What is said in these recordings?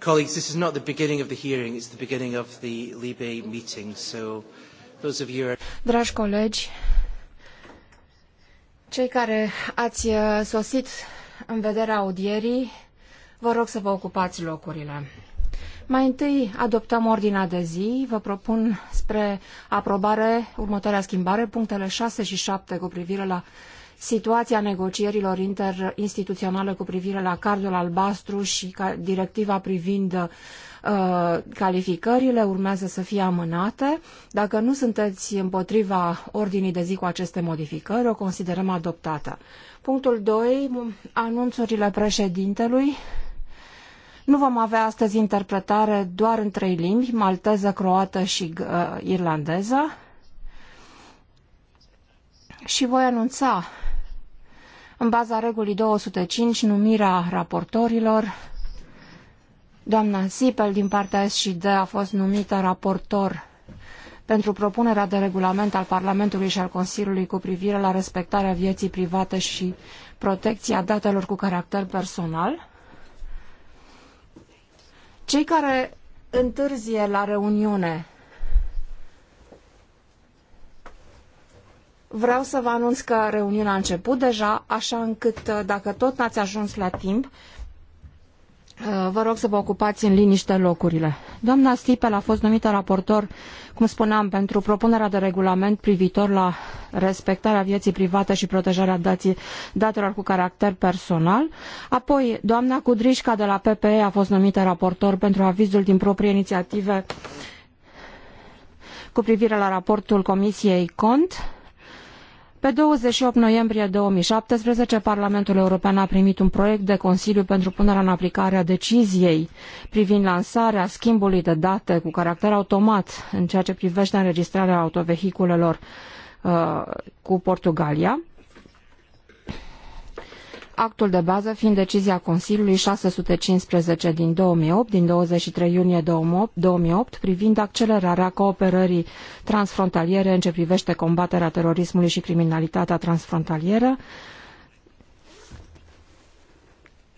Colleagues, this is not the beginning of the hearing, it's the beginning of the Libe meeting. So those of you are... Dragi colegi, cei care ați uh, sosit în vederea audierii, vă rog să vă ocupați locurile. Mai întâi adoptăm ordinea de zi. Vă propun spre aprobare următoarea schimbare, punctele 6 și 7 cu privire la situația negocierilor interinstituționale cu privire la cardul albastru și directiva privind uh, calificările urmează să fie amânate. Dacă nu sunteți împotriva ordinii de zi cu aceste modificări, o considerăm adoptată. Punctul 2. Anunțurile președintelui. Nu vom avea astăzi interpretare doar în trei limbi, malteză, croată și uh, irlandeză. Și voi anunța în baza regulii 205, numirea raportorilor. Doamna Sipel din partea SCD a fost numită raportor pentru propunerea de regulament al Parlamentului și al Consiliului cu privire la respectarea vieții private și protecția datelor cu caracter personal. Cei care întârzie la reuniune Vreau să vă anunț că reuniunea a început deja, așa încât uh, dacă tot n-ați ajuns la timp, uh, vă rog să vă ocupați în liniște locurile. Doamna Stipel a fost numită raportor, cum spuneam, pentru propunerea de regulament privitor la respectarea vieții private și protejarea dații, datelor cu caracter personal. Apoi, doamna Cudrișca de la PPE a fost numită raportor pentru avizul din proprie inițiative cu privire la raportul Comisiei Cont pe 28 noiembrie 2017, Parlamentul European a primit un proiect de Consiliu pentru punerea în aplicare a deciziei privind lansarea schimbului de date cu caracter automat în ceea ce privește înregistrarea autovehiculelor uh, cu Portugalia actul de bază fiind decizia Consiliului 615 din 2008, din 23 iunie 2008, privind accelerarea cooperării transfrontaliere în ce privește combaterea terorismului și criminalitatea transfrontalieră,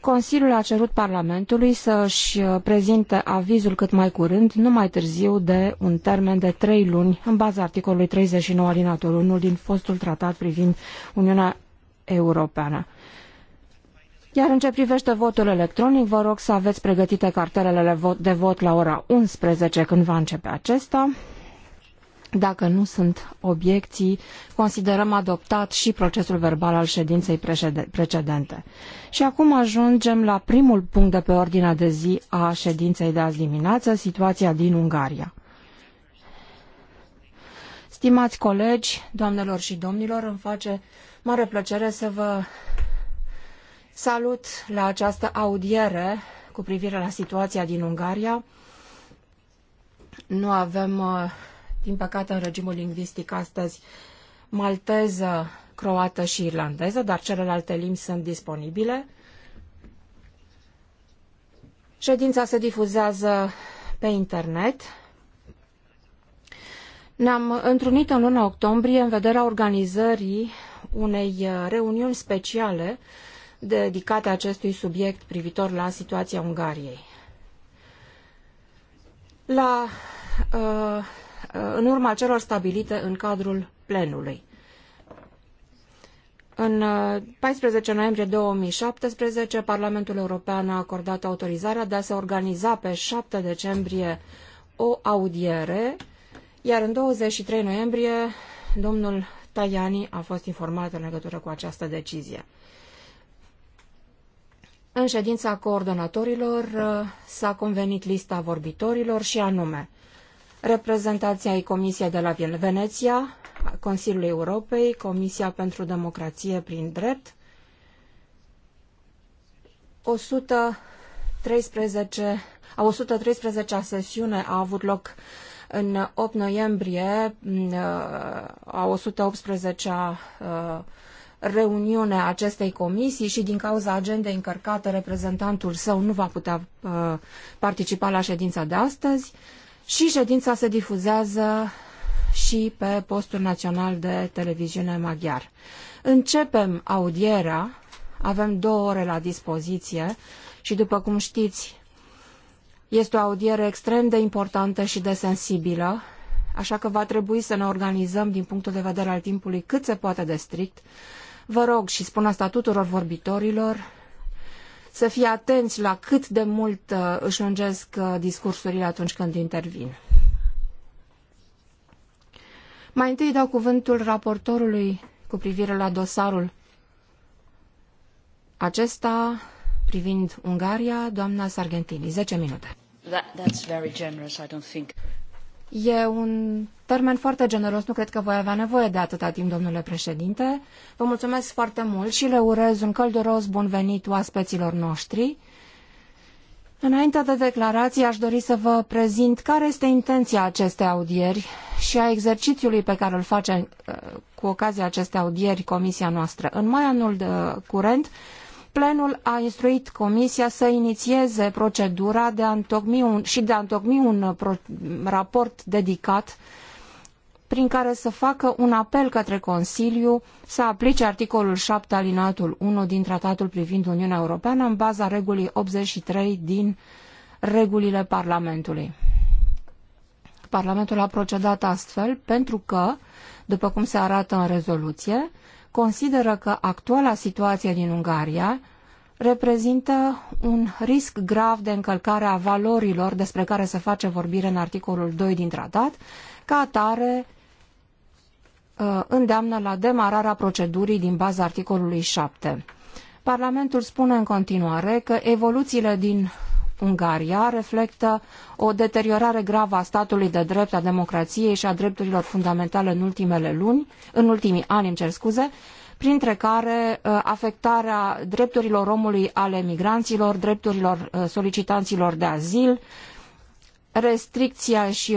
Consiliul a cerut Parlamentului să-și uh, prezinte avizul cât mai curând, nu mai târziu de un termen de trei luni, în baza articolului 39 alinatul 1 din fostul tratat privind Uniunea Europeană. Iar în ce privește votul electronic, vă rog să aveți pregătite cartelele de vot la ora 11 când va începe acesta. Dacă nu sunt obiecții, considerăm adoptat și procesul verbal al ședinței precedente. Și acum ajungem la primul punct de pe ordinea de zi a ședinței de azi dimineață, situația din Ungaria. Stimați colegi, doamnelor și domnilor, îmi face mare plăcere să vă Salut la această audiere cu privire la situația din Ungaria. Nu avem, uh, din păcate, în regimul lingvistic astăzi malteză, croată și irlandeză, dar celelalte limbi sunt disponibile. Ședința se difuzează pe internet. Ne-am întrunit în luna octombrie în vederea organizării unei uh, reuniuni speciale dedicate acestui subiect privitor la situația Ungariei. La, uh, în urma celor stabilite în cadrul plenului. În 14 uh, noiembrie 2017, Parlamentul European a acordat autorizarea de a se organiza pe 7 decembrie o audiere, iar în 23 noiembrie domnul Tajani a fost informat în legătură cu această decizie. În ședința coordonatorilor uh, s-a convenit lista vorbitorilor și anume reprezentanții ai Comisiei de la Veneția, Consiliul Europei, Comisia pentru Democrație prin Drept, 113, a 113-a sesiune a avut loc în 8 noiembrie, mm, uh, a 118-a reuniune a acestei comisii și din cauza agendei încărcate reprezentantul său nu va putea uh, participa la ședința de astăzi și ședința se difuzează și pe postul național de televiziune maghiar. Începem audierea, avem două ore la dispoziție și după cum știți este o audiere extrem de importantă și de sensibilă, așa că va trebui să ne organizăm din punctul de vedere al timpului cât se poate de strict, Vă rog, și spun asta tuturor vorbitorilor, să fie atenți la cât de mult uh, își lungesc uh, discursurile atunci când intervin. Mai întâi dau cuvântul raportorului cu privire la dosarul acesta privind Ungaria, doamna Sargentini. 10 minute. That, that's very generous, I don't think. E un termen foarte generos, nu cred că voi avea nevoie de atâta timp, domnule președinte. Vă mulțumesc foarte mult și le urez un călduros bun venit oaspeților noștri. Înainte de declarații, aș dori să vă prezint care este intenția acestei audieri și a exercițiului pe care îl face uh, cu ocazia acestei audieri comisia noastră. În mai anul de curent, plenul a instruit Comisia să inițieze procedura de a întocmi un, și de a întocmi un uh, pro, raport dedicat prin care să facă un apel către Consiliu să aplice articolul 7 alinatul 1 din Tratatul privind Uniunea Europeană în baza regulii 83 din regulile Parlamentului. Parlamentul a procedat astfel pentru că, după cum se arată în rezoluție, consideră că actuala situație din Ungaria reprezintă un risc grav de încălcare a valorilor despre care se face vorbire în articolul 2 din tratat, ca atare uh, îndeamnă la demararea procedurii din baza articolului 7. Parlamentul spune în continuare că evoluțiile din Ungaria reflectă o deteriorare gravă a statului de drept, a democrației și a drepturilor fundamentale în ultimele luni, în ultimii ani, îmi cer scuze, printre care uh, afectarea drepturilor omului ale migranților, drepturilor uh, solicitanților de azil, restricția și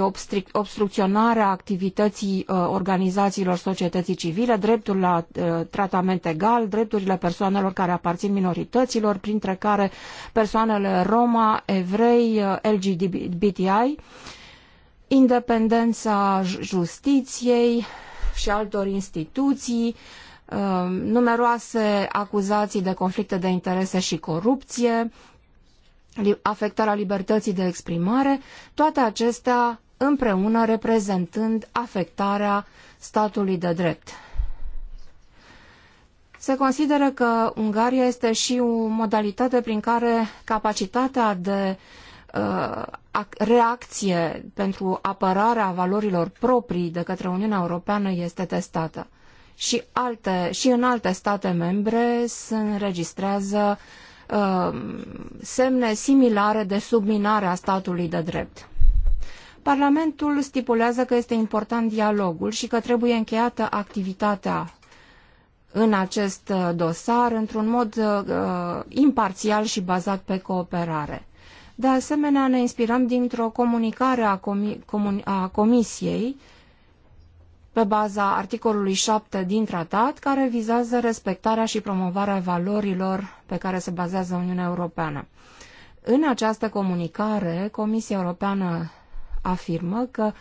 obstrucționarea activității uh, organizațiilor societății civile, dreptul la uh, tratament egal, drepturile persoanelor care aparțin minorităților, printre care persoanele Roma, evrei, uh, LGBTI, independența justiției și altor instituții, uh, numeroase acuzații de conflicte de interese și corupție, afectarea libertății de exprimare, toate acestea împreună reprezentând afectarea statului de drept. Se consideră că Ungaria este și o modalitate prin care capacitatea de uh, reacție pentru apărarea valorilor proprii de către Uniunea Europeană este testată. Și, alte, și în alte state membre se înregistrează uh, Um, semne similare de subminare a statului de drept. Parlamentul stipulează că este important dialogul și că trebuie încheiată activitatea în acest uh, dosar într-un mod uh, uh, imparțial și bazat pe cooperare. De asemenea, ne inspirăm dintr-o comunicare a, comi comun a Comisiei uh, pe baza articolului 7 din tratat, care vizează respectarea și promovarea valorilor pe care se bazează Uniunea Europeană. În această comunicare, Comisia Europeană afirmă că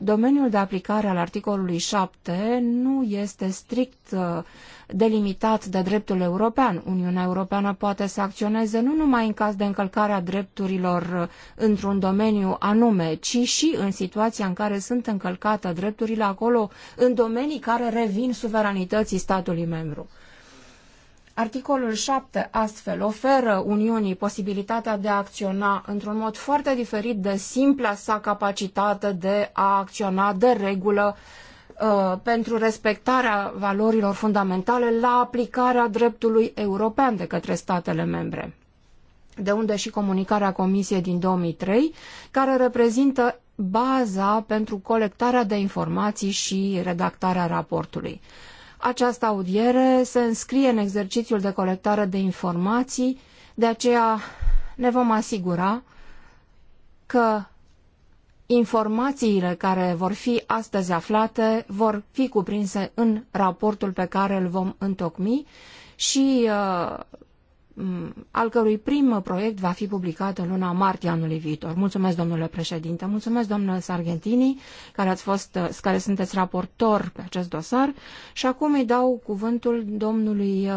domeniul de aplicare al articolului 7 nu este strict uh, delimitat de dreptul european. Uniunea Europeană poate să acționeze nu numai în caz de încălcare a drepturilor uh, într-un domeniu anume, ci și în situația în care sunt încălcate drepturile acolo, în domenii care revin suveranității statului membru. Articolul 7 astfel oferă Uniunii posibilitatea de a acționa într-un mod foarte diferit de simpla sa capacitate de a acționa de regulă uh, pentru respectarea valorilor fundamentale la aplicarea dreptului european de către statele membre. De unde și comunicarea Comisiei din 2003, care reprezintă baza pentru colectarea de informații și redactarea raportului. Această audiere se înscrie în exercițiul de colectare de informații, de aceea ne vom asigura că informațiile care vor fi astăzi aflate vor fi cuprinse în raportul pe care îl vom întocmi și uh, al cărui prim proiect va fi publicat în luna martie anului viitor. Mulțumesc, domnule președinte, mulțumesc, domnule Sargentini, care, ați fost, uh, care sunteți raportor pe acest dosar și acum îi dau cuvântul domnului uh,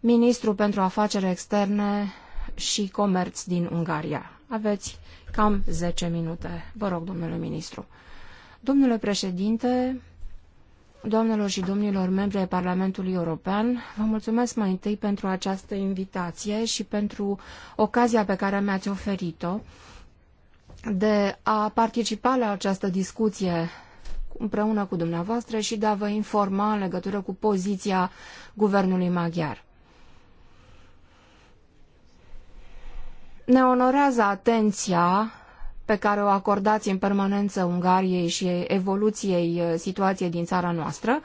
ministru pentru afaceri externe și comerț din Ungaria. Aveți cam 10 minute. Vă rog, domnule ministru. Domnule președinte, Doamnelor și domnilor membri ai Parlamentului European, vă mulțumesc mai întâi pentru această invitație și pentru ocazia pe care mi-ați oferit-o de a participa la această discuție împreună cu dumneavoastră și de a vă informa în legătură cu poziția guvernului maghiar. Ne onorează atenția pe care o acordați în permanență Ungariei și evoluției uh, situației din țara noastră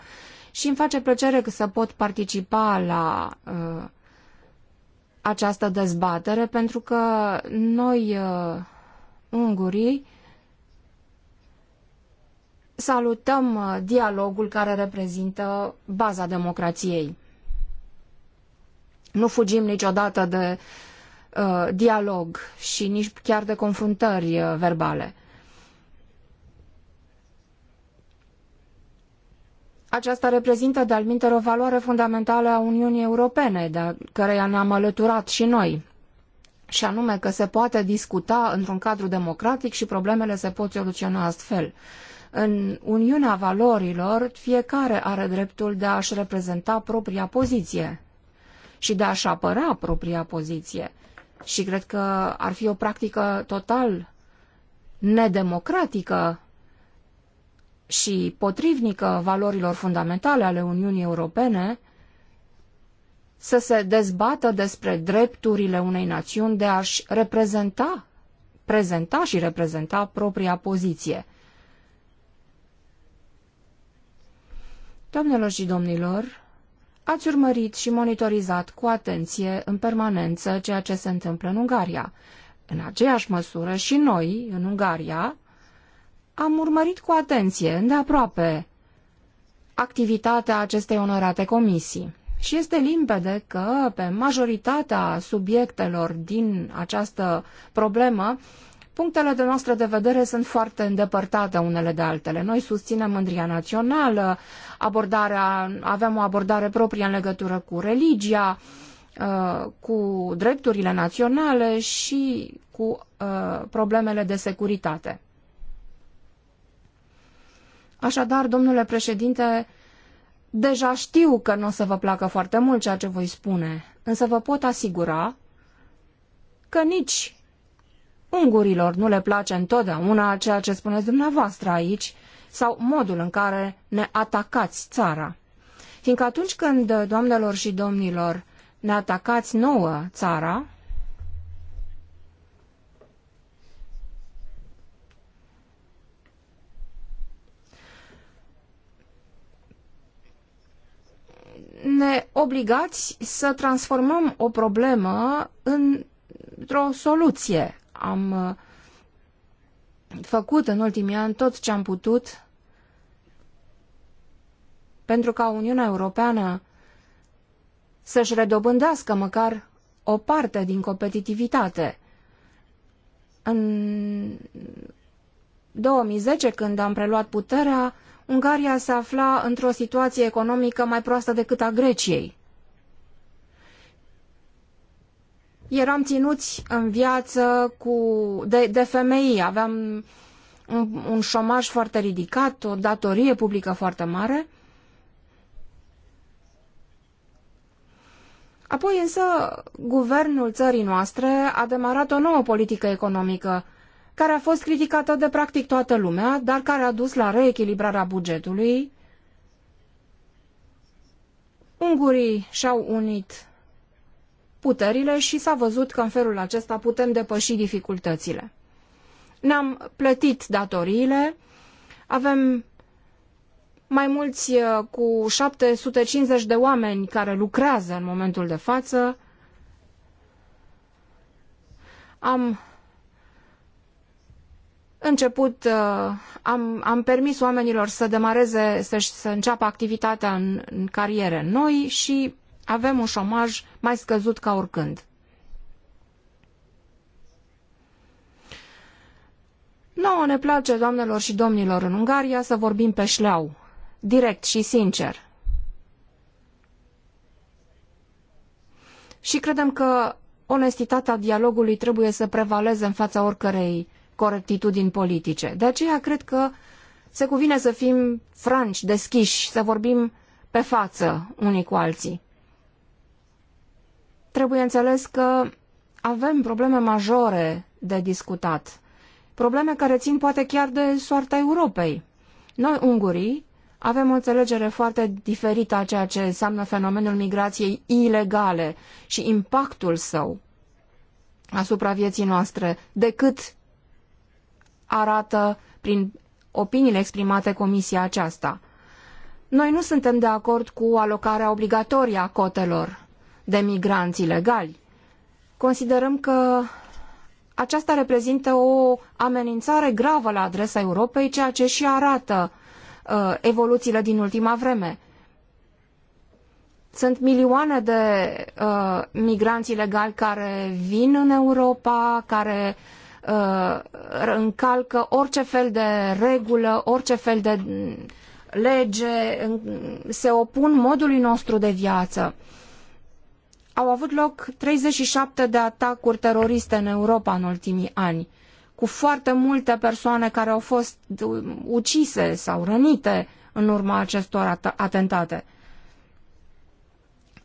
și îmi face plăcere să pot participa la uh, această dezbatere pentru că noi uh, ungurii salutăm uh, dialogul care reprezintă baza democrației. Nu fugim niciodată de uh, Uh, dialog și nici chiar de confruntări uh, verbale. Aceasta reprezintă de-al o valoare fundamentală a Uniunii Europene, de căreia ne-am alăturat și noi, și anume că se poate discuta într-un cadru democratic și problemele se pot soluționa astfel. În Uniunea Valorilor, fiecare are dreptul de a-și reprezenta propria poziție și de a-și apăra propria poziție și cred că ar fi o practică total nedemocratică și potrivnică valorilor fundamentale ale Uniunii Europene să se dezbată despre drepturile unei națiuni de a-și reprezenta, prezenta și reprezenta propria poziție. Doamnelor și domnilor, Ați urmărit și monitorizat cu atenție în permanență ceea ce se întâmplă în Ungaria. În aceeași măsură și noi, în Ungaria, am urmărit cu atenție, îndeaproape, activitatea acestei onorate comisii. Și este limpede că pe majoritatea subiectelor din această problemă Punctele de noastre de vedere sunt foarte îndepărtate unele de altele. Noi susținem mândria națională, abordarea, avem o abordare proprie în legătură cu religia, uh, cu drepturile naționale și cu uh, problemele de securitate. Așadar, domnule președinte, deja știu că nu o să vă placă foarte mult ceea ce voi spune, însă vă pot asigura că nici ungurilor nu le place întotdeauna ceea ce spuneți dumneavoastră aici sau modul în care ne atacați țara. Fiindcă atunci când, doamnelor și domnilor, ne atacați nouă țara, ne obligați să transformăm o problemă într-o soluție am uh, făcut în ultimii ani tot ce am putut pentru ca Uniunea Europeană să-și redobândească măcar o parte din competitivitate. În 2010, când am preluat puterea, Ungaria se afla într-o situație economică mai proastă decât a Greciei. eram ținuți în viață cu, de, de femei, aveam un, un șomaj foarte ridicat, o datorie publică foarte mare. Apoi însă, guvernul țării noastre a demarat o nouă politică economică, care a fost criticată de practic toată lumea, dar care a dus la reechilibrarea bugetului. Ungurii și-au unit puterile și s-a văzut că în felul acesta putem depăși dificultățile. Ne-am plătit datoriile, avem mai mulți uh, cu 750 de oameni care lucrează în momentul de față. Am început, uh, am, am permis oamenilor să demareze, să, să înceapă activitatea în, în cariere noi și avem un șomaj mai scăzut ca oricând. Nouă ne place, doamnelor și domnilor, în Ungaria să vorbim pe șleau, direct și sincer. Și credem că onestitatea dialogului trebuie să prevaleze în fața oricărei corectitudini politice. De aceea cred că se cuvine să fim franci, deschiși, să vorbim pe față unii cu alții trebuie înțeles că avem probleme majore de discutat. Probleme care țin poate chiar de soarta Europei. Noi, ungurii, avem o înțelegere foarte diferită a ceea ce înseamnă fenomenul migrației ilegale și impactul său asupra vieții noastre decât arată prin opiniile exprimate comisia aceasta. Noi nu suntem de acord cu alocarea obligatorie a cotelor de migranți ilegali. Considerăm că aceasta reprezintă o amenințare gravă la adresa Europei, ceea ce și arată uh, evoluțiile din ultima vreme. Sunt milioane de uh, migranți ilegali care vin în Europa, care uh, încalcă orice fel de regulă, orice fel de mm, lege, se opun modului nostru de viață. Uh, au avut loc 37 de atacuri teroriste în Europa în ultimii ani, cu foarte multe persoane care au fost ucise sau rănite în urma acestor atentate.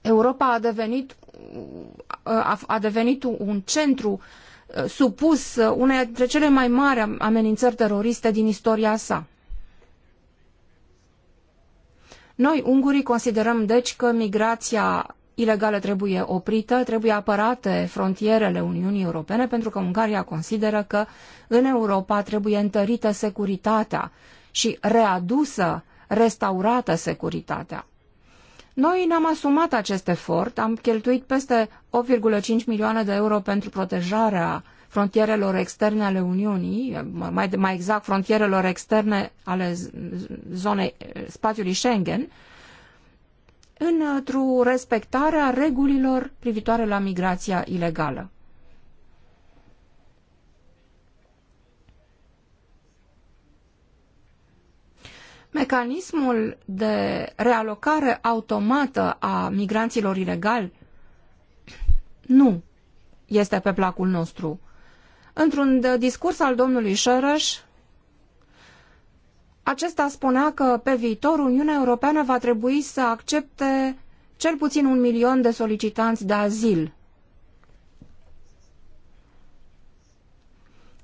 Europa a devenit, a devenit un centru uh, supus uh, uneia dintre cele mai mari amenințări teroriste din istoria sa. Noi, ungurii, considerăm deci că migrația ilegală trebuie oprită, trebuie apărate frontierele Uniunii Europene, pentru că Ungaria consideră că în Europa trebuie întărită securitatea și readusă, restaurată securitatea. Noi ne-am asumat acest efort, am cheltuit peste 8,5 milioane de euro pentru protejarea frontierelor externe ale Uniunii, mai, mai exact frontierelor externe ale zonei spațiului Schengen, într-o respectare a regulilor privitoare la migrația ilegală. Mecanismul de realocare automată a migranților ilegali nu este pe placul nostru. Într-un discurs al domnului Șărăș, acesta spunea că pe viitor Uniunea Europeană va trebui să accepte cel puțin un milion de solicitanți de azil.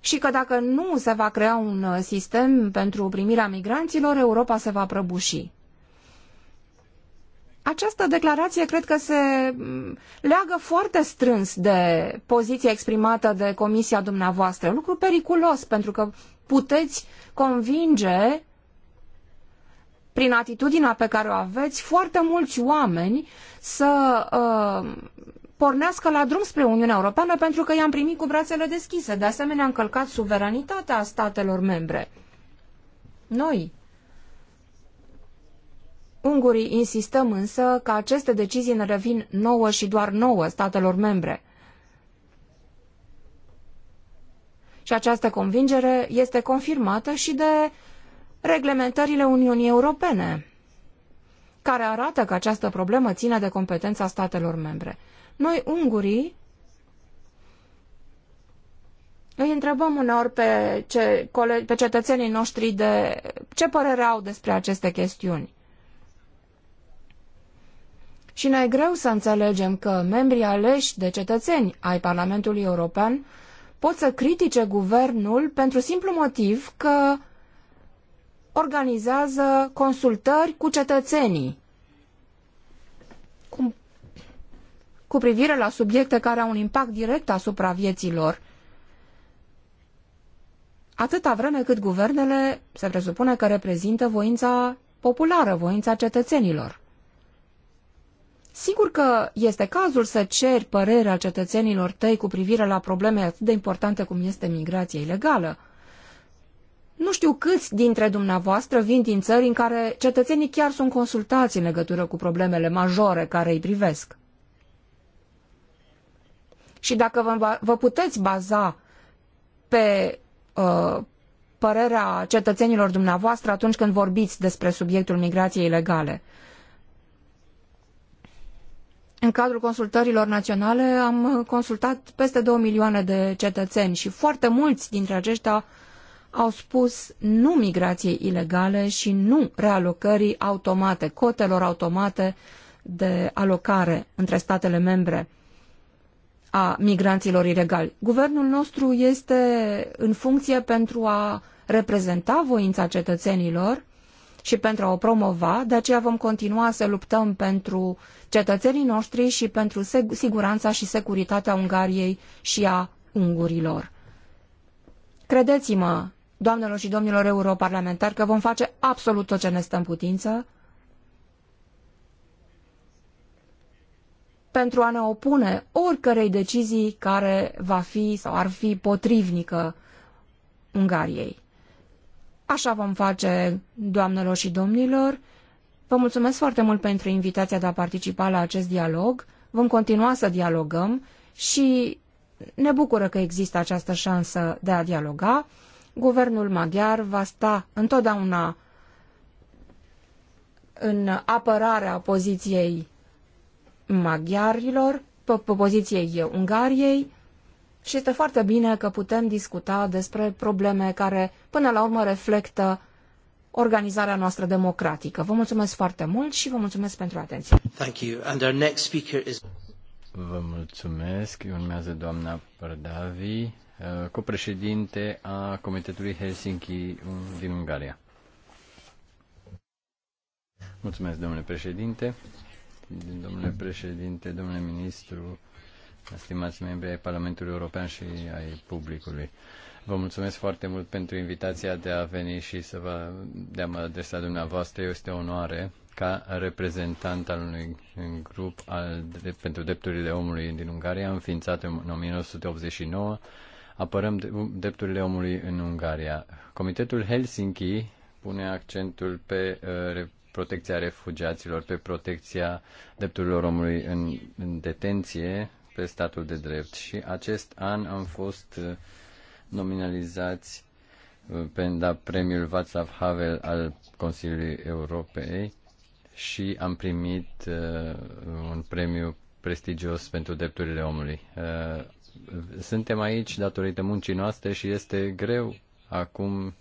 Și că dacă nu se va crea un uh, sistem pentru primirea migranților, Europa se va prăbuși. Această declarație cred că se mm, leagă foarte strâns de poziția exprimată de comisia dumneavoastră, lucru periculos pentru că puteți convinge prin atitudinea pe care o aveți, foarte mulți oameni să uh, pornească la drum spre Uniunea Europeană pentru că i-am primit cu brațele deschise. De asemenea, încălcat suveranitatea statelor membre. Noi, ungurii, insistăm însă că aceste decizii ne revin nouă și doar nouă statelor membre. Și această convingere este confirmată și de reglementările Uniunii Europene, care arată că această problemă ține de competența statelor membre. Noi, ungurii, îi întrebăm uneori pe, ce, pe cetățenii noștri de ce părere au despre aceste chestiuni. Și ne e greu să înțelegem că membrii aleși de cetățeni ai Parlamentului European pot să critice guvernul pentru simplu motiv că organizează consultări cu cetățenii cu, cu privire la subiecte care au un impact direct asupra vieților atâta vreme cât guvernele se presupune că reprezintă voința populară, voința cetățenilor. Sigur că este cazul să ceri părerea cetățenilor tăi cu privire la probleme atât de importante cum este migrația ilegală, nu știu câți dintre dumneavoastră vin din țări în care cetățenii chiar sunt consultați în legătură cu problemele majore care îi privesc. Și dacă vă, vă puteți baza pe uh, părerea cetățenilor dumneavoastră atunci când vorbiți despre subiectul migrației ilegale. În cadrul consultărilor naționale am consultat peste 2 milioane de cetățeni și foarte mulți dintre aceștia au spus nu migrației ilegale și nu realocării automate, cotelor automate de alocare între statele membre a migranților ilegali. Guvernul nostru este în funcție pentru a reprezenta voința cetățenilor și pentru a o promova, de aceea vom continua să luptăm pentru cetățenii noștri și pentru siguranța și securitatea Ungariei și a ungurilor. Credeți-mă, doamnelor și domnilor europarlamentari că vom face absolut tot ce ne stă în putință pentru a ne opune oricărei decizii care va fi sau ar fi potrivnică Ungariei. Așa vom face, doamnelor și domnilor. Vă mulțumesc foarte mult pentru invitația de a participa la acest dialog. Vom continua să dialogăm și ne bucură că există această șansă de a dialoga guvernul maghiar va sta întotdeauna în apărarea poziției maghiarilor, poziției Ungariei și este foarte bine că putem discuta despre probleme care până la urmă reflectă organizarea noastră democratică. Vă mulțumesc foarte mult și vă mulțumesc pentru atenție. Thank you. And our next speaker is... Vă mulțumesc. Urmează doamna Pardavi Eh, copreședinte a Comitetului Helsinki um, din Ungaria. Mulțumesc, domnule președinte, domnule președinte, domnule ministru, stimați membri ai Parlamentului European și ai publicului. Vă mulțumesc foarte mult pentru invitația de a veni și să vă, de a mă adresa dumneavoastră. Este o onoare ca reprezentant al unui grup al, de, pentru drepturile omului din Ungaria, înființat în 1989 apărăm drepturile omului în Ungaria. Comitetul Helsinki pune accentul pe uh, protecția refugiaților, pe protecția drepturilor omului în, în detenție, pe statul de drept. Și acest an am fost uh, nominalizați da, premiul Václav Havel al Consiliului Europei și am primit uh, un premiu prestigios pentru drepturile omului. Suntem aici datorită muncii noastre și este greu acum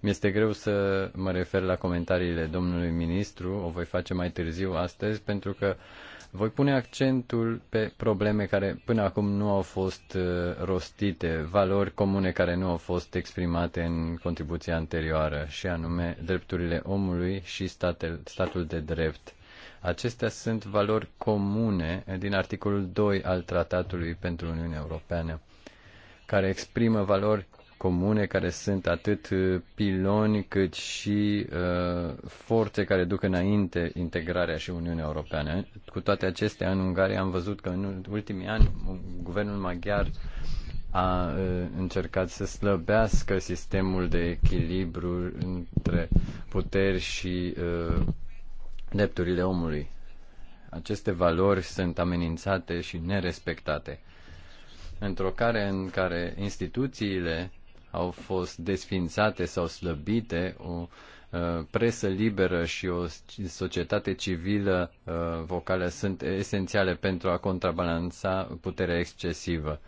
mi-este greu să mă refer la comentariile domnului ministru, o voi face mai târziu astăzi, pentru că voi pune accentul pe probleme care până acum nu au fost uh, rostite, valori comune care nu au fost exprimate în contribuția anterioară, și anume drepturile omului și statel, statul de drept. Acestea sunt valori comune din articolul 2 al Tratatului pentru Uniunea Europeană, care exprimă valori comune care sunt atât uh, piloni cât și uh, forțe care duc înainte integrarea și Uniunea Europeană. Cu toate acestea, în Ungaria am văzut că în ultimii ani guvernul maghiar a uh, încercat să slăbească sistemul de echilibru între puteri și uh, drepturile omului. Aceste valori sunt amenințate și nerespectate. Într-o care în care instituțiile au fost desfințate sau slăbite, o uh, presă liberă și o societate civilă uh, vocală sunt esențiale pentru a contrabalanța puterea excesivă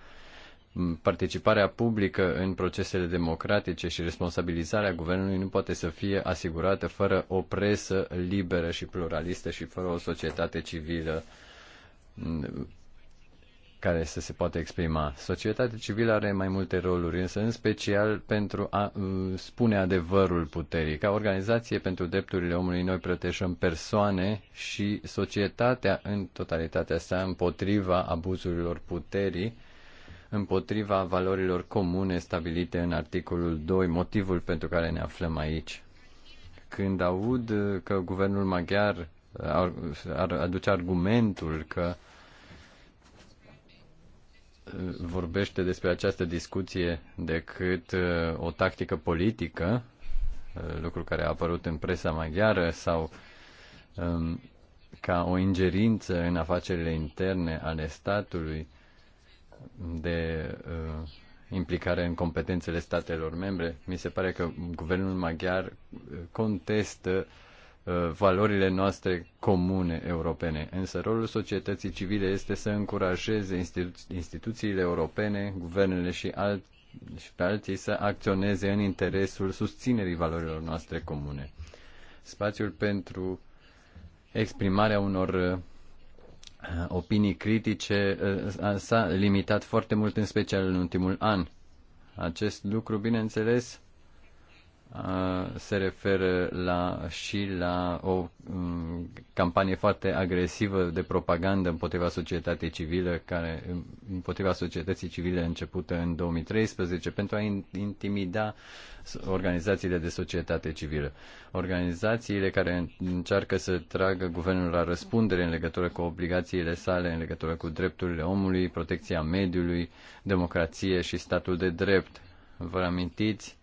participarea publică în procesele democratice și responsabilizarea guvernului nu poate să fie asigurată fără o presă liberă și pluralistă și fără o societate civilă mm, care să se poată exprima. Societatea civilă are mai multe roluri, însă în special pentru a uh, spune adevărul puterii. Ca organizație pentru drepturile omului, noi protejăm persoane și societatea în totalitatea sa împotriva abuzurilor puterii împotriva valorilor comune stabilite în articolul 2, motivul pentru care ne aflăm aici. Când aud că guvernul maghiar uh, ar aduce argumentul că uh, vorbește despre această discuție decât uh, o tactică politică, lucru care a apărut în presa maghiară sau um, ca o ingerință în afacerile interne ale statului, de uh, implicare în competențele statelor membre. Mi se pare că guvernul maghiar uh, contestă uh, valorile noastre comune europene. Însă rolul societății civile este să încurajeze institu- instituțiile europene, guvernele și, al- și pe alții să acționeze în interesul susținerii valorilor noastre comune. Spațiul pentru exprimarea unor uh, Eh, opinii critice eh, s-a limitat foarte mult, în special în ultimul an. Acest lucru, bineînțeles, se referă la, și la o campanie foarte agresivă de propagandă împotriva societății civile, care, împotriva societății civile începută în 2013 pentru a intimida organizațiile de societate civilă. Organizațiile care încearcă să tragă guvernul la răspundere în legătură cu obligațiile sale, în legătură cu drepturile omului, protecția mediului, democrație și statul de drept. Vă amintiți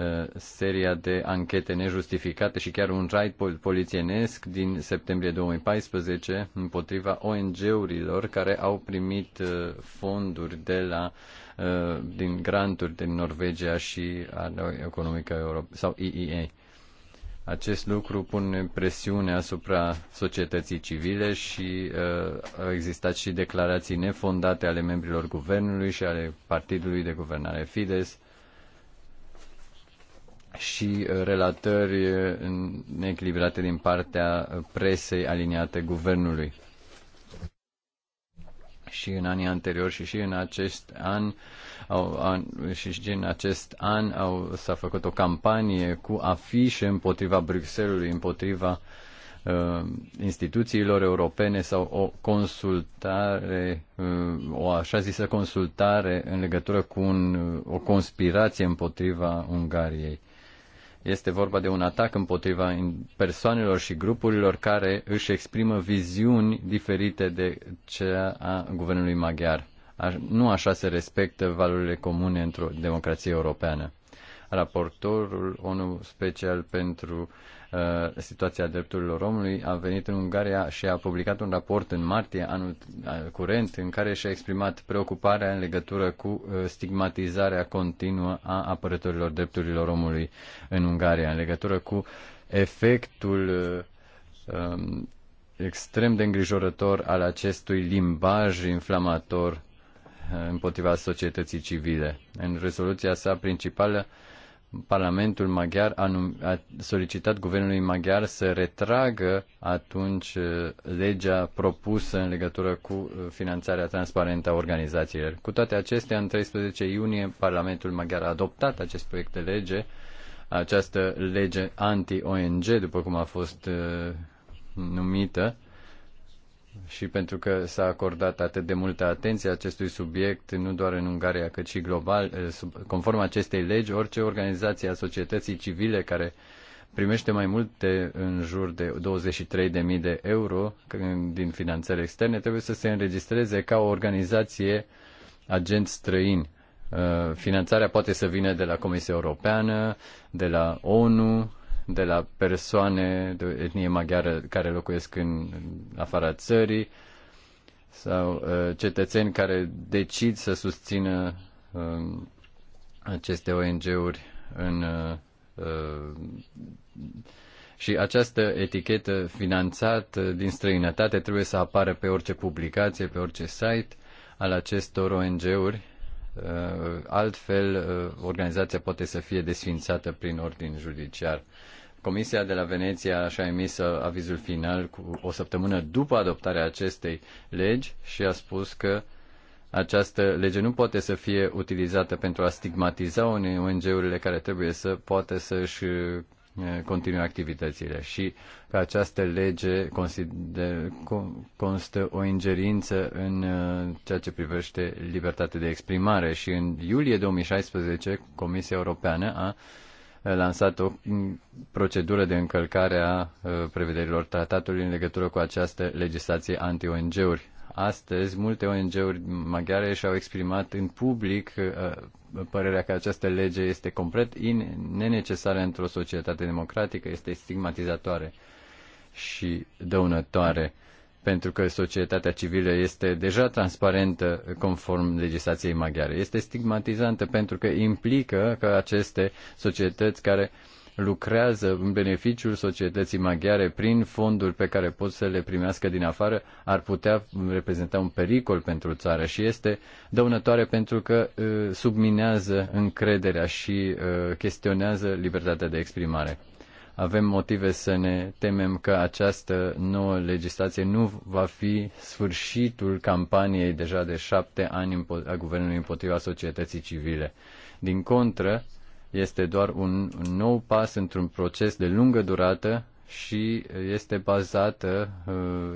Uh, seria de anchete nejustificate și chiar un raid polițienesc din septembrie 2014 împotriva ONG-urilor care au primit uh, fonduri de la, uh, din granturi din Norvegia și economică Europe, sau IEA. Acest lucru pune presiune asupra societății civile și uh, au existat și declarații nefondate ale membrilor guvernului și ale partidului de guvernare Fides uh, și uh, relatări uh, neechilibrate din partea uh, presei aliniate guvernului. Și în anii anteriori și și în acest an au, an, și, și în acest an au, s-a făcut o campanie cu afișe împotriva Bruxellesului, împotriva uh, instituțiilor europene sau o consultare, uh, o așa zisă consultare în legătură cu un, o conspirație împotriva Ungariei este vorba de un atac împotriva persoanelor și grupurilor care își exprimă viziuni diferite de cea a guvernului maghiar. Nu așa se respectă valorile comune într-o democrație europeană. Raportorul ONU special pentru uh, Uh, situația drepturilor omului, a venit în Ungaria și a publicat un raport în martie anul uh, curent în care și-a exprimat preocuparea în legătură cu uh, stigmatizarea continuă a apărătorilor drepturilor omului în Ungaria, în legătură cu efectul um, extrem de îngrijorător al acestui limbaj inflamator împotriva societății civile. În rezoluția sa principală, uh, Parlamentul maghiar a, solicitat guvernului maghiar să retragă atunci uh, legea propusă în legătură cu uh, finanțarea transparentă a organizațiilor. Cu toate acestea, în 13 iunie, Parlamentul maghiar a adoptat acest proiect de lege, această lege anti-ONG, după cum a fost uh, numită, și pentru că s-a acordat atât de multă atenție acestui subiect, nu doar în Ungaria, cât și global. Eh, conform acestei legi, orice organizație a societății civile care primește mai multe în jur de 23.000 de euro din finanțări externe trebuie să se înregistreze ca o organizație agent străin. Eh, finanțarea poate să vină de la Comisia Europeană, de la ONU, de la persoane de etnie maghiară care locuiesc în afara țării sau uh, cetățeni care decid să susțină um, aceste ONG-uri în uh, uh, și această etichetă finanțată din străinătate trebuie să apară pe orice publicație, pe orice site al acestor ONG-uri. Altfel, organizația poate să fie desfințată prin ordin judiciar. Comisia de la Veneția și-a emis avizul final cu o săptămână după adoptarea acestei legi și a spus că această lege nu poate să fie utilizată pentru a stigmatiza ONG-urile care trebuie să poată să-și continue activitățile și că această lege consider, constă o ingerință în ceea ce privește libertatea de exprimare și în iulie 2016 Comisia Europeană a lansat o procedură de încălcare a uh, prevederilor tratatului în legătură cu această legislație anti-ONG-uri. Astăzi, multe ONG-uri maghiare și-au exprimat în public uh, uh, părerea că această lege este complet nenecesară într-o societate democratică, este stigmatizatoare și dăunătoare pentru că societatea civilă este deja transparentă conform legislației maghiare. Este stigmatizantă pentru că implică că aceste societăți care lucrează în beneficiul societății maghiare prin fonduri pe care pot să le primească din afară ar putea reprezenta un pericol pentru țară și este dăunătoare pentru că uh, subminează încrederea și uh, chestionează libertatea de exprimare avem motive să ne temem că această nouă legislație nu va fi sfârșitul campaniei deja de șapte ani a guvernului împotriva societății civile. Din contră, este doar un nou pas într-un proces de lungă durată și este bazată, uh,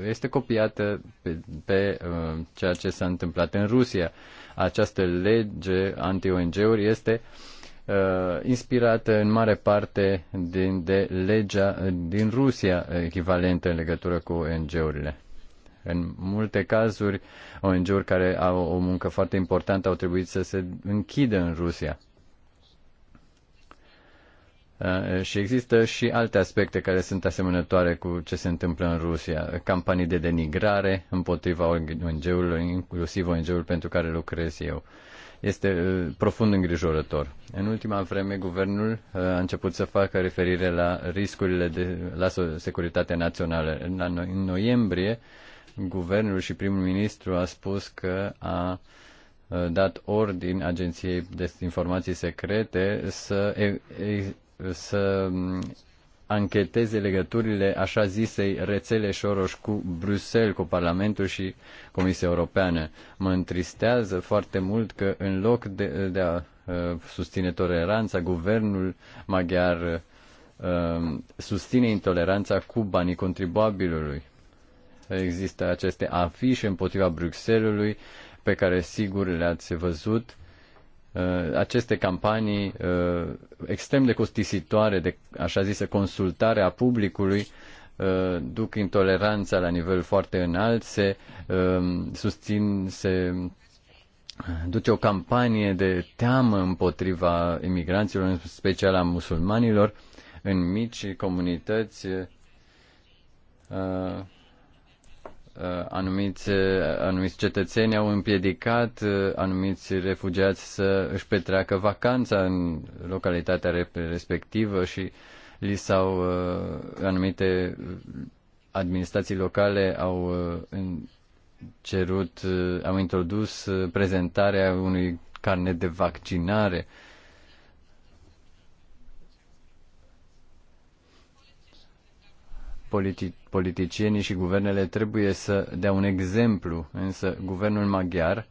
este copiată pe, pe uh, ceea ce s-a întâmplat în Rusia. Această lege anti-ONG-uri este uh, Uh, inspirată în mare parte din, de legea din Rusia echivalentă în legătură cu ONG-urile. În multe cazuri, ONG-uri care au o muncă foarte importantă au trebuit să se închidă în Rusia. Uh, și există și alte aspecte care sunt asemănătoare cu ce se întâmplă în Rusia. Campanii de denigrare împotriva ONG-urilor, inclusiv ONG-ul pentru care lucrez eu. Uh, este uh, profund îngrijorător. În ultima vreme, guvernul uh, a început să facă referire la riscurile de, la securitatea națională. În noiembrie, guvernul și primul ministru a spus că a uh, dat ordin Agenției de Informații Secrete să, să mm, ancheteze legăturile așa zisei rețele Șoroș cu Bruxelles, cu Parlamentul și Comisia Europeană. Mă întristează foarte mult că în loc de, de a uh, susține toleranța, guvernul maghiar uh, susține intoleranța cu banii contribuabilului. Există aceste afișe împotriva Bruxellesului pe care sigur le-ați văzut Uh, aceste campanii uh, extrem de costisitoare de așa zisă consultare a publicului uh, duc intoleranța la nivel foarte înalt, se susțin, se duce o campanie de teamă împotriva imigranților, în special a musulmanilor, în mici comunități Uh, anumiți, uh, anumiți cetățeni au împiedicat uh, anumiți refugiați să își petreacă vacanța în localitatea respectivă și li s-au anumite administrații locale au cerut, au introdus prezentarea unui carnet de vaccinare politi- politicienii și guvernele trebuie să dea un exemplu, însă guvernul maghiar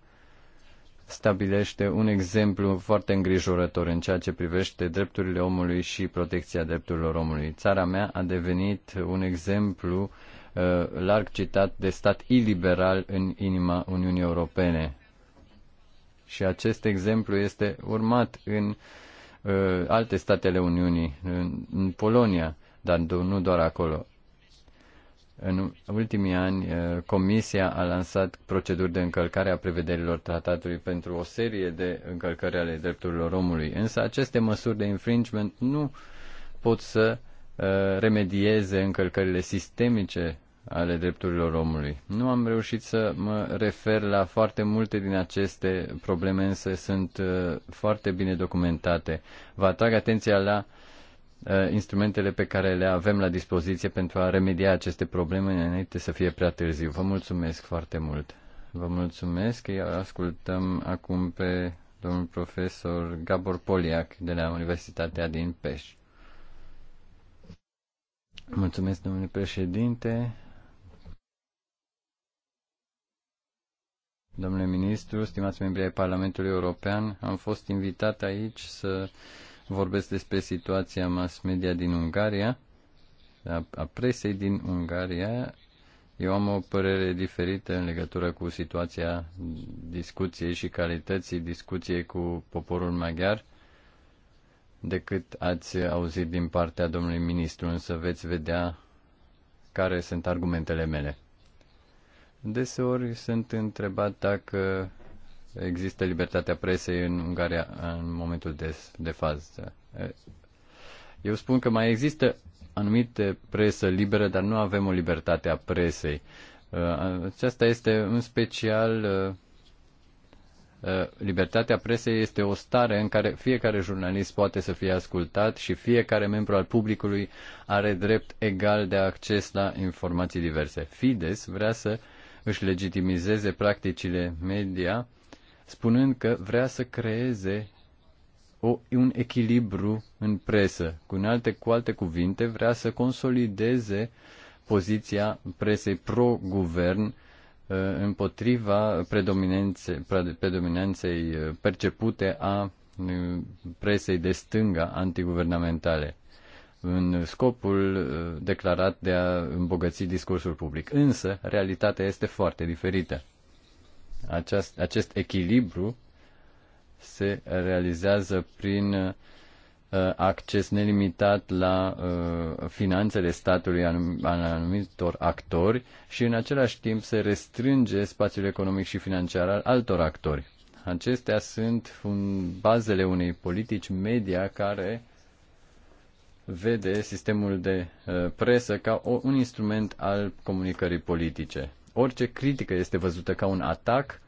stabilește un exemplu foarte îngrijorător în ceea ce privește drepturile omului și protecția drepturilor omului. Țara mea a devenit un exemplu uh, larg citat de stat iliberal în inima Uniunii Europene. Și acest exemplu este urmat în uh, alte statele Uniunii, în, în Polonia, dar nu doar acolo. În ultimii ani, eh, Comisia a lansat proceduri de încălcare a prevederilor tratatului pentru o serie de încălcări ale drepturilor omului, însă aceste măsuri de infringement nu pot să eh, remedieze încălcările sistemice ale drepturilor omului. Nu am reușit să mă refer la foarte multe din aceste probleme, însă sunt eh, foarte bine documentate. Vă atrag atenția la uh, Uh, instrumentele pe care le avem la dispoziție pentru a remedia aceste probleme înainte să fie prea târziu. Vă mulțumesc foarte mult. Vă mulțumesc. Ascultăm acum pe domnul profesor Gabor Poliac de la Universitatea din Peș. Mulțumesc, domnule președinte. Domnule ministru, stimați membri ai Parlamentului European, am fost invitat aici să uh, vorbesc despre situația mass media din Ungaria, a, a presei din Ungaria. Eu am o părere diferită în legătură cu situația discuției și calității discuției cu poporul maghiar decât ați auzit din partea domnului ministru, însă veți vedea care sunt argumentele mele. Deseori sunt întrebat dacă există libertatea presei în Ungaria în momentul de, de fază. Eu spun că mai există anumite presă liberă, dar nu avem o libertate a presei. Aceasta este în special libertatea presei este o stare în care fiecare jurnalist poate să fie ascultat și fiecare membru al publicului are drept egal de acces la informații diverse. Fides vrea să își legitimizeze practicile media uh, spunând că vrea să creeze o, un echilibru în presă. Cu alte, cu alte cuvinte, vrea să consolideze poziția presei pro-guvern uh, împotriva predominanței, predominanței uh, percepute a uh, presei de stânga antiguvernamentale în scopul declarat de a îmbogăți discursul public. Însă, realitatea este foarte diferită. Aceast, acest echilibru se realizează prin uh, acces nelimitat la uh, finanțele statului al anumitor actori și în același timp se restrânge spațiul economic și financiar al altor actori. Acestea sunt un, bazele unei politici media care vede sistemul de uh, presă ca o, un instrument al comunicării politice. Orice critică este văzută ca un atac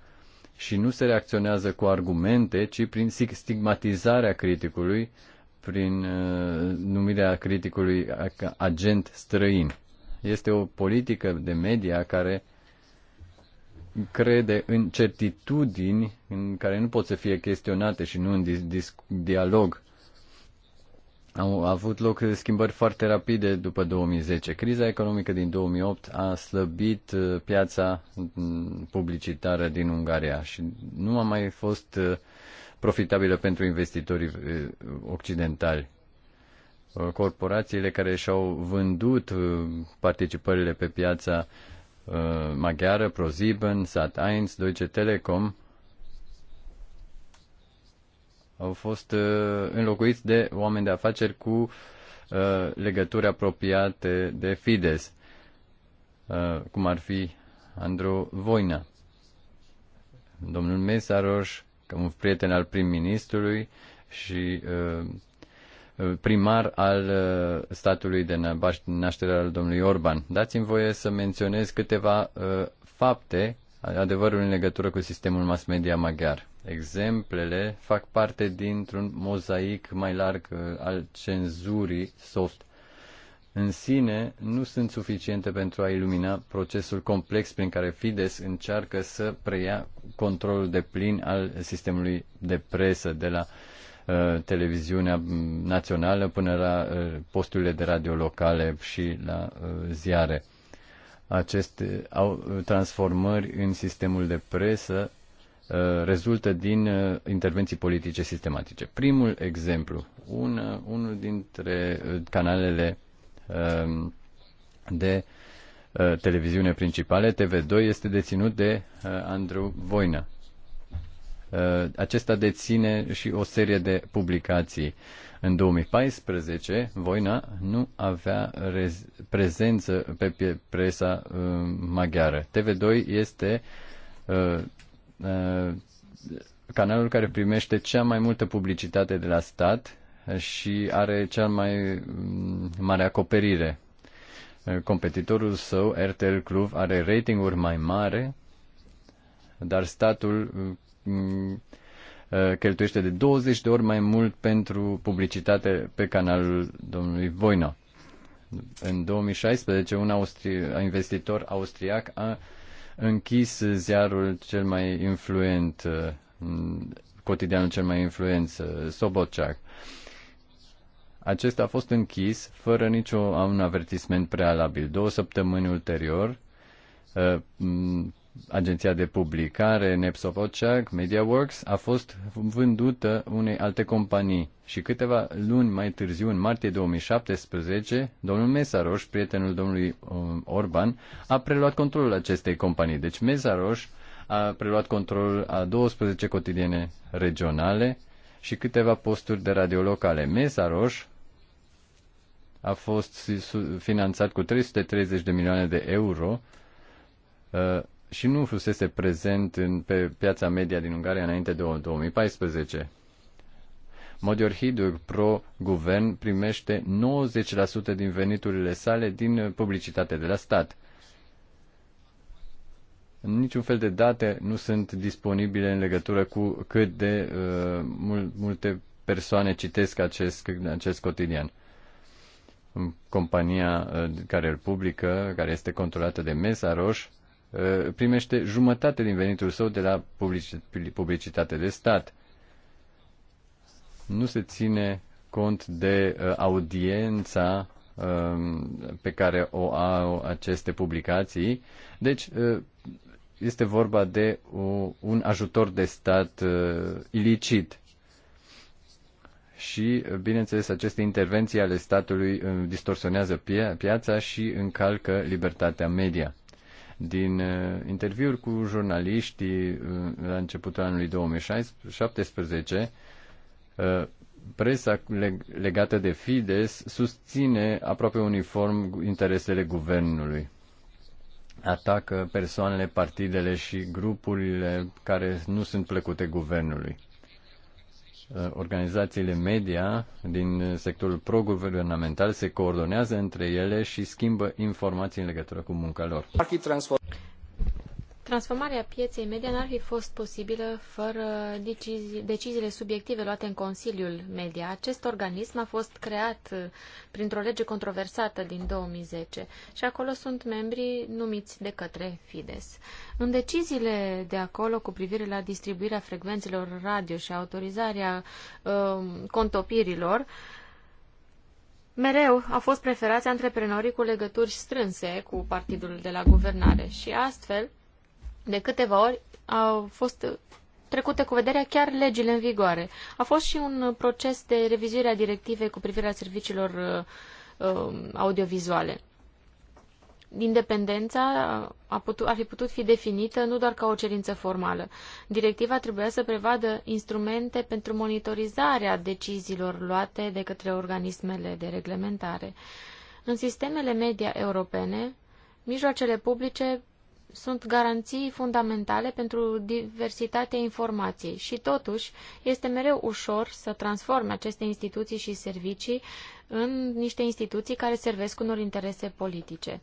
și nu se reacționează cu argumente, ci prin stigmatizarea criticului, prin uh, numirea criticului agent străin. Este o politică de media care crede în certitudini în care nu pot să fie chestionate și nu în dis- dis- dialog. Au avut loc schimbări foarte rapide după 2010. Criza economică din 2008 a slăbit uh, piața mm, publicitară din Ungaria și nu a mai fost uh, profitabilă pentru investitorii uh, occidentali. Corporațiile care și-au vândut participările pe piața maghiară, ProSieben, Sat1, Deutsche Telekom, au fost uh, înlocuiți de oameni de afaceri cu uh, legături apropiate de Fides, uh, cum ar fi Andru Voina, domnul Mesaroș, un prieten al prim-ministrului și primar al statului de naștere al domnului Orban. Dați-mi voie să menționez câteva fapte, adevărul în legătură cu sistemul mass media maghiar. Exemplele fac parte dintr-un mozaic mai larg uh, al cenzurii soft. În sine, nu sunt suficiente pentru a ilumina procesul complex prin care Fides încearcă să preia controlul de plin al sistemului de presă de la uh, televiziunea mm, națională până la uh, posturile de radio locale și la ziare aceste transformări în sistemul de presă Uh, rezultă din uh, intervenții politice sistematice. Primul exemplu, un, uh, unul dintre canalele um, de televiziune principale, TV2, este deținut de Andrew Voina. Acesta deține și o serie de publicații. În 2014, Voina nu avea prezență pe presa maghiară. TV2 este Uh, canalul care primește cea mai multă publicitate de la stat și are cea mai mm, mare acoperire. Uh, competitorul său, RTL Club, are ratinguri mai mare, dar statul uh, mm, cheltuiește de 20 de ori mai mult pentru publicitate pe canalul domnului Voina. În 2016, un austri- investitor austriac a închis ziarul cel mai influent, uh, cotidianul cel mai influent, uh, Sobotciac. Acesta a fost închis fără niciun avertisment prealabil. Două săptămâni ulterior, uh, agenția de publicare Nepsovocek, MediaWorks, a fost vândută unei alte companii și câteva luni mai târziu, în martie 2017, domnul Mesaroș, prietenul domnului um, Orban, a preluat controlul acestei companii. Deci Mesaroș a preluat controlul a 12 cotidiene regionale și câteva posturi de radio locale. Mesaroș a fost finanțat cu 330 de milioane de euro uh, și nu fusese prezent în, pe piața media din Ungaria înainte de 2014. Hidur, pro-guvern primește 90% din veniturile sale din publicitate de la stat. Niciun fel de date nu sunt disponibile în legătură cu cât de uh, mul- multe persoane citesc acest, acest cotidian. Compania uh, care îl publică, care este controlată de Mesa uh, Eh, primește jumătate din venitul său de la publicitate de stat. Nu se ține cont de eh, audiența ehm, pe care o au aceste publicații. Deci, eh, este vorba de o, un ajutor de stat uh, ilicit. Și, bineînțeles, aceste intervenții ale statului uh, distorsionează pie- piața și încalcă libertatea media. Din uh, interviuri cu jurnaliștii uh, la începutul anului 2017, uh, presa legată de Fides susține aproape uniform interesele guvernului. Atacă persoanele, partidele și grupurile care nu sunt plăcute guvernului. Uh, organizațiile media din sectorul pro-guvernamental se coordonează între ele și schimbă informații în legătură cu munca lor. Transformarea pieței media n-ar fi fost posibilă fără decizi, deciziile subiective luate în Consiliul Media. Acest organism a fost creat uh, printr-o lege controversată din 2010 și acolo sunt membrii numiți de către Fides. În deciziile de acolo cu privire la distribuirea frecvențelor radio și autorizarea uh, contopirilor, Mereu au fost preferați antreprenorii cu legături strânse cu partidul de la guvernare și astfel de câteva ori au fost trecute cu vederea chiar legile în vigoare. A fost și un proces de revizuire a directivei cu privire la serviciilor uh, um, audiovizuale. Independența a putut, ar fi putut fi definită nu doar ca o cerință formală. Directiva trebuia să prevadă instrumente pentru monitorizarea deciziilor luate de către organismele de reglementare. În sistemele media europene, mijloacele publice sunt garanții fundamentale pentru diversitatea informației și totuși este mereu ușor să transforme aceste instituții și servicii în niște instituții care servesc unor interese politice.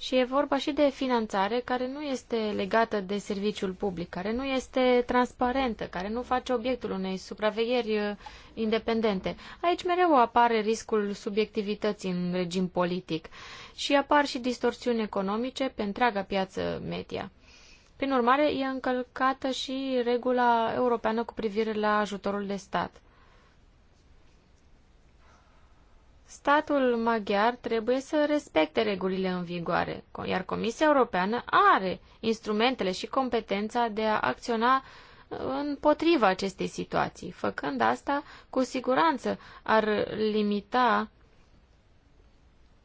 Și e vorba și de finanțare care nu este legată de serviciul public, care nu este transparentă, care nu face obiectul unei supravegheri uh, independente. Aici mereu apare riscul subiectivității în regim politic și apar și distorsiuni economice pe întreaga piață media. Prin urmare, e încălcată și regula europeană cu privire la ajutorul de stat. statul maghiar trebuie să respecte regulile în vigoare, iar Comisia Europeană are instrumentele și competența de a acționa uh, împotriva acestei situații. Făcând asta, cu siguranță ar limita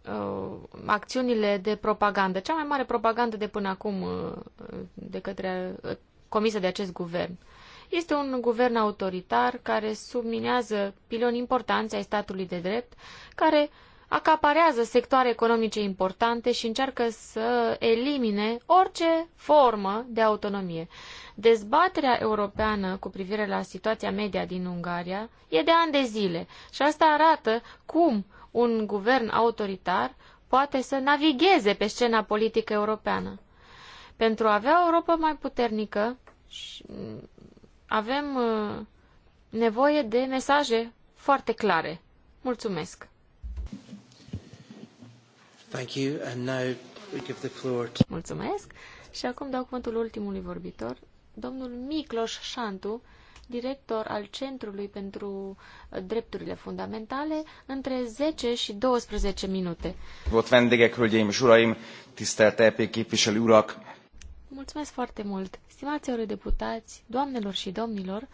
uh, acțiunile de propagandă, cea mai mare propagandă de până acum uh, de către uh, comisă de acest guvern. Uh, este un guvern autoritar care subminează piloni importanți ai statului de drept, care acaparează sectoare economice importante și încearcă să elimine orice formă de autonomie. Dezbaterea europeană cu privire la situația media din Ungaria e de ani de zile și asta arată cum un guvern autoritar poate să navigheze pe scena politică europeană. Pentru a avea o Europa mai puternică, avem uh, nevoie de mesaje foarte clare. Mulțumesc! Thank you. And now we give the floor to... Mulțumesc! Și acum dau cuvântul ultimului vorbitor, domnul Micloș Șantu, director al Centrului pentru Drepturile Fundamentale, între 10 și 12 minute. Volt vendégek, hölgyeim és uraim, tisztelt EP képviselő urak, Mulțumesc foarte mult, stimați eurodeputați, doamnelor și domnilor.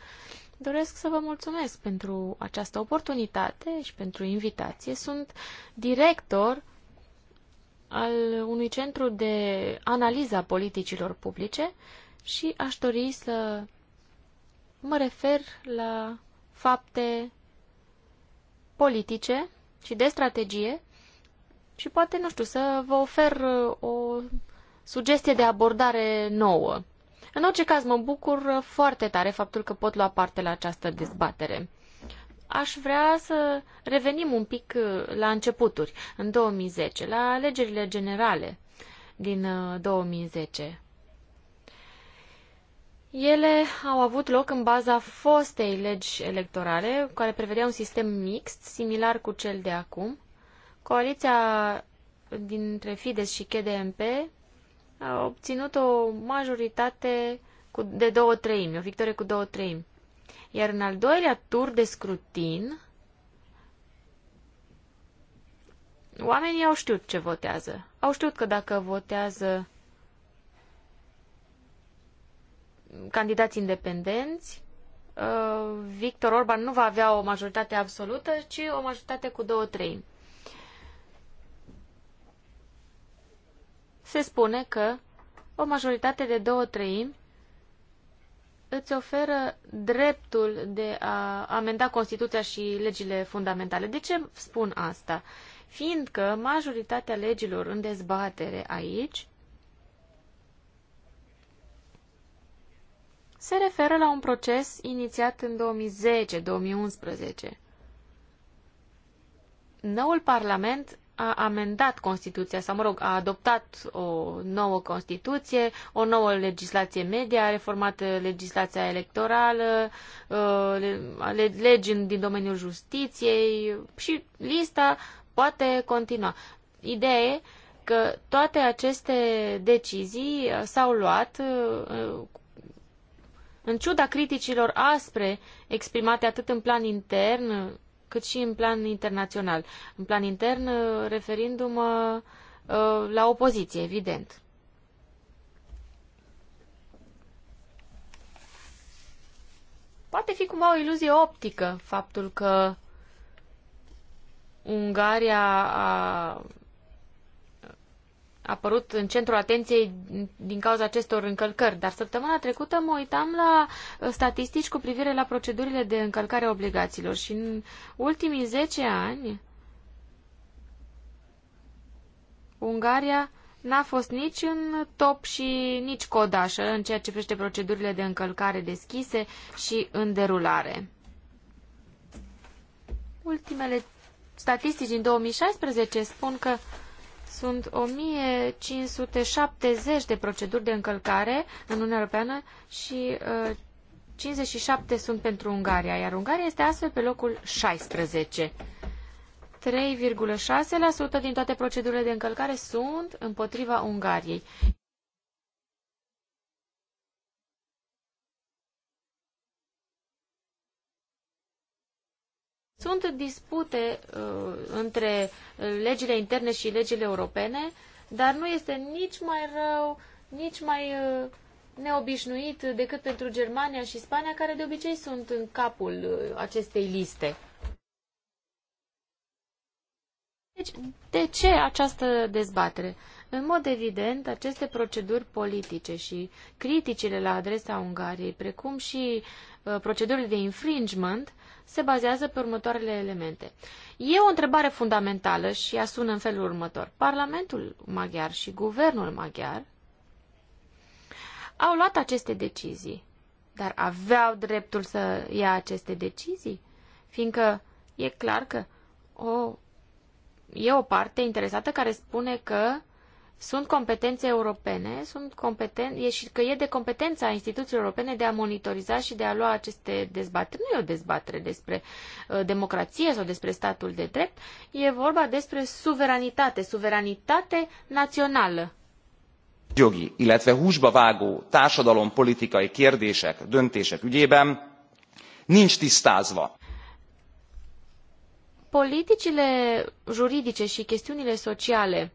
Doresc să vă mulțumesc pentru această oportunitate și pentru invitație. Sunt director al unui centru de analiză a politicilor publice și aș dori să mă refer la fapte politice și de strategie și poate, nu știu, să vă ofer uh, o sugestie de abordare nouă. În orice caz, mă bucur foarte tare faptul că pot lua parte la această dezbatere. Aș vrea să revenim un pic uh, la începuturi, în 2010, la alegerile generale din 2010. Uh, Ele au avut loc în baza fostei legi electorale, care prevedea un sistem mixt, similar cu cel de acum. Coaliția dintre Fides și KDMP a obținut o majoritate cu, de două treimi, o victorie cu două treimi. Iar în al doilea tur de scrutin, oamenii au știut ce votează. Au știut că dacă votează candidați independenți, uh, Victor Orban nu va avea o majoritate absolută, ci o majoritate cu două treimi. se spune că o majoritate de două treimi îți oferă dreptul de a amenda Constituția și legile fundamentale. De ce spun asta? Fiindcă majoritatea legilor în dezbatere aici se referă la un proces inițiat în 2010-2011. Noul Parlament a amendat Constituția, sau mă rog, a adoptat o nouă Constituție, o nouă legislație media, a reformat legislația electorală, uh, legi din domeniul justiției și lista poate continua. Ideea e că toate aceste decizii s-au luat uh, în ciuda criticilor aspre exprimate atât în plan intern cât și în plan internațional. În plan intern, uh, referindu-mă uh, la opoziție, evident. Poate fi cumva o iluzie optică faptul că Ungaria a apărut în centrul atenției din cauza acestor încălcări, dar săptămâna trecută mă uitam la statistici cu privire la procedurile de încălcare a obligațiilor și în ultimii 10 ani Ungaria n-a fost nici în top și nici codașă în ceea ce privește procedurile de încălcare deschise și în derulare. Ultimele statistici din 2016 spun că sunt 1570 de proceduri de încălcare în Uniunea Europeană și 57 uh, sunt pentru Ungaria, iar Ungaria este astfel pe locul 16. 3,6% din toate procedurile de încălcare sunt împotriva Ungariei. Sunt dispute uh, între legile interne și legile europene, dar nu este nici mai rău, nici mai uh, neobișnuit decât pentru Germania și Spania, care de obicei sunt în capul uh, acestei liste. Deci, de ce această dezbatere? În mod evident, aceste proceduri politice și criticile la adresa Ungariei, precum și uh, procedurile de infringement, se bazează pe următoarele elemente. E o întrebare fundamentală și ea sună în felul următor. Parlamentul maghiar și guvernul maghiar au luat aceste decizii, dar aveau dreptul să ia aceste decizii, fiindcă e clar că o, e o parte interesată care spune că sunt competențe europene, sunt competen- e și că e de competența instituțiilor europene de a monitoriza și de a lua aceste dezbateri. Nu e o dezbatere despre uh, democrație sau despre statul de drept, e vorba despre suveranitate, suveranitate națională. Jogi, illetve húsba vágó politikai kérdések, döntések ügyében nincs tisztázva. Politicile juridice și chestiunile sociale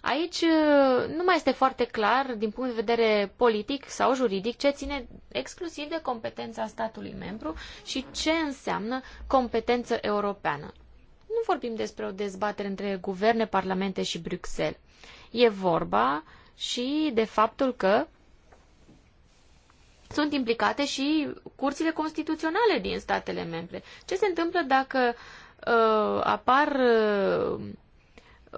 Aici uh, nu mai este foarte clar, din punct de vedere politic sau juridic, ce ține exclusiv de competența statului membru și ce înseamnă competență europeană. Nu vorbim despre o dezbatere între guverne, parlamente și Bruxelles. E vorba și de faptul că sunt implicate și curțile constituționale din statele membre. Ce se întâmplă dacă uh, apar uh,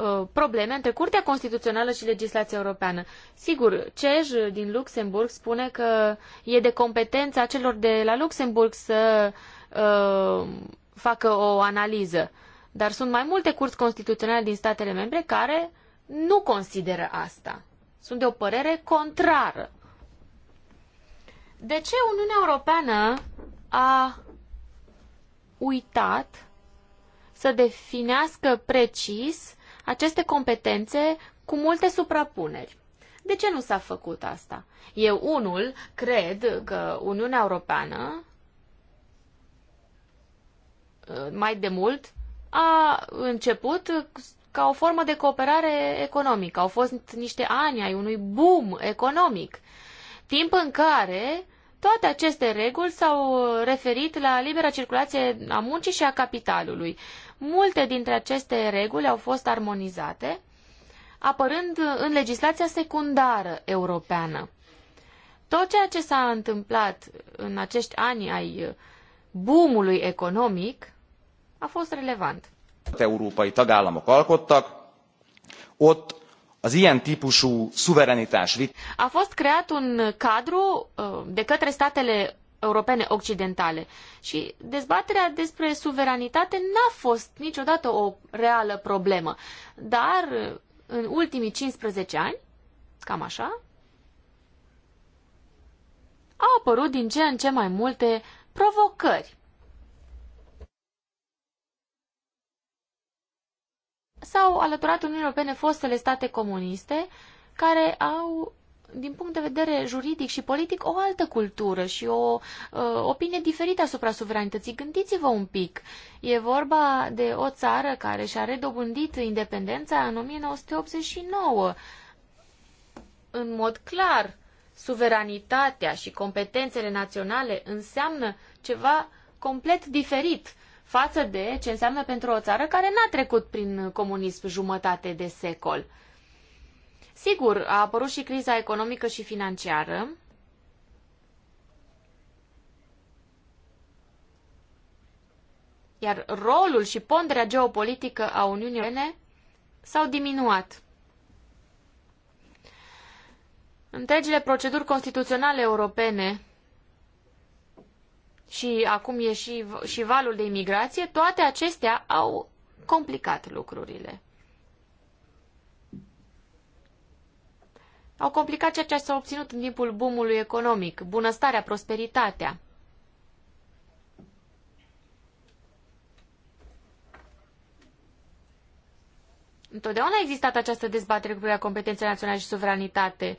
Uh, probleme între Curtea Constituțională și legislația europeană. Sigur, CEJ uh, din Luxemburg spune că e de competența celor de la Luxemburg să uh, facă o analiză. Dar sunt mai multe curți constituționale din statele membre care nu consideră asta. Sunt de o părere contrară. De ce Uniunea Europeană a uitat să definească precis aceste competențe cu multe suprapuneri. De ce nu s-a făcut asta? Eu, unul, cred că Uniunea Europeană uh, mai de mult a început ca o formă de cooperare economică. Au fost niște ani ai unui boom economic, timp în care toate aceste reguli s-au referit la libera circulație a muncii și a capitalului. Multe dintre aceste reguli au fost armonizate, apărând în legislația secundară europeană. Tot ceea ce s-a întâmplat în acești ani ai boomului economic a fost relevant. Európai tagállamok alkottak, ott az ilyen típusú szuverenitás. A fost creat un cadru uh, de către statele europene occidentale. Și dezbaterea despre suveranitate n-a fost niciodată o reală problemă. Dar în ultimii 15 ani, cam așa, au apărut din ce în ce mai multe provocări. S-au alăturat Uniunii Europene fostele state comuniste care au din punct de vedere juridic și politic, o altă cultură și o uh, opinie diferită asupra suveranității. Gândiți-vă un pic. E vorba de o țară care și-a redobândit independența în 1989. În mod clar, suveranitatea și competențele naționale înseamnă ceva complet diferit față de ce înseamnă pentru o țară care n-a trecut prin comunism jumătate de secol. Uh, Sigur, a apărut și criza economică și financiară. Iar rolul și ponderea geopolitică a Uniunii Europene s-au diminuat. Întregile proceduri constituționale europene și acum e și, și valul de imigrație, toate acestea au complicat lucrurile. au complicat ceea ce s-a obținut în timpul boomului economic, bunăstarea, prosperitatea. Întotdeauna a existat această dezbatere cu privire competenței naționale și suveranitate,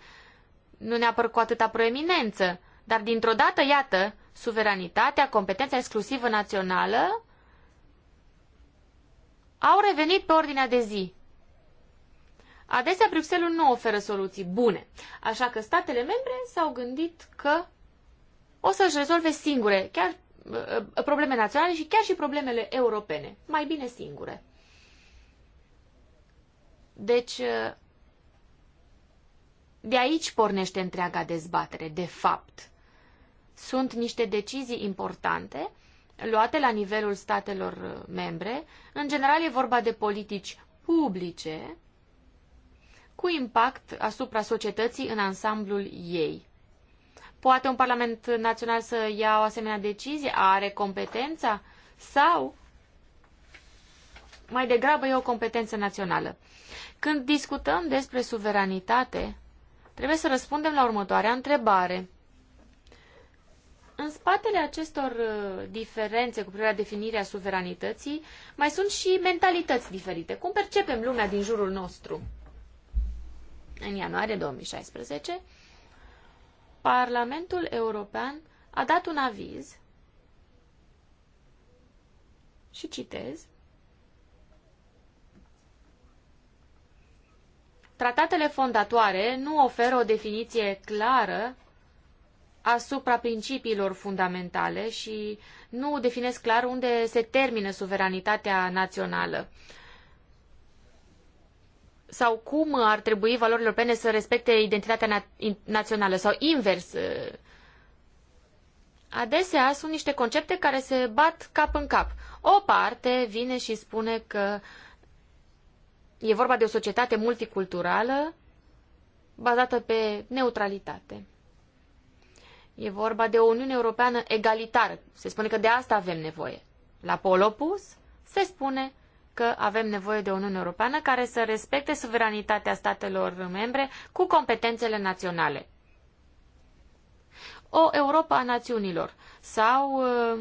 nu neapărat cu atâta proeminență, dar dintr-o dată, iată, suveranitatea, competența exclusivă națională au revenit pe ordinea de zi. Adesea Bruxelles nu oferă soluții bune, așa că statele membre s-au gândit că o să-și rezolve singure chiar uh, probleme naționale și chiar și problemele europene, mai bine singure. Deci, uh, de aici pornește întreaga dezbatere, de fapt. Sunt niște decizii importante luate la nivelul statelor uh, membre. În general e vorba de politici publice cu impact asupra societății în ansamblul ei. Poate un Parlament Național să ia o asemenea decizie? Are competența? Sau mai degrabă e o competență națională? Când discutăm despre suveranitate, trebuie să răspundem la următoarea întrebare. În spatele acestor uh, diferențe cu privire la definirea suveranității, mai sunt și mentalități diferite. Cum percepem lumea din jurul nostru? În ianuarie 2016, Parlamentul European a dat un aviz și citez Tratatele fondatoare nu oferă o definiție clară asupra principiilor fundamentale și nu definesc clar unde se termină suveranitatea națională sau cum ar trebui valorile europene să respecte identitatea na- națională sau invers. Uh, adesea sunt niște concepte care se bat cap în cap. O parte vine și spune că e vorba de o societate multiculturală bazată pe neutralitate. E vorba de o Uniune Europeană egalitară. Se spune că de asta avem nevoie. La pol opus se spune că avem nevoie de o Uniune Europeană care să respecte suveranitatea statelor membre cu competențele naționale. O Europa a națiunilor sau uh,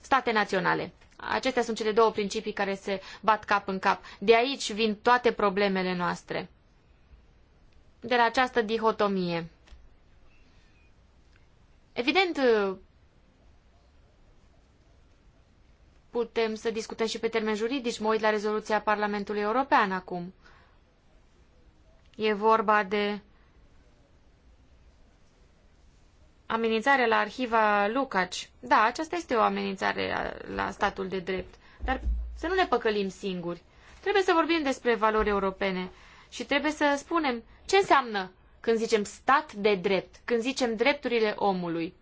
state naționale. Acestea sunt cele două principii care se bat cap în cap. De aici vin toate problemele noastre. De la această dihotomie. Evident, putem să discutăm și pe termen juridic, Mă uit la rezoluția Parlamentului European acum. E vorba de amenințare la arhiva Lucaci. Da, aceasta este o amenințare la statul de drept. Dar să nu ne păcălim singuri. Trebuie să vorbim despre valori europene și trebuie să spunem ce înseamnă când zicem stat de drept, când zicem drepturile omului.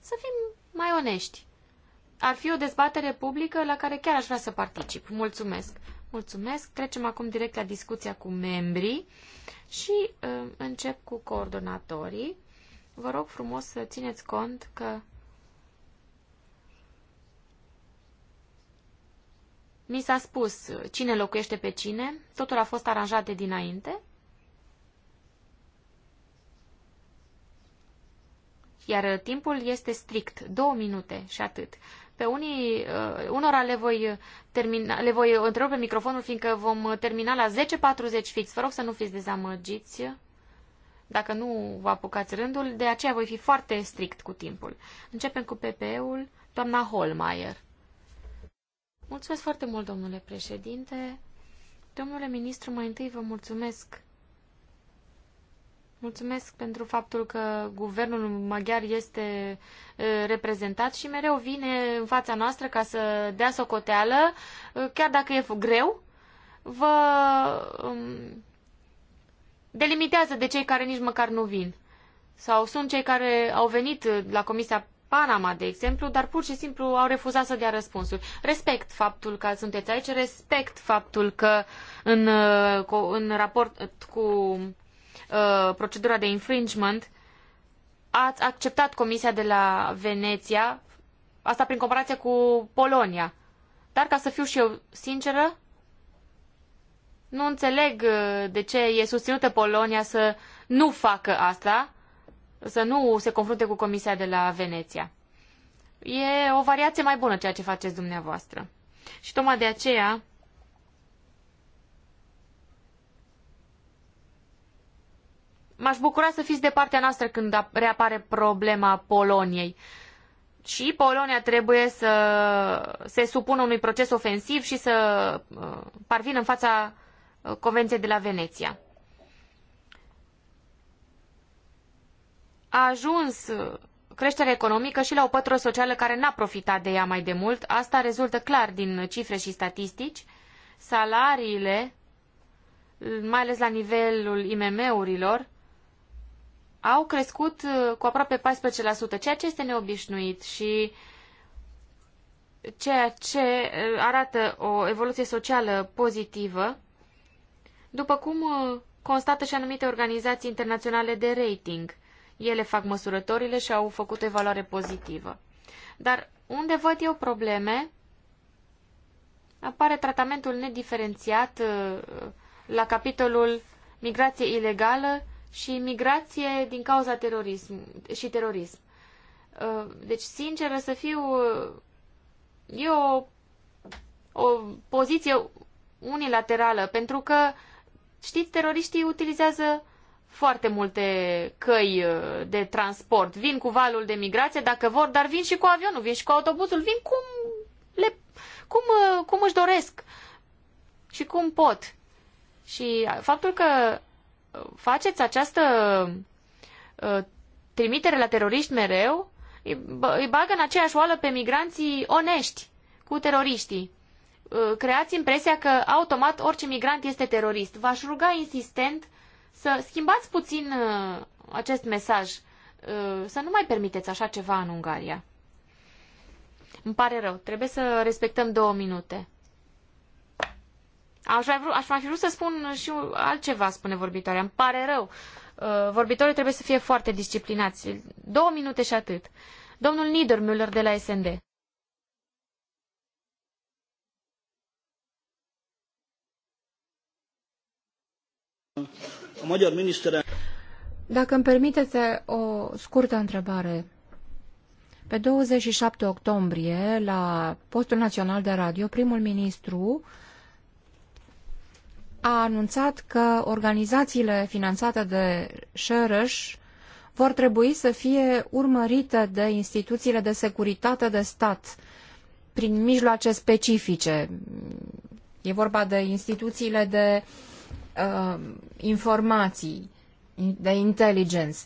Să fim mai onești ar fi o dezbatere publică la care chiar aș vrea să particip. Mulțumesc! Mulțumesc! Trecem acum direct la discuția cu membrii și uh, încep cu coordonatorii. Vă rog frumos să țineți cont că mi s-a spus cine locuiește pe cine, totul a fost aranjat de dinainte, iar timpul este strict, două minute și atât. Pe unii, uh, unora le voi, termina, le voi întrerupe microfonul, fiindcă vom termina la 10.40 fix. Vă rog să nu fiți dezamăgiți dacă nu vă apucați rândul, de aceea voi fi foarte strict cu timpul. Începem cu PPE-ul, doamna Holmeier. Mulțumesc foarte mult, domnule președinte. Domnule ministru, mai întâi vă mulțumesc Mulțumesc pentru faptul că guvernul maghiar este reprezentat și mereu vine în fața noastră ca să dea socoteală, chiar dacă e greu, vă um, delimitează de cei care nici măcar nu vin. Sau sunt cei care au venit la Comisia Panama, de exemplu, dar pur și simplu au refuzat să dea răspunsuri. Respect faptul că sunteți aici, respect faptul că în, în raport cu Uh, procedura de infringement, ați acceptat Comisia de la Veneția, asta prin comparație cu Polonia. Dar ca să fiu și eu sinceră, nu înțeleg uh, de ce e susținută Polonia să nu facă asta, să nu se confrunte cu Comisia de la Veneția. E o variație mai bună ceea ce faceți dumneavoastră. Și tocmai de aceea M-aș bucura să fiți de partea noastră când reapare problema Poloniei. Și Polonia trebuie să se supună unui proces ofensiv și să uh, parvină în fața uh, Convenției de la Veneția. A ajuns uh, creșterea economică și la o pătură socială care n-a profitat de ea mai de mult. Asta rezultă clar din cifre și statistici. Salariile, mai ales la nivelul IMM-urilor, au crescut uh, cu aproape 14%, ceea ce este neobișnuit și ceea ce uh, arată o evoluție socială pozitivă, după cum uh, constată și anumite organizații internaționale de rating. Ele fac măsurătorile și au făcut o evaluare pozitivă. Dar unde văd eu probleme, apare tratamentul nediferențiat la capitolul migrație ilegală și migrație din cauza terorism și terorism. Uh, deci, sinceră să fiu, uh, e o, o poziție unilaterală, pentru că, știți, teroriștii utilizează foarte multe căi uh, de transport. Vin cu valul de migrație dacă vor, dar vin și cu avionul, vin și cu autobuzul, vin cum, le, cum, cum își doresc și cum pot. Și faptul că faceți această ă, trimitere la teroriști mereu, îi bagă în aceeași oală pe migranții onești cu teroriștii. Ă, creați impresia că automat orice migrant este terorist. V-aș ruga insistent să schimbați puțin ă, acest mesaj, să nu mai permiteți așa ceva în Ungaria. Îmi pare rău, trebuie să respectăm două minute. Aș, mai vrut, aș mai fi vrut să spun și altceva, spune vorbitoarea. Îmi pare rău. Uh, vorbitorii trebuie să fie foarte disciplinați. Două minute și atât. Domnul Niedermüller de la SND. Dacă îmi permiteți o scurtă întrebare. Pe 27 octombrie, la postul național de radio, primul ministru a anunțat că organizațiile finanțate de Sheresh vor trebui să fie urmărite de instituțiile de securitate de stat prin mijloace specifice. E vorba de instituțiile de uh, informații, de intelligence,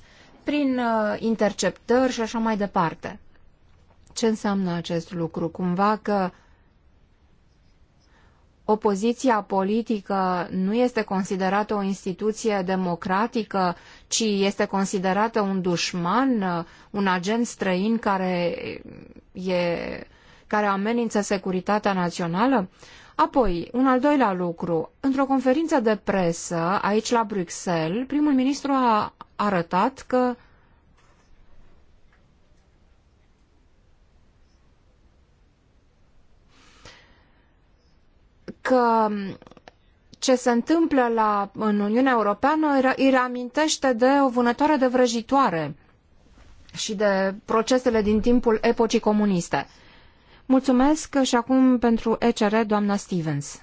prin uh, interceptări și așa mai departe. Ce înseamnă acest lucru? Cumva că opoziția politică nu este considerată o instituție democratică, ci este considerată un dușman, un agent străin care, e, care amenință securitatea națională? Apoi, un al doilea lucru. Într-o conferință de presă, aici la Bruxelles, primul ministru a arătat că că ce se întâmplă la, în Uniunea Europeană îi reamintește de o vânătoare de vrăjitoare și de procesele din timpul epocii comuniste. Mulțumesc și acum pentru ECR, doamna Stevens.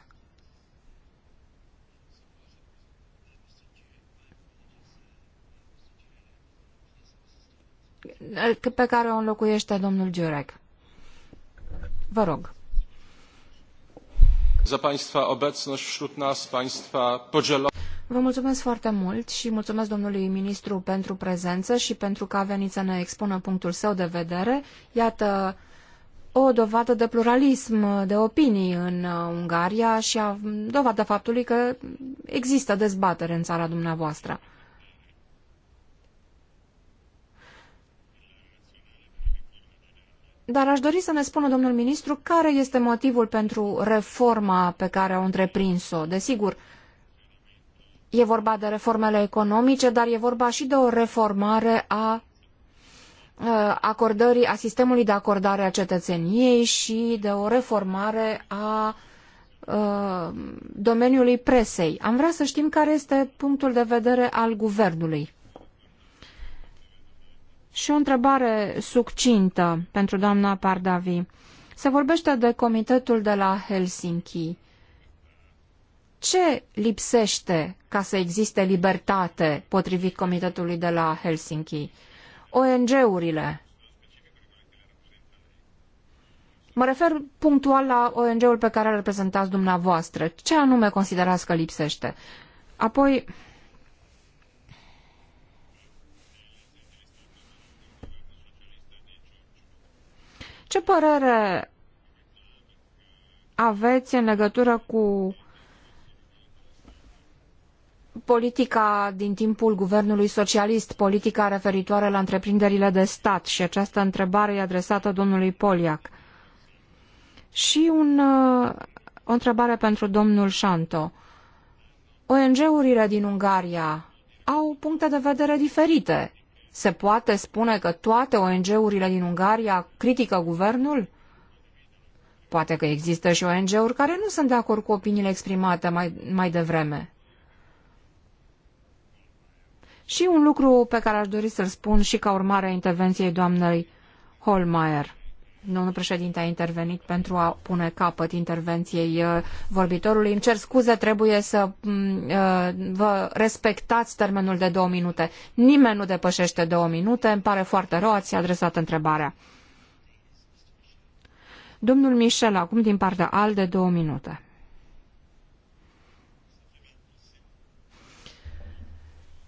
pe care o înlocuiește domnul Giurec. Vă rog za Państwa obecność wśród nas, Państwa podzielonych. Vă mulțumesc foarte mult și mulțumesc domnului ministru pentru prezență și pentru că a venit să ne expună punctul său de vedere. Iată o dovadă de pluralism de opinii în uh, Ungaria și a dovadă faptului că există dezbatere în țara dumneavoastră. Dar aș dori să ne spună, domnul ministru, care este motivul pentru reforma pe care au întreprins-o. Desigur, e vorba de reformele economice, dar e vorba și de o reformare a acordării, a sistemului de acordare a cetățeniei și de o reformare a domeniului presei. Am vrea să știm care este punctul de vedere al guvernului. Și o întrebare succintă pentru doamna Pardavi. Se vorbește de comitetul de la Helsinki. Ce lipsește ca să existe libertate potrivit comitetului de la Helsinki? ONG-urile. Mă refer punctual la ONG-ul pe care îl reprezentați dumneavoastră. Ce anume considerați că lipsește? Apoi, Ce părere aveți în legătură cu politica din timpul guvernului socialist, politica referitoare la întreprinderile de stat și această întrebare e adresată domnului Poliac. Și un, uh, o întrebare pentru domnul Șanto. ONG-urile din Ungaria au puncte de vedere diferite se poate spune că toate ONG-urile din Ungaria critică guvernul? Poate că există și ONG-uri care nu sunt de acord cu opiniile exprimate mai, mai devreme. Și un lucru pe care aș dori să-l spun și ca urmare a intervenției doamnei Holmeier. Domnul președinte a intervenit pentru a pune capăt intervenției uh, vorbitorului. Îmi cer scuze, trebuie să mm, uh, vă respectați termenul de două minute. Nimeni nu depășește două minute. Îmi pare foarte rău, ați adresat întrebarea. Domnul Michel, acum din partea al de două minute.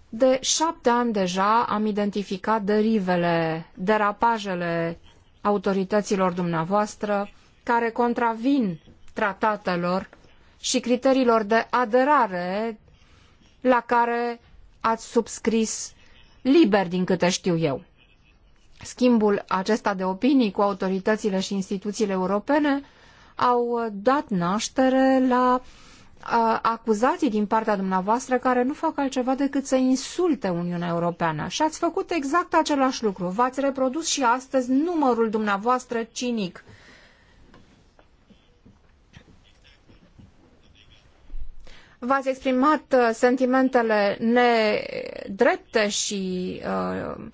De șapte ani deja am identificat derivele, derapajele autorităților dumneavoastră care contravin tratatelor și criteriilor de aderare la care ați subscris liber, din câte știu eu. Schimbul acesta de opinii cu autoritățile și instituțiile europene au dat naștere la uh, acuzații din partea dumneavoastră care nu fac altceva decât să insulte Uniunea Europeană. Și ați făcut exact același lucru. V-ați reprodus și astăzi numărul dumneavoastră cinic. V-ați exprimat uh, sentimentele nedrepte și uh,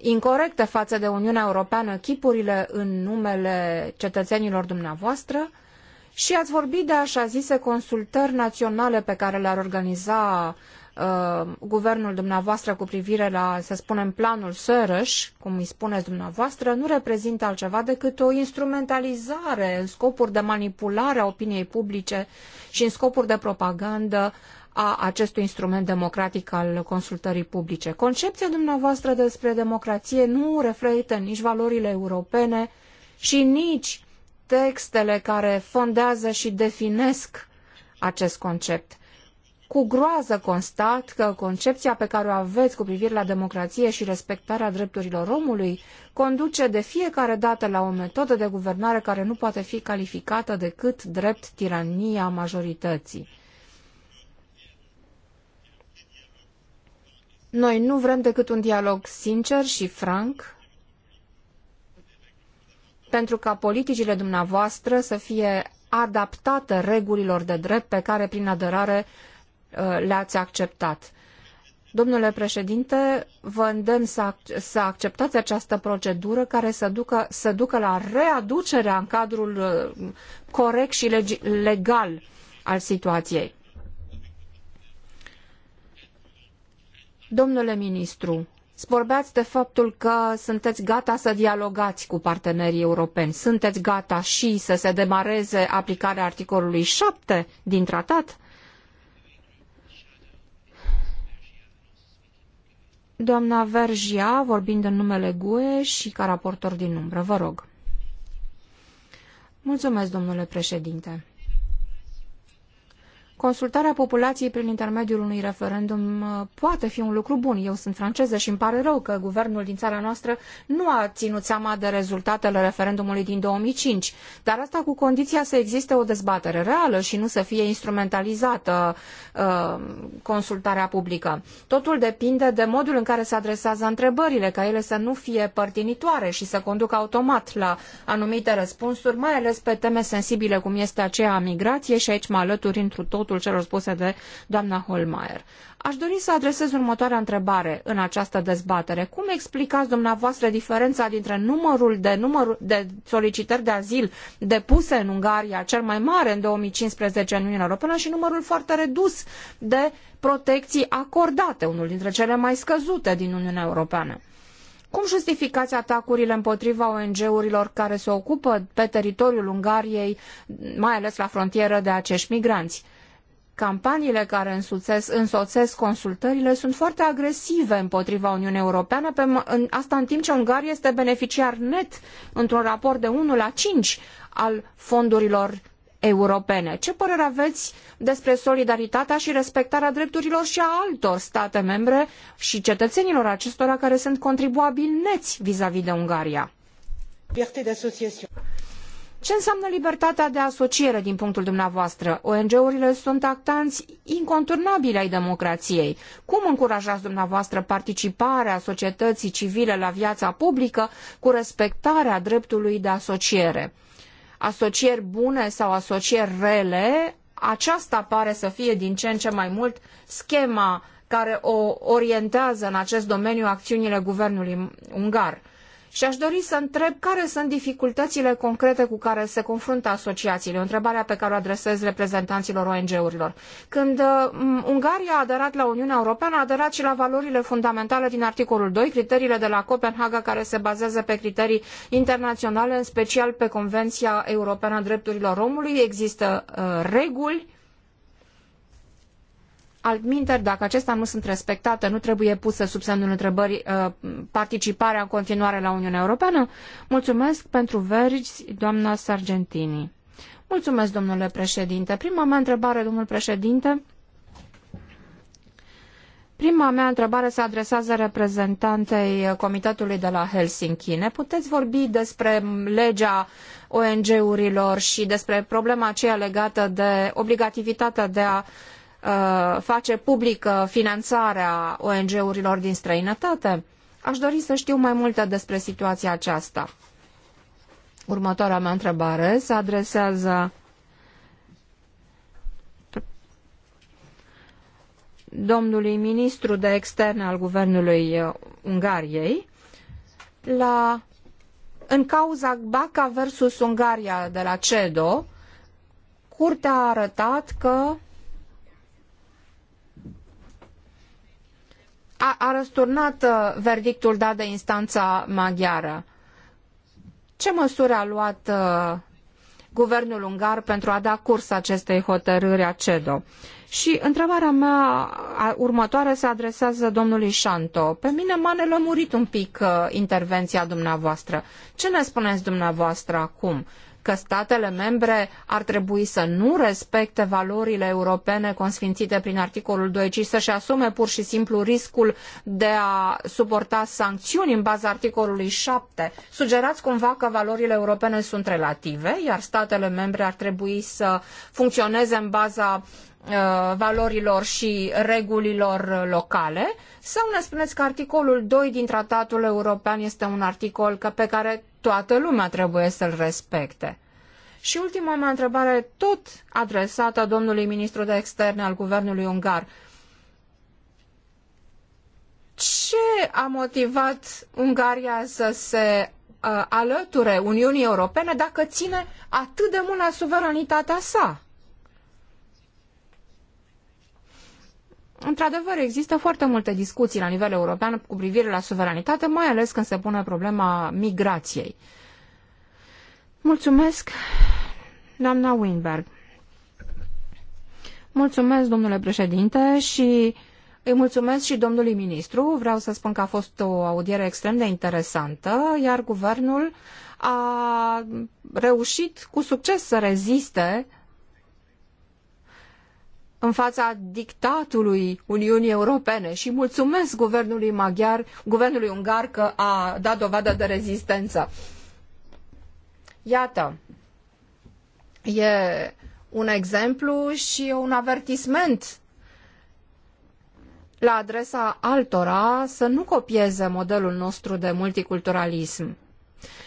incorrecte față de Uniunea Europeană, chipurile în numele cetățenilor dumneavoastră. Uh, și ați vorbit de așa zise consultări naționale pe care le-ar organiza uh, guvernul dumneavoastră cu privire la, să spunem, planul Sărăș, cum îi spuneți dumneavoastră, nu reprezintă altceva decât o instrumentalizare în scopuri de manipulare a opiniei publice și în scopuri de propagandă a acestui instrument democratic al consultării publice. Concepția dumneavoastră despre democrație nu reflectă nici valorile europene și nici textele care fondează și definesc acest concept. Cu groază constat că concepția pe care o aveți cu privire la democrație și respectarea drepturilor omului conduce de fiecare dată la o metodă de guvernare care nu poate fi calificată decât drept tirania majorității. Noi nu vrem decât un dialog sincer și franc pentru ca politicile dumneavoastră să fie adaptate regulilor de drept pe care prin aderare uh, le-ați acceptat. Domnule președinte, vă îndemn să, să acceptați această procedură care să ducă, să ducă la readucerea în cadrul uh, corect și leg legal al situației. Domnule ministru, Sporbeați de faptul că sunteți gata să dialogați cu partenerii europeni. Sunteți gata și să se demareze aplicarea articolului 7 din tratat? Doamna Vergia, vorbind în numele GUE și ca raportor din umbră, vă rog. Mulțumesc, domnule președinte. Consultarea populației prin intermediul unui referendum uh, poate fi un lucru bun. Eu sunt franceză și îmi pare rău că guvernul din țara noastră nu a ținut seama de rezultatele referendumului din 2005, dar asta cu condiția să existe o dezbatere reală și nu să fie instrumentalizată uh, consultarea publică. Totul depinde de modul în care se adresează întrebările, ca ele să nu fie părtinitoare și să conducă automat la anumite răspunsuri, mai ales pe teme sensibile cum este aceea a migrației și aici mă alături întru tot totul celor spuse de doamna Holmeier. Aș dori să adresez următoarea întrebare în această dezbatere. Cum explicați dumneavoastră diferența dintre numărul de, numărul de solicitări de azil depuse în Ungaria, cel mai mare în 2015 în Uniunea Europeană, și numărul foarte redus de protecții acordate, unul dintre cele mai scăzute din Uniunea Europeană? Cum justificați atacurile împotriva ONG-urilor care se ocupă pe teritoriul Ungariei, mai ales la frontieră de acești migranți? Campaniile care însoțesc consultările sunt foarte agresive împotriva Uniunii Europeană, pe, în, asta în timp ce Ungaria este beneficiar net într-un raport de 1 la 5 al fondurilor europene. Ce părere aveți despre solidaritatea și respectarea drepturilor și a altor state membre și cetățenilor acestora care sunt contribuabili neți vis a -vis de Ungaria? Ce înseamnă libertatea de asociere din punctul dumneavoastră? ONG-urile sunt actanți inconturnabili ai democrației. Cum încurajați dumneavoastră participarea societății civile la viața publică cu respectarea dreptului de asociere? Asocieri bune sau asocieri rele, aceasta pare să fie din ce în ce mai mult schema care o orientează în acest domeniu acțiunile guvernului ungar. Și aș dori să întreb care sunt dificultățile concrete cu care se confruntă asociațiile. O întrebare pe care o adresez reprezentanților ONG-urilor. Când mm, Ungaria a aderat la Uniunea Europeană, a aderat și la valorile fundamentale din articolul 2, criteriile de la Copenhaga care se bazează pe criterii internaționale, în special pe Convenția Europeană a Drepturilor Omului. Există uh, reguli Altminteri, dacă acestea nu sunt respectate, nu trebuie pusă sub semnul întrebării uh, participarea în continuare la Uniunea Europeană? Mulțumesc pentru verzi, doamna Sargentini. Mulțumesc, domnule președinte. Prima mea întrebare, domnul președinte, Prima mea întrebare se adresează reprezentantei Comitetului de la Helsinki. Ne puteți vorbi despre legea ONG-urilor și despre problema aceea legată de obligativitatea de a Uh, face publică finanțarea ONG-urilor din străinătate? Aș dori să știu mai multe despre situația aceasta. Următoarea mea întrebare se adresează domnului ministru de externe al guvernului uh, Ungariei la, în cauza Baca versus Ungaria de la CEDO, curtea a arătat că a, a răsturnat uh, verdictul dat de instanța maghiară. Ce măsuri a luat uh, guvernul ungar pentru a da curs acestei hotărâri a CEDO? Și întrebarea mea următoare se adresează domnului Șanto. Pe mine m-a nelămurit un pic uh, intervenția dumneavoastră. Ce ne spuneți dumneavoastră acum? că statele membre ar trebui să nu respecte valorile europene consfințite prin articolul 2, ci să-și asume pur și simplu riscul de a suporta sancțiuni în baza articolului 7. Sugerați cumva că valorile europene sunt relative, iar statele membre ar trebui să funcționeze în baza uh, valorilor și regulilor locale sau ne spuneți că articolul 2 din tratatul european este un articol pe care toată lumea trebuie să-l respecte. Și ultima mea întrebare, tot adresată domnului ministru de externe al guvernului ungar. Ce a motivat Ungaria să se uh, alăture Uniunii Europene dacă ține atât de mult la suveranitatea sa? Într-adevăr, există foarte multe discuții la nivel european cu privire la suveranitate, mai ales când se pune problema migrației. Mulțumesc, doamna Winberg. Mulțumesc, domnule președinte, și îi mulțumesc și domnului ministru. Vreau să spun că a fost o audiere extrem de interesantă, iar guvernul a reușit cu succes să reziste în fața dictatului Uniunii Europene și mulțumesc guvernului maghiar, guvernului ungar că a dat dovadă de rezistență. Iată, e un exemplu și un avertisment la adresa altora să nu copieze modelul nostru de multiculturalism.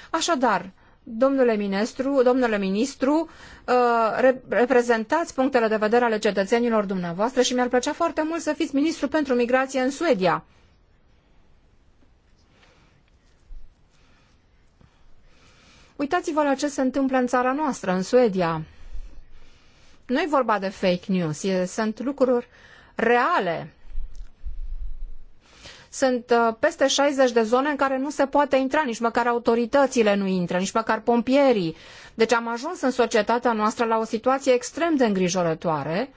Așadar, Domnule ministru, domnule ministru, uh, reprezentați punctele de vedere ale cetățenilor dumneavoastră și mi-ar plăcea foarte mult să fiți ministru pentru migrație în Suedia. Uitați-vă la ce se întâmplă în țara noastră, în Suedia. Nu e vorba de fake news, sunt lucruri reale sunt uh, peste 60 de zone în care nu se poate intra, nici măcar autoritățile nu intră, nici măcar pompierii. Deci am ajuns în societatea noastră la o situație extrem de îngrijorătoare.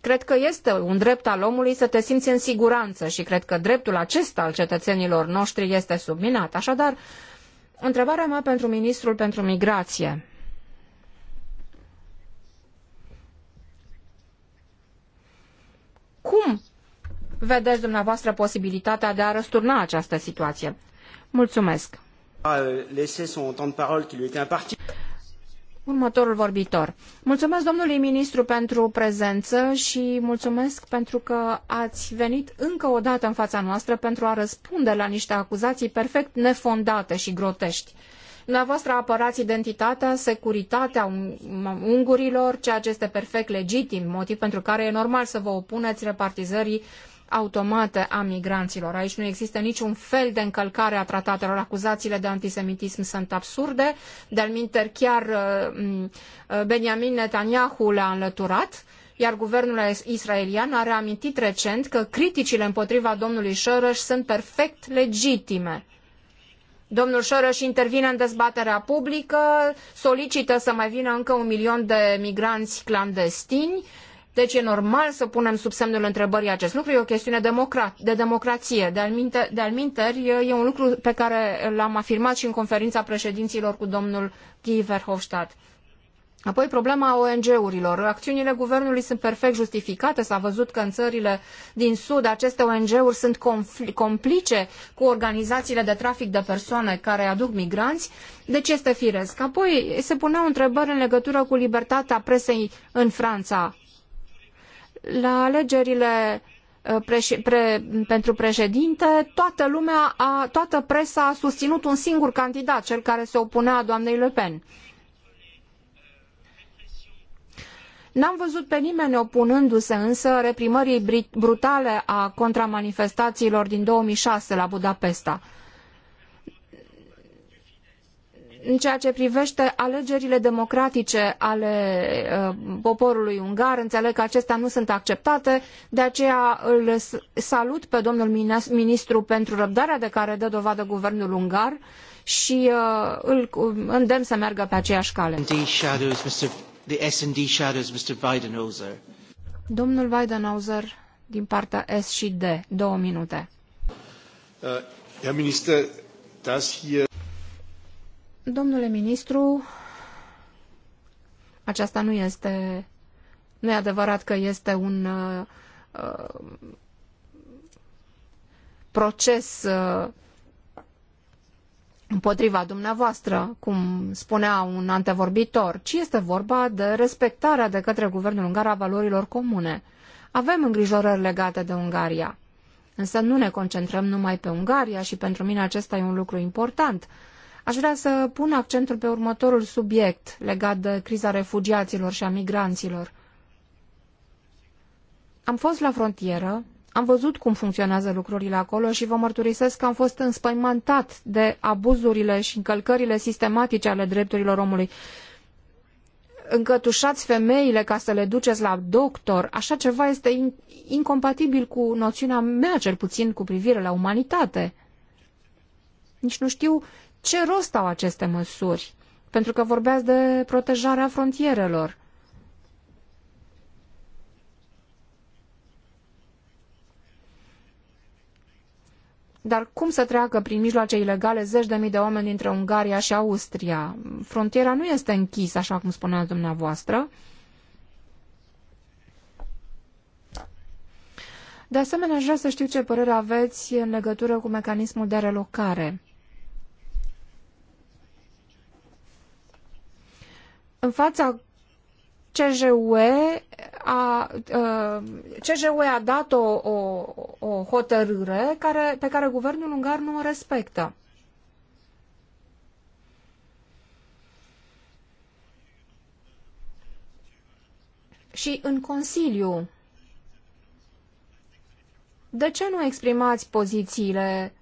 Cred că este un drept al omului să te simți în siguranță și cred că dreptul acesta al cetățenilor noștri este subminat. Așadar, întrebarea mea pentru Ministrul pentru Migrație. cum vedeți dumneavoastră posibilitatea de a răsturna această situație? Mulțumesc! Următorul vorbitor. Mulțumesc domnului ministru pentru prezență și mulțumesc pentru că ați venit încă o dată în fața noastră pentru a răspunde la niște acuzații perfect nefondate și grotești. Dumneavoastră apărați identitatea, securitatea ungurilor, ceea ce este perfect legitim, motiv pentru care e normal să vă opuneți repartizării uh, automate a migranților. Aici nu există niciun fel de încălcare a tratatelor. Acuzațiile de antisemitism sunt absurde. De-al minter, chiar uh, uh, Benjamin Netanyahu le-a înlăturat iar guvernul israelian a reamintit recent că criticile împotriva domnului Șorăș sunt perfect legitime. Domnul Șorăș intervine în dezbaterea publică, solicită să mai vină încă un milion de migranți clandestini, deci e normal să punem sub semnul întrebării acest lucru, e o chestiune de democrație. De-al minte, e un lucru pe care l-am afirmat și în conferința președinților cu domnul Guy Verhofstadt. Apoi problema ONG-urilor. Acțiunile guvernului sunt perfect justificate. S-a văzut că în țările din sud aceste ONG-uri sunt complice cu organizațiile de trafic de persoane care aduc migranți. Deci este firesc. Apoi se puneau întrebări în legătură cu libertatea presei în Franța la alegerile uh, pre pentru președinte, toată lumea, a, toată presa a susținut un singur candidat, cel care se opunea doamnei Le Pen. N-am văzut pe nimeni opunându-se însă reprimării brutale a contramanifestațiilor din 2006 la Budapesta în ceea ce privește alegerile democratice ale uh, poporului ungar, înțeleg că acestea nu sunt acceptate, de aceea îl salut pe domnul ministru pentru răbdarea de care dă dovadă guvernul ungar și uh, îl îndemn să meargă pe aceeași cale. Domnul Weidenhauser, din partea S și D, două minute. Uh, Herr Minister, das hier Domnule ministru, aceasta nu este... Nu e adevărat că este un uh, uh, proces uh, împotriva dumneavoastră, cum spunea un antevorbitor, ci este vorba de respectarea de către guvernul ungar a valorilor comune. Avem îngrijorări legate de Ungaria, însă nu ne concentrăm numai pe Ungaria și pentru mine acesta e un lucru important. Uh, Aș vrea să pun accentul pe următorul subiect legat de criza refugiaților și a migranților. Am fost la frontieră, am văzut cum funcționează lucrurile acolo și vă mărturisesc că am fost înspăimântat de abuzurile și încălcările sistematice ale drepturilor omului. Încătușați femeile ca să le duceți la doctor, așa ceva este incompatibil cu noțiunea mea, cel puțin cu privire la umanitate. Nici nu știu ce rost au aceste măsuri? Pentru că vorbeați de protejarea frontierelor. Dar cum să treacă prin mijloace ilegale zeci de mii de oameni dintre Ungaria și Austria? Frontiera nu este închisă, așa cum spunea dumneavoastră. De asemenea, aș vrea să știu ce părere aveți în legătură cu mecanismul de relocare. în fața CJUE a, ă, CJUE a dat o, o, o hotărâre care, pe care guvernul ungar nu o respectă. Și în Consiliu, de ce nu exprimați pozițiile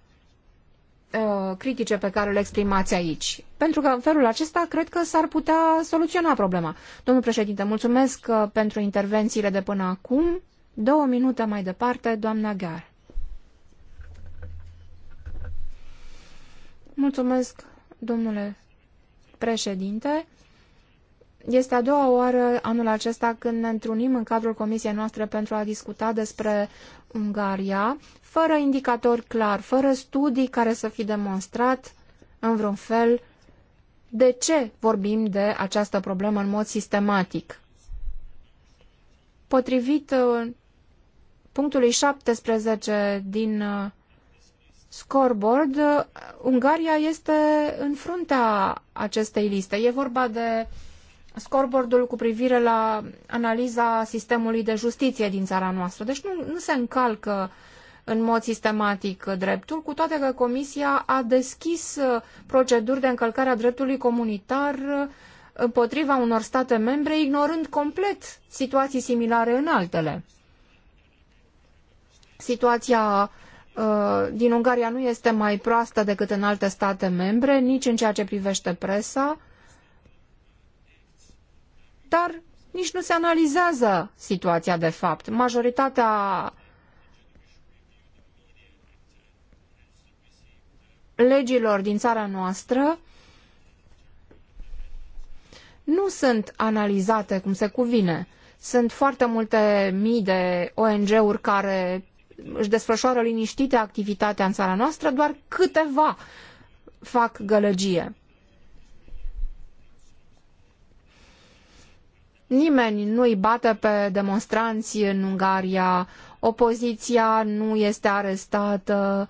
Uh, critice pe care le exprimați aici. Pentru că în felul acesta cred că s-ar putea soluționa problema. Domnul președinte, mulțumesc uh, pentru intervențiile de până acum. Două minute mai departe, doamna Gar. Mulțumesc, domnule președinte. Este a doua oară anul acesta când ne întrunim în cadrul comisiei noastre pentru a discuta despre Ungaria, fără indicatori clar, fără studii care să fi demonstrat în vreun fel de ce vorbim de această problemă în mod sistematic. Potrivit uh, punctului 17 din uh, scoreboard, uh, Ungaria este în fruntea acestei liste. E vorba de scoreboardul cu privire la analiza sistemului de justiție din țara noastră. Deci nu, nu se încalcă în mod sistematic dreptul, cu toate că Comisia a deschis proceduri de încălcare a dreptului comunitar împotriva unor state membre, ignorând complet situații similare în altele. Situația uh, din Ungaria nu este mai proastă decât în alte state membre, nici în ceea ce privește presa, uh, dar nici nu se analizează situația de fapt. Majoritatea legilor din țara noastră nu sunt analizate cum se cuvine. Sunt foarte multe mii de ONG-uri care își desfășoară liniștite activitatea în țara noastră, doar câteva fac gălăgie. Nimeni nu îi bate pe demonstranți în Ungaria, opoziția nu este arestată.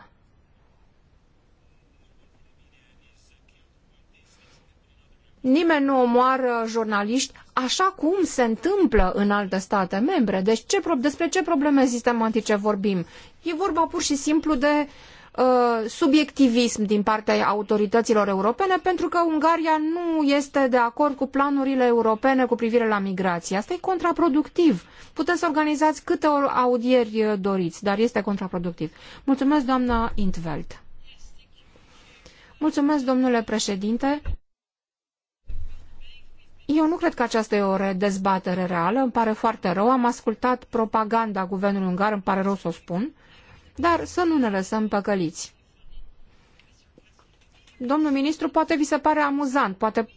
Nimeni nu omoară jurnaliști, așa cum se întâmplă în alte state membre. Deci ce, despre ce probleme sistematice vorbim? E vorba pur și simplu de uh, Uh, subiectivism din partea autorităților europene pentru că Ungaria nu este de acord cu planurile europene cu privire la migrație. Asta e contraproductiv. Puteți să organizați câte audieri uh, doriți, dar este contraproductiv. Mulțumesc, doamna Intveld. Mulțumesc, domnule președinte. Eu nu cred că aceasta e o dezbatere reală, îmi pare foarte rău, am ascultat propaganda guvernului ungar, îmi pare rău să o spun, dar să nu ne lăsăm păcăliți. Domnul ministru, poate vi se pare amuzant, poate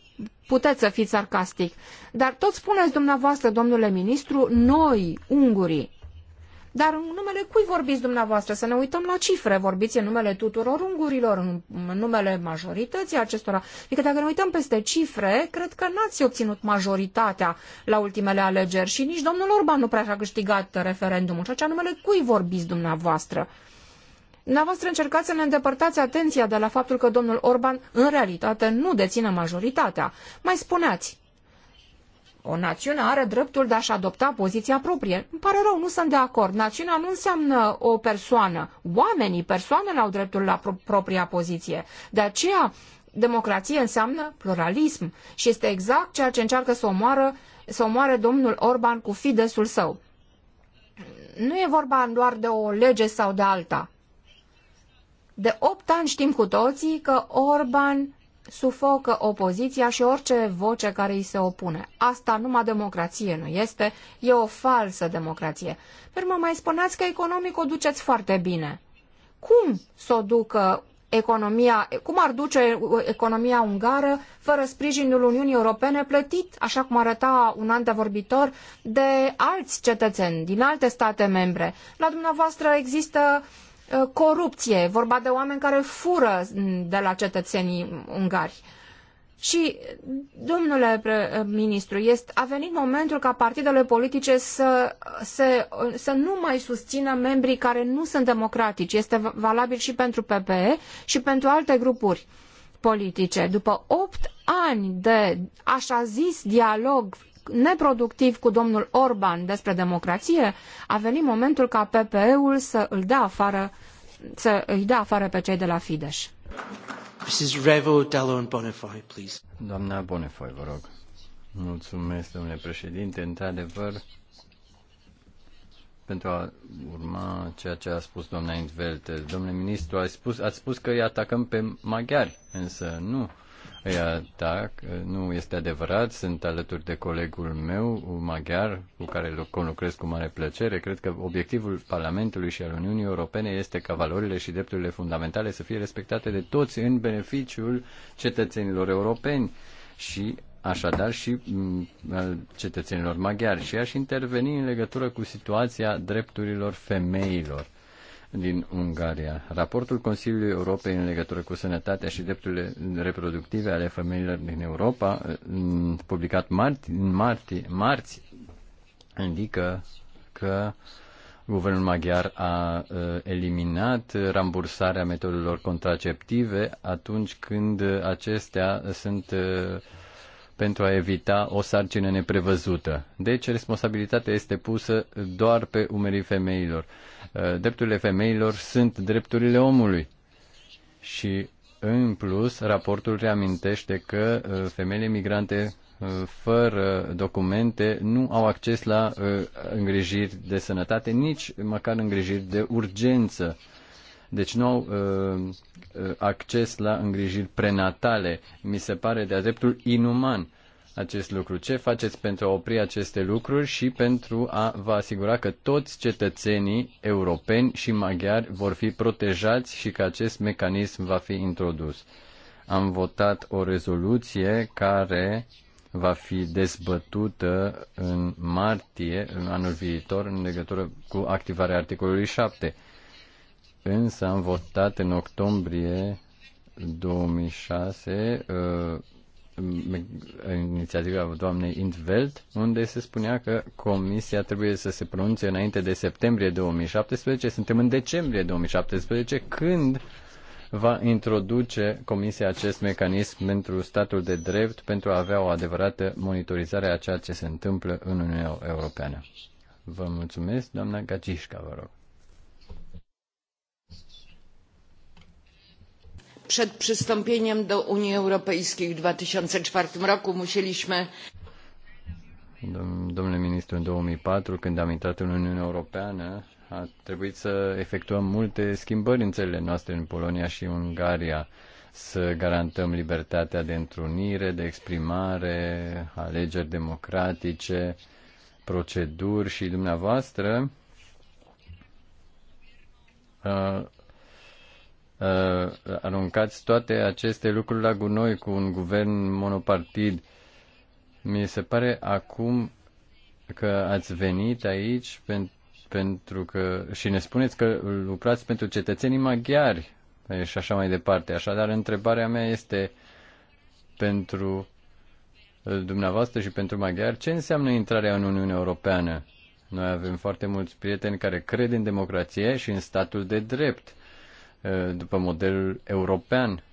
puteți să fiți sarcastic, dar tot spuneți dumneavoastră, domnule ministru, noi, ungurii, dar în numele cui vorbiți dumneavoastră? Să ne uităm la cifre. Vorbiți în numele tuturor ungurilor, în numele majorității acestora. Adică dacă ne uităm peste cifre, cred că n-ați obținut majoritatea la ultimele alegeri și nici domnul Orban nu prea și-a câștigat referendumul. Ceea ce numele cui vorbiți dumneavoastră? Dumneavoastră încercați să ne îndepărtați atenția de la faptul că domnul Orban în realitate nu deține majoritatea. Mai spuneați, o națiune are dreptul de a-și adopta poziția proprie. Îmi pare rău, nu sunt de acord. Națiunea nu înseamnă o persoană. Oamenii, persoanele au dreptul la pro- propria poziție. De aceea, democrație înseamnă pluralism și este exact ceea ce încearcă să omoară, să omoare domnul Orban cu fidesul său. Nu e vorba doar de o lege sau de alta. De opt ani știm cu toții că Orban sufocă opoziția și orice voce care îi se opune. Asta numai democrație nu este, e o falsă democrație. Dar mă mai spuneați că economic o duceți foarte bine. Cum să o ducă economia, cum ar duce economia ungară fără sprijinul Uniunii Europene plătit, așa cum arăta un antevorbitor, de alți cetățeni din alte state membre. La dumneavoastră există Uh, corupție, vorba de oameni care fură de la cetățenii ungari. Și, domnule ministru, este, a venit momentul ca partidele politice să, să, să nu mai susțină membrii care nu sunt democratici. Este valabil și pentru PPE și pentru alte grupuri politice. După opt ani de așa zis dialog neproductiv cu domnul Orban despre democrație, a venit momentul ca PPE-ul să îl dea afară, să îi dea afară pe cei de la Fidesz. Doamna Bonifoy, vă rog. Mulțumesc, domnule președinte. Într-adevăr, pentru a urma ceea ce a spus doamna Intveld, domnule ministru, ați spus, ați spus că îi atacăm pe maghiari, însă nu ea Da, nu este adevărat, sunt alături de colegul meu, un maghiar, cu care conlucrez cu mare plăcere. Cred că obiectivul Parlamentului și al Uniunii Europene este ca valorile și drepturile fundamentale să fie respectate de toți în beneficiul cetățenilor europeni și așadar și mm, al cetățenilor maghiari. Și aș interveni în legătură cu situația drepturilor femeilor din Ungaria. Raportul Consiliului Europei în legătură cu sănătatea și drepturile reproductive ale femeilor din Europa, mm, publicat marți, marți, marți indică că guvernul maghiar a ă, eliminat rambursarea metodelor contraceptive atunci când acestea sunt ă, pentru a evita o sarcină neprevăzută. Deci responsabilitatea este pusă doar pe umerii femeilor. Uh, drepturile femeilor sunt drepturile omului. Și, în plus, raportul reamintește că uh, femeile migrante uh, fără documente nu au acces la îngrijiri de sănătate, nici măcar îngrijiri de urgență. Deci nu au acces la îngrijiri prenatale. Mi se pare de-a dreptul inuman acest lucru? Ce faceți pentru a opri aceste lucruri și pentru a vă asigura că toți cetățenii europeni și maghiari vor fi protejați și că acest mecanism va fi introdus? Am votat o rezoluție care va fi dezbătută în martie, în anul viitor, în legătură cu activarea articolului 7. Însă am votat în octombrie 2006 inițiativa doamnei Intveld, unde se spunea că comisia trebuie să se pronunțe înainte de septembrie 2017. Suntem în decembrie 2017, când va introduce comisia acest mecanism pentru statul de drept pentru a avea o adevărată monitorizare a ceea ce se întâmplă în Uniunea Europeană. Vă mulțumesc, doamna Gacișca, vă rog. przed przystąpieniem do Unii Europejskiej w cztery roku musieliśmy Domnule ministru, în 2004, când am intrat în Uniunea Europeană, a trebuit să efectuăm multe schimbări în țările noastre, în Polonia și Ungaria, să garantăm libertatea de întrunire, de exprimare, alegeri democratice, proceduri și dumneavoastră Uh, aruncați toate aceste lucruri la gunoi cu un guvern monopartid. Mi se pare acum că ați venit aici pentru pentru că și ne spuneți că lucrați pentru cetățenii maghiari și așa mai departe. Așadar, întrebarea mea este pentru dumneavoastră și pentru maghiari, ce înseamnă intrarea în Uniunea Europeană? Noi avem foarte mulți prieteni care cred în democrație și în statul de drept după modelul european.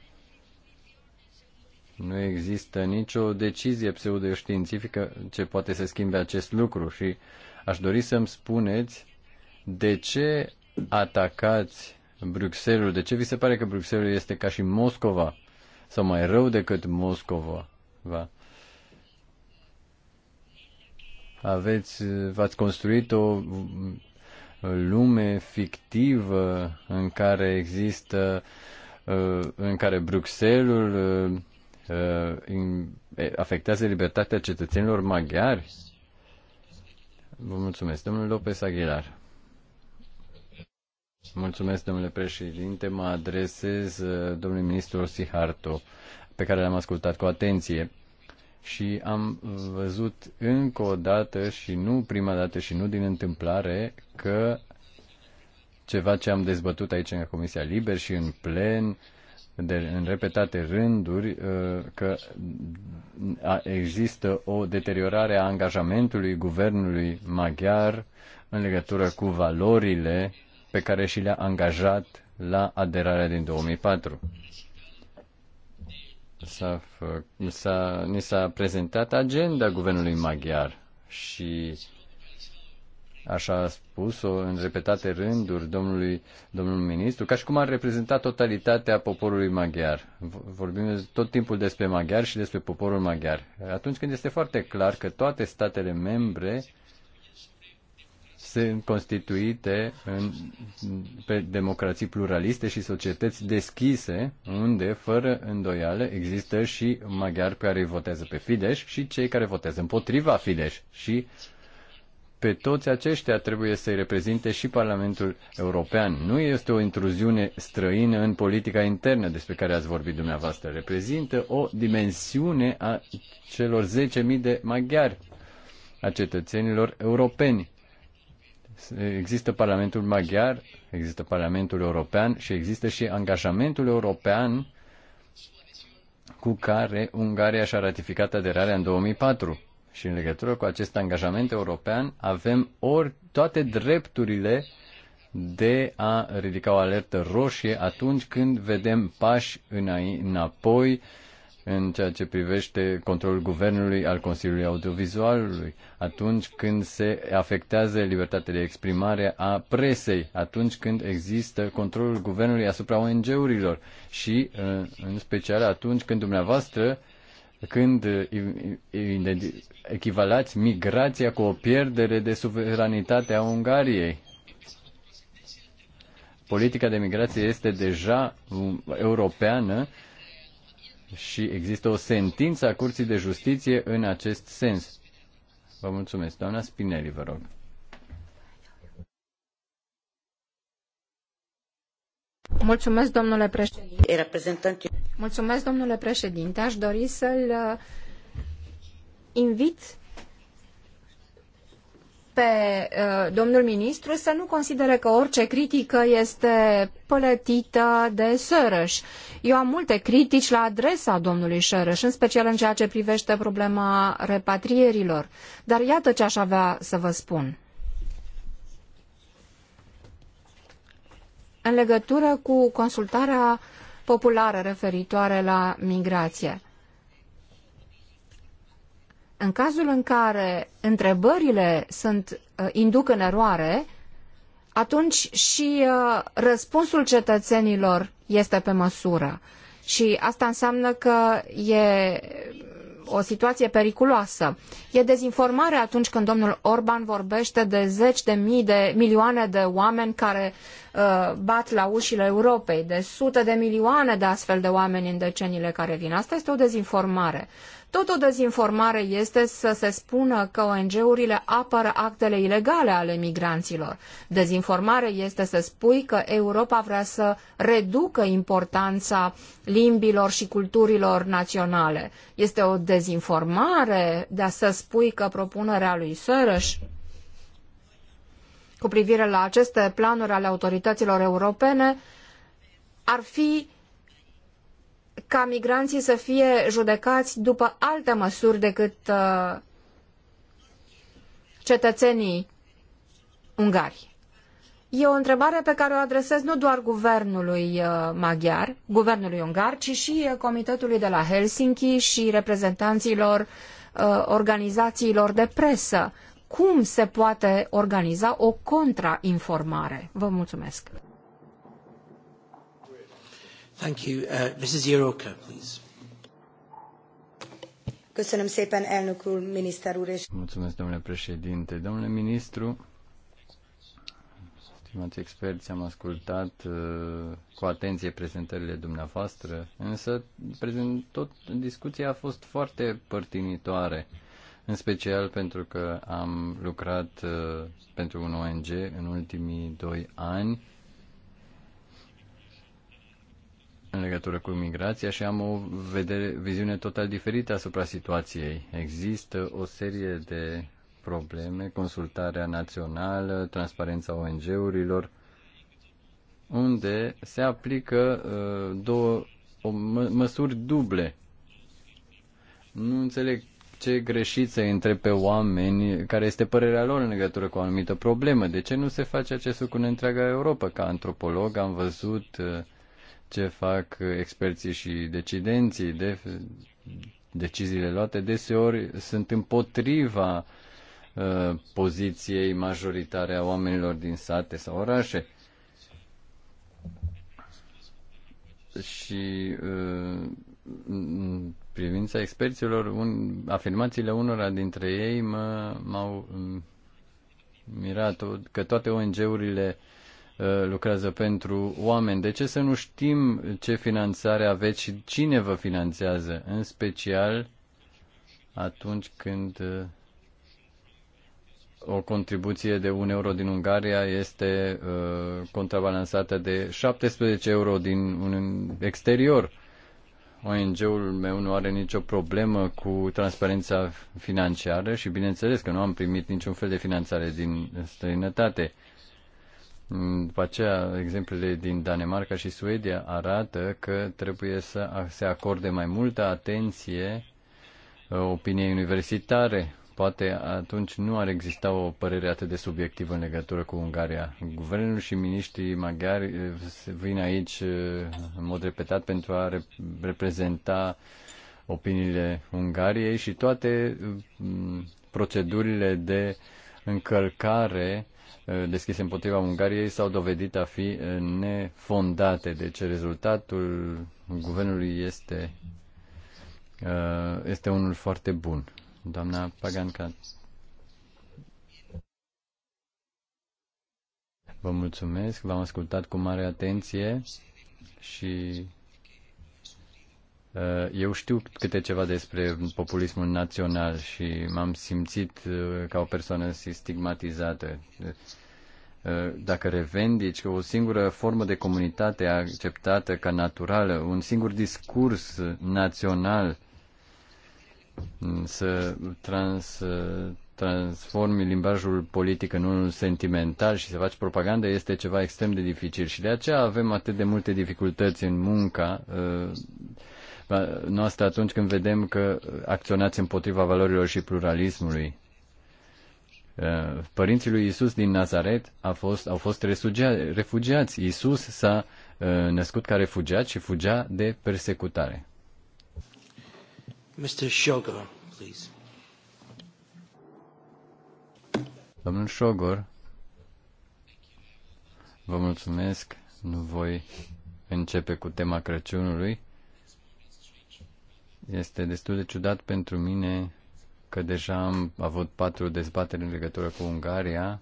Nu există nicio decizie pseudoștiințifică ce poate să schimbe acest lucru și aș dori să-mi spuneți de ce atacați Bruxelles, de ce vi se pare că Bruxelles este ca și Moscova sau mai rău decât Moscova? Va. Aveți, v-ați construit o lume fictivă în care există, uh, în care Bruxelles uh, uh, afectează libertatea cetățenilor maghiari? Vă mulțumesc. Domnul Lopez Aguilar. Mulțumesc, domnule președinte. Mă adresez domnului ministru Siharto, pe care l-am ascultat cu atenție și am văzut încă o dată și nu prima dată și nu din întâmplare că ceva ce am dezbătut aici în Comisia Liber și în plen, de, în repetate rânduri, uh, că există o deteriorare a angajamentului guvernului maghiar în legătură cu valorile pe care și le-a angajat la aderarea din 2004 s-a, s-a, ni s-a prezentat agenda guvernului maghiar și așa a spus-o în repetate rânduri domnului, domnul ministru, ca și cum ar reprezenta totalitatea poporului maghiar. Vorbim tot timpul despre maghiar și despre poporul maghiar. Atunci când este foarte clar că toate statele membre sunt constituite în, pe democrații pluraliste și societăți deschise, unde, fără îndoială, există și maghiari care votează pe Fidesz și cei care votează împotriva Fidesz. Și pe toți aceștia trebuie să-i reprezinte și Parlamentul European. Nu este o intruziune străină în politica internă despre care ați vorbit dumneavoastră. Reprezintă o dimensiune a celor 10.000 de maghiari, a cetățenilor europeni există Parlamentul Maghiar, există Parlamentul European și există și angajamentul european cu care Ungaria și-a ratificat aderarea în 2004. Și în legătură cu acest angajament european avem ori toate drepturile de a ridica o alertă roșie atunci când vedem pași înapoi în ceea ce privește controlul guvernului al Consiliului Audiovizualului, atunci când se afectează libertatea de exprimare a presei, atunci când există controlul guvernului asupra ONG-urilor și în special atunci când dumneavoastră când echivalați migrația cu o pierdere de suveranitate a Ungariei. Politica de migrație este deja um, europeană și există o sentință a Curții de Justiție în acest sens. Vă mulțumesc. Doamna Spinelli, vă rog. Mulțumesc, domnule președinte. Mulțumesc, domnule președinte. Aș dori să-l uh, invit pe uh, domnul ministru să nu considere că orice critică este pălătită de Sărăș. Eu am multe critici la adresa domnului Sărăș, în special în ceea ce privește problema repatrierilor. Dar iată ce aș avea să vă spun. În legătură cu consultarea populară referitoare la migrație în cazul în care întrebările sunt, uh, induc în eroare, atunci și uh, răspunsul cetățenilor este pe măsură. Și asta înseamnă că e o situație periculoasă. E dezinformare atunci când domnul Orban vorbește de zeci de mii de milioane de oameni care uh, bat la ușile Europei, de sute de milioane de astfel de oameni în deceniile care vin. Asta este o dezinformare. Tot o dezinformare este să se spună că ONG-urile apără actele ilegale ale migranților. Dezinformare este să spui că Europa vrea să reducă importanța limbilor și culturilor naționale. Este o dezinformare de a să spui că propunerea lui Sărăș cu privire la aceste planuri ale autorităților europene ar fi ca migranții să fie judecați după alte măsuri decât uh, cetățenii ungari. E o întrebare pe care o adresez nu doar guvernului uh, maghiar, guvernului ungar, ci și uh, comitetului de la Helsinki și reprezentanților uh, organizațiilor de presă. Cum se poate organiza o contrainformare? Vă mulțumesc! Mulțumesc, domnule președinte. Domnule ministru, stimați experți, am ascultat uh, cu atenție prezentările dumneavoastră, însă prezent, tot discuția a fost foarte părtinitoare, în special pentru că am lucrat uh, pentru un ONG în ultimii doi ani în legătură cu migrația și am o vedere, viziune total diferită asupra situației. Există o serie de probleme, consultarea națională, transparența ONG-urilor, unde se aplică uh, două o, mă, măsuri duble. Nu înțeleg ce greșit să întreb pe oameni care este părerea lor în legătură cu o anumită problemă. De ce nu se face acest lucru în întreaga Europa? Ca antropolog am văzut uh, ce fac experții și decidenții, de, deciziile luate deseori sunt împotriva uh, poziției majoritare a oamenilor din sate sau orașe. Și uh, în privința experților, un, afirmațiile unora dintre ei m-au mm, mirat că toate ONG-urile uh, Uh, lucrează pentru oameni. De ce să nu știm ce finanțare aveți și cine vă finanțează, în special atunci când uh, o contribuție de 1 euro din Ungaria este uh, contrabalansată de 17 euro din un exterior. ONG-ul meu nu are nicio problemă cu transparența financiară și bineînțeles că nu am primit niciun fel de finanțare din străinătate. Uh, după aceea, exemplele din Danemarca și Suedia arată că trebuie să se acorde mai multă atenție uh, opiniei universitare. Poate atunci nu ar exista o părere atât de subiectivă în legătură cu Ungaria. Guvernul și miniștrii maghiari uh, vin aici uh, în mod repetat pentru a reprezenta opiniile Ungariei și toate procedurile de încălcare Uh, deschise împotriva Ungariei s-au dovedit a fi uh, nefondate. Deci rezultatul guvernului este, uh, este unul foarte bun. Doamna Paganca. Vă mulțumesc, v-am ascultat cu mare atenție și Uh, eu știu câte ceva despre populismul național și m-am simțit uh, ca o persoană stigmatizată. Uh, dacă revendici că o singură formă de comunitate acceptată ca naturală, un singur discurs național mm, să trans, transformi limbajul politic în unul sentimental și să faci propagandă este ceva extrem de dificil și de aceea avem atât de multe dificultăți în munca uh, noastră atunci când vedem că acționați împotriva valorilor și pluralismului. Uh, părinții lui Isus din Nazaret a fost, au fost refugiați. Isus s-a uh, născut ca refugiat și fugea de persecutare. Mr. Shogor, please. Domnul Shogor, vă mulțumesc. Nu voi începe cu tema Crăciunului. Este destul de ciudat pentru mine că deja am avut patru dezbateri în legătură cu Ungaria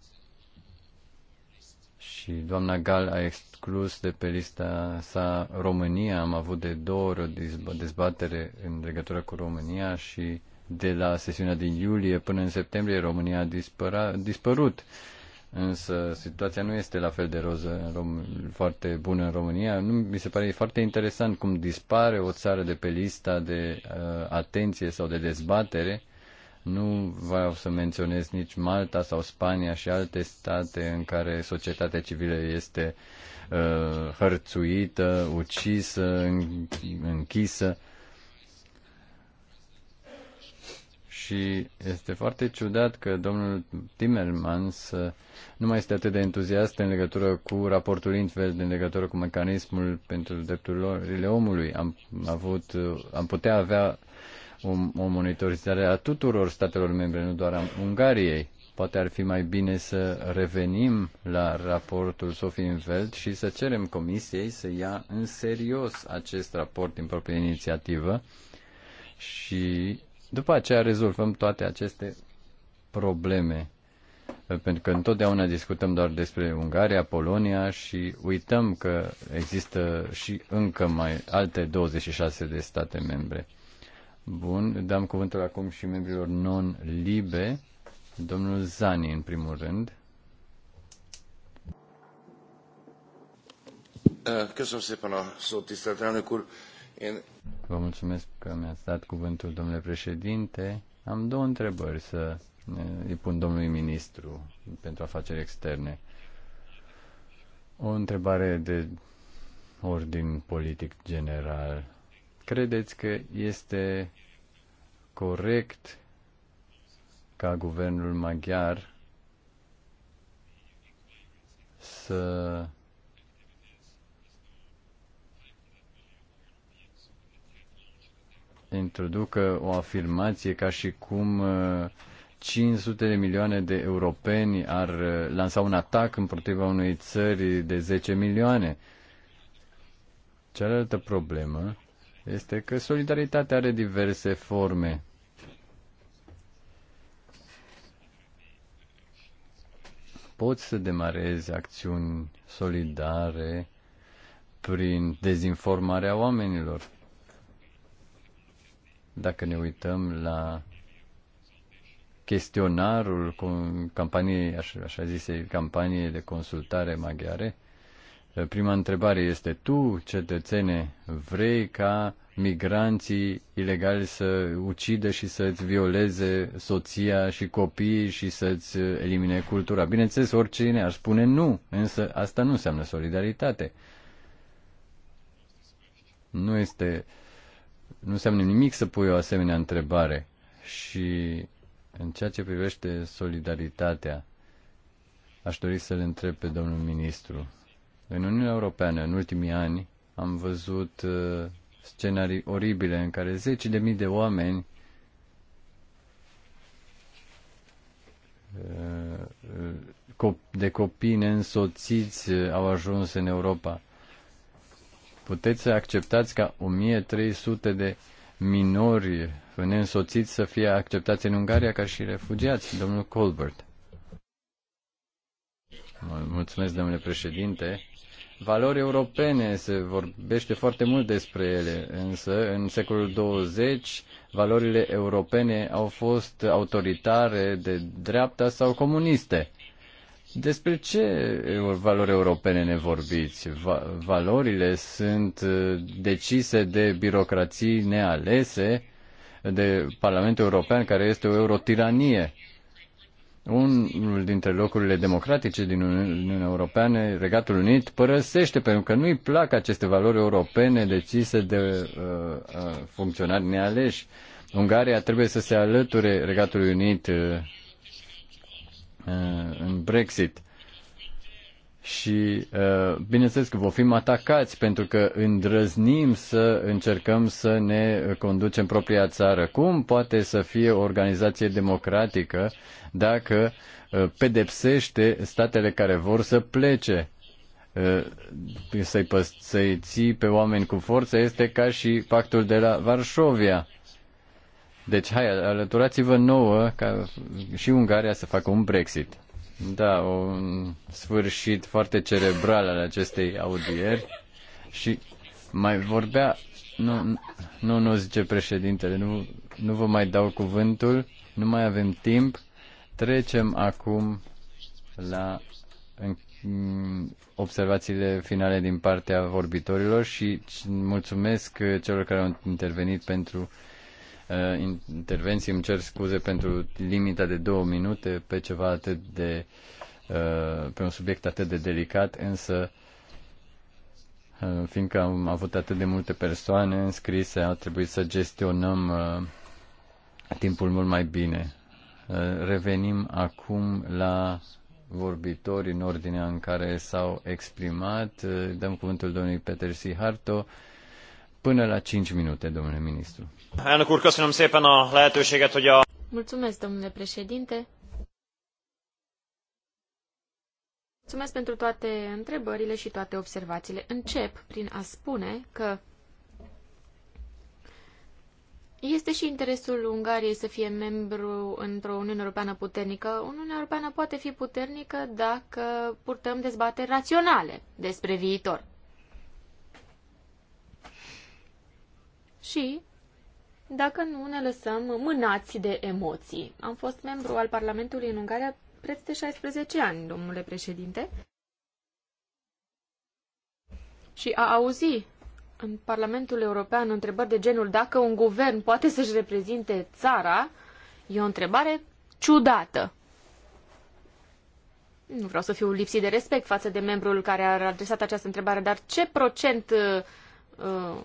și doamna Gal a exclus de pe lista sa România. Am avut de două ori o dezbatere în legătură cu România și de la sesiunea din iulie până în septembrie România a dispărut. Însă situația nu este la fel de roză, rom- foarte bună în România. Nu, mi se pare foarte interesant cum dispare o țară de pe lista de uh, atenție sau de dezbatere. Nu vreau să menționez nici Malta sau Spania și alte state în care societatea civilă este uh, hărțuită, ucisă, închisă. Uh, și este foarte ciudat că domnul Timmermans uh, nu mai este atât de entuziast în legătură cu raportul Intveld, în legătură cu mecanismul pentru drepturile omului. Am, avut, uh, am putea avea o, o monitorizare a tuturor statelor membre, nu doar a Ungariei. Poate ar fi mai bine să revenim la raportul Sophie Infeld și să cerem comisiei să ia în serios acest raport din proprie inițiativă și după aceea rezolvăm toate aceste probleme, uh, pentru că întotdeauna discutăm doar despre Ungaria, Polonia și uităm că există și încă mai alte 26 de state membre. Bun, dăm cuvântul acum și membrilor non-libe, domnul Zani în primul rând. Uh, szépen se până tisztelt elnök Vă mulțumesc că mi-ați dat cuvântul, domnule președinte. Am două întrebări să îi pun domnului ministru pentru afaceri externe. O întrebare de ordin politic general. Credeți că este corect ca guvernul maghiar să introducă o afirmație ca și cum 500 uh, de milioane de europeni ar uh, lansa un atac împotriva unei țări de 10 milioane. Cealaltă problemă este că solidaritatea are diverse forme. Poți să demarezi acțiuni solidare prin dezinformarea oamenilor. Dacă ne uităm la chestionarul campanie, așa, așa zise, campanie de consultare maghiare, eh, prima întrebare este, tu, cetățene, vrei ca migranții ilegali să ucidă și să-ți violeze soția și copiii și să-ți elimine cultura. Bineînțeles, oricine ar spune nu, însă asta nu înseamnă solidaritate. Nu este nu înseamnă nimic să pui o asemenea întrebare. Și în ceea ce privește solidaritatea, aș dori să-l întreb pe domnul ministru. În Uniunea Europeană, în ultimii ani, am văzut uh, scenarii oribile în care zeci de mii de oameni uh, uh, de copii neînsoțiți au ajuns în Europa puteți să acceptați ca 1300 de minori neînsoțiți să fie acceptați în Ungaria ca și refugiați, domnul Colbert. Mulțumesc, domnule președinte. Valori europene, se vorbește foarte mult despre ele, însă în secolul 20 valorile europene au fost autoritare de dreapta sau comuniste. Despre ce valori europene ne vorbiți? Va- valorile sunt uh, decise de birocrații nealese, de Parlamentul European, care este o eurotiranie. Unul dintre locurile democratice din Uniunea Europeană, Regatul Unit, părăsește pentru că nu-i plac aceste valori europene decise de uh, uh, funcționari nealeși. Ungaria trebuie să se alăture Regatului Unit. Uh, Uh, în Brexit. Și uh, bineînțeles că vom fi atacați pentru că îndrăznim să încercăm să ne conducem propria țară. Cum poate să fie o organizație democratică dacă uh, pedepsește statele care vor să plece? Să-i, să ții pe oameni cu forță este ca și pactul de la Varșovia deci, hai, alăturați-vă nouă ca și Ungaria să facă un Brexit. Da, un sfârșit foarte cerebral al acestei audieri și mai vorbea, nu, nu, nu zice președintele, nu, nu vă mai dau cuvântul, nu mai avem timp, trecem acum la observațiile finale din partea vorbitorilor și mulțumesc celor care au intervenit pentru Uh, intervenții. Îmi cer scuze pentru limita de două minute pe ceva atât de uh, pe un subiect atât de delicat, însă uh, fiindcă am avut atât de multe persoane înscrise, a trebuit să gestionăm timpul mult mai bine. Revenim acum la vorbitori în ordinea în care s-au exprimat. Dăm cuvântul domnului Peter Siharto. Harto, până la 5 minute, domnule ministru. Elnök úr, köszönöm szépen a lehetőséget, hogy a... Mulțumesc, domnule președinte. Mulțumesc pentru toate întrebările și toate observațiile. Încep prin a spune că este și interesul Ungariei să fie membru într-o Uniune Europeană puternică. Uniunea Europeană poate fi puternică dacă purtăm dezbateri raționale despre viitor. și dacă nu ne lăsăm mânați de emoții. Am fost membru al Parlamentului în Ungaria preț de 16 ani, domnule președinte. Și a auzi în Parlamentul European întrebări de genul dacă un guvern poate să-și reprezinte țara, e o întrebare ciudată. Nu vreau să fiu lipsit de respect față de membrul care a adresat această întrebare, dar ce procent uh, uh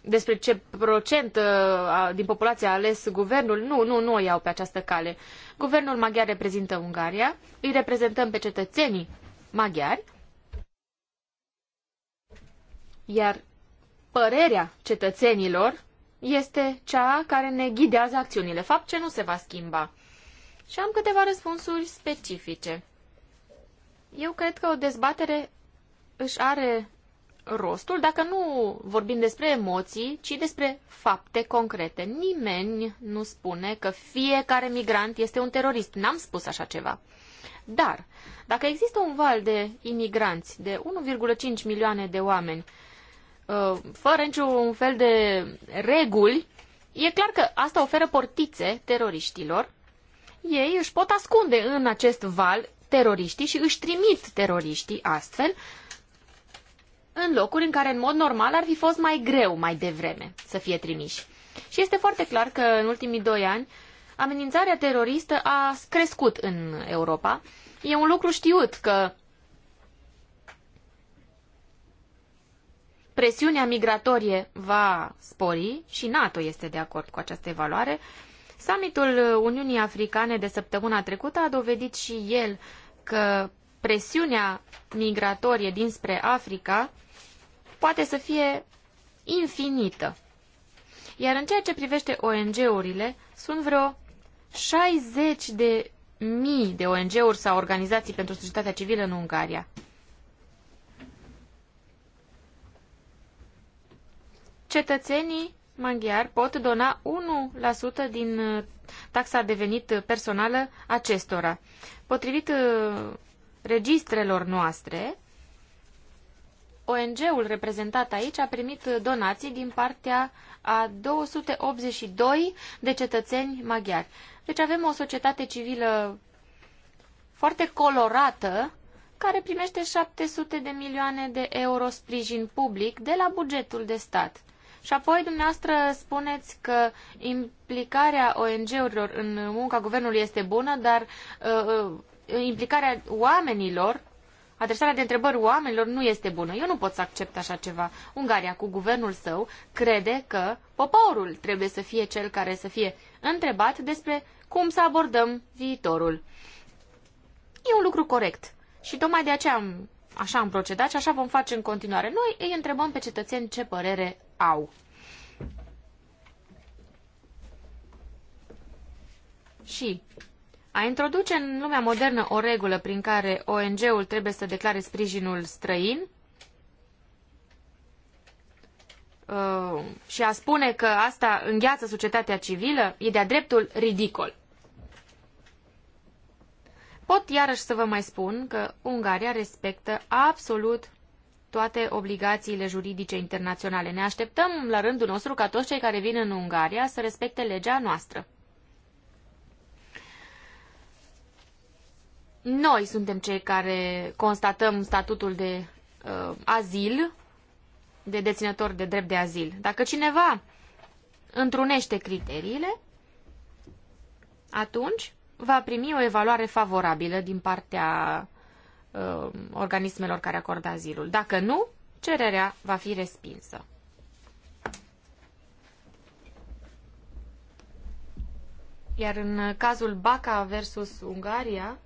despre ce procent uh, din populație a ales guvernul. Nu, nu, nu o iau pe această cale. Guvernul maghiar reprezintă Ungaria, îi reprezentăm pe cetățenii maghiari, iar părerea cetățenilor este cea care ne ghidează acțiunile, fapt ce nu se va schimba. Și am câteva răspunsuri specifice. Eu cred că o dezbatere își are rostul dacă nu vorbim despre emoții, ci despre fapte concrete. Nimeni nu spune că fiecare migrant este un terorist. N-am spus așa ceva. Dar, dacă există un val de imigranți, de 1,5 milioane de oameni, uh, fără niciun fel de reguli, e clar că asta oferă portițe teroriștilor. Ei își pot ascunde în acest val teroriștii și își trimit teroriștii astfel în locuri în care în mod normal ar fi fost mai greu mai devreme să fie trimiși. Și este foarte clar că în ultimii doi ani amenințarea teroristă a crescut în Europa. E un lucru știut că presiunea migratorie va spori și NATO este de acord cu această evaluare. Summitul Uniunii Africane de săptămâna trecută a dovedit și el că presiunea migratorie dinspre Africa poate să fie infinită. Iar în ceea ce privește ONG-urile, sunt vreo 60 de mii de ONG-uri sau organizații pentru societatea civilă în Ungaria. Cetățenii maghiari pot dona 1% din taxa de venit personală acestora. Potrivit uh, registrelor noastre, ONG-ul reprezentat aici a primit donații din partea a 282 de cetățeni maghiari. Deci avem o societate civilă foarte colorată care primește 700 de milioane de euro sprijin public de la bugetul de stat. Și apoi dumneavoastră spuneți că implicarea ONG-urilor în munca guvernului este bună, dar uh, uh implicarea oamenilor adresarea de întrebări oamenilor nu este bună. Eu nu pot să accept așa ceva. Ungaria, cu guvernul său, crede că poporul trebuie să fie cel care să fie întrebat despre cum să abordăm viitorul. E un lucru corect. Și tocmai de aceea am, așa am procedat și așa vom face în continuare. Noi îi întrebăm pe cetățeni ce părere au. Și a introduce în lumea modernă o regulă prin care ONG-ul trebuie să declare sprijinul străin uh, și a spune că asta îngheață societatea civilă e de-a dreptul ridicol. Pot iarăși să vă mai spun că Ungaria respectă absolut toate obligațiile juridice internaționale. Ne așteptăm la rândul nostru ca toți cei care vin în Ungaria să respecte legea noastră. noi suntem cei care constatăm statutul de uh, azil, de deținător de drept de azil. Dacă cineva întrunește criteriile, atunci va primi o evaluare favorabilă din partea uh, organismelor care acordă azilul. Dacă nu, cererea va fi respinsă. Iar în cazul Baca versus Ungaria,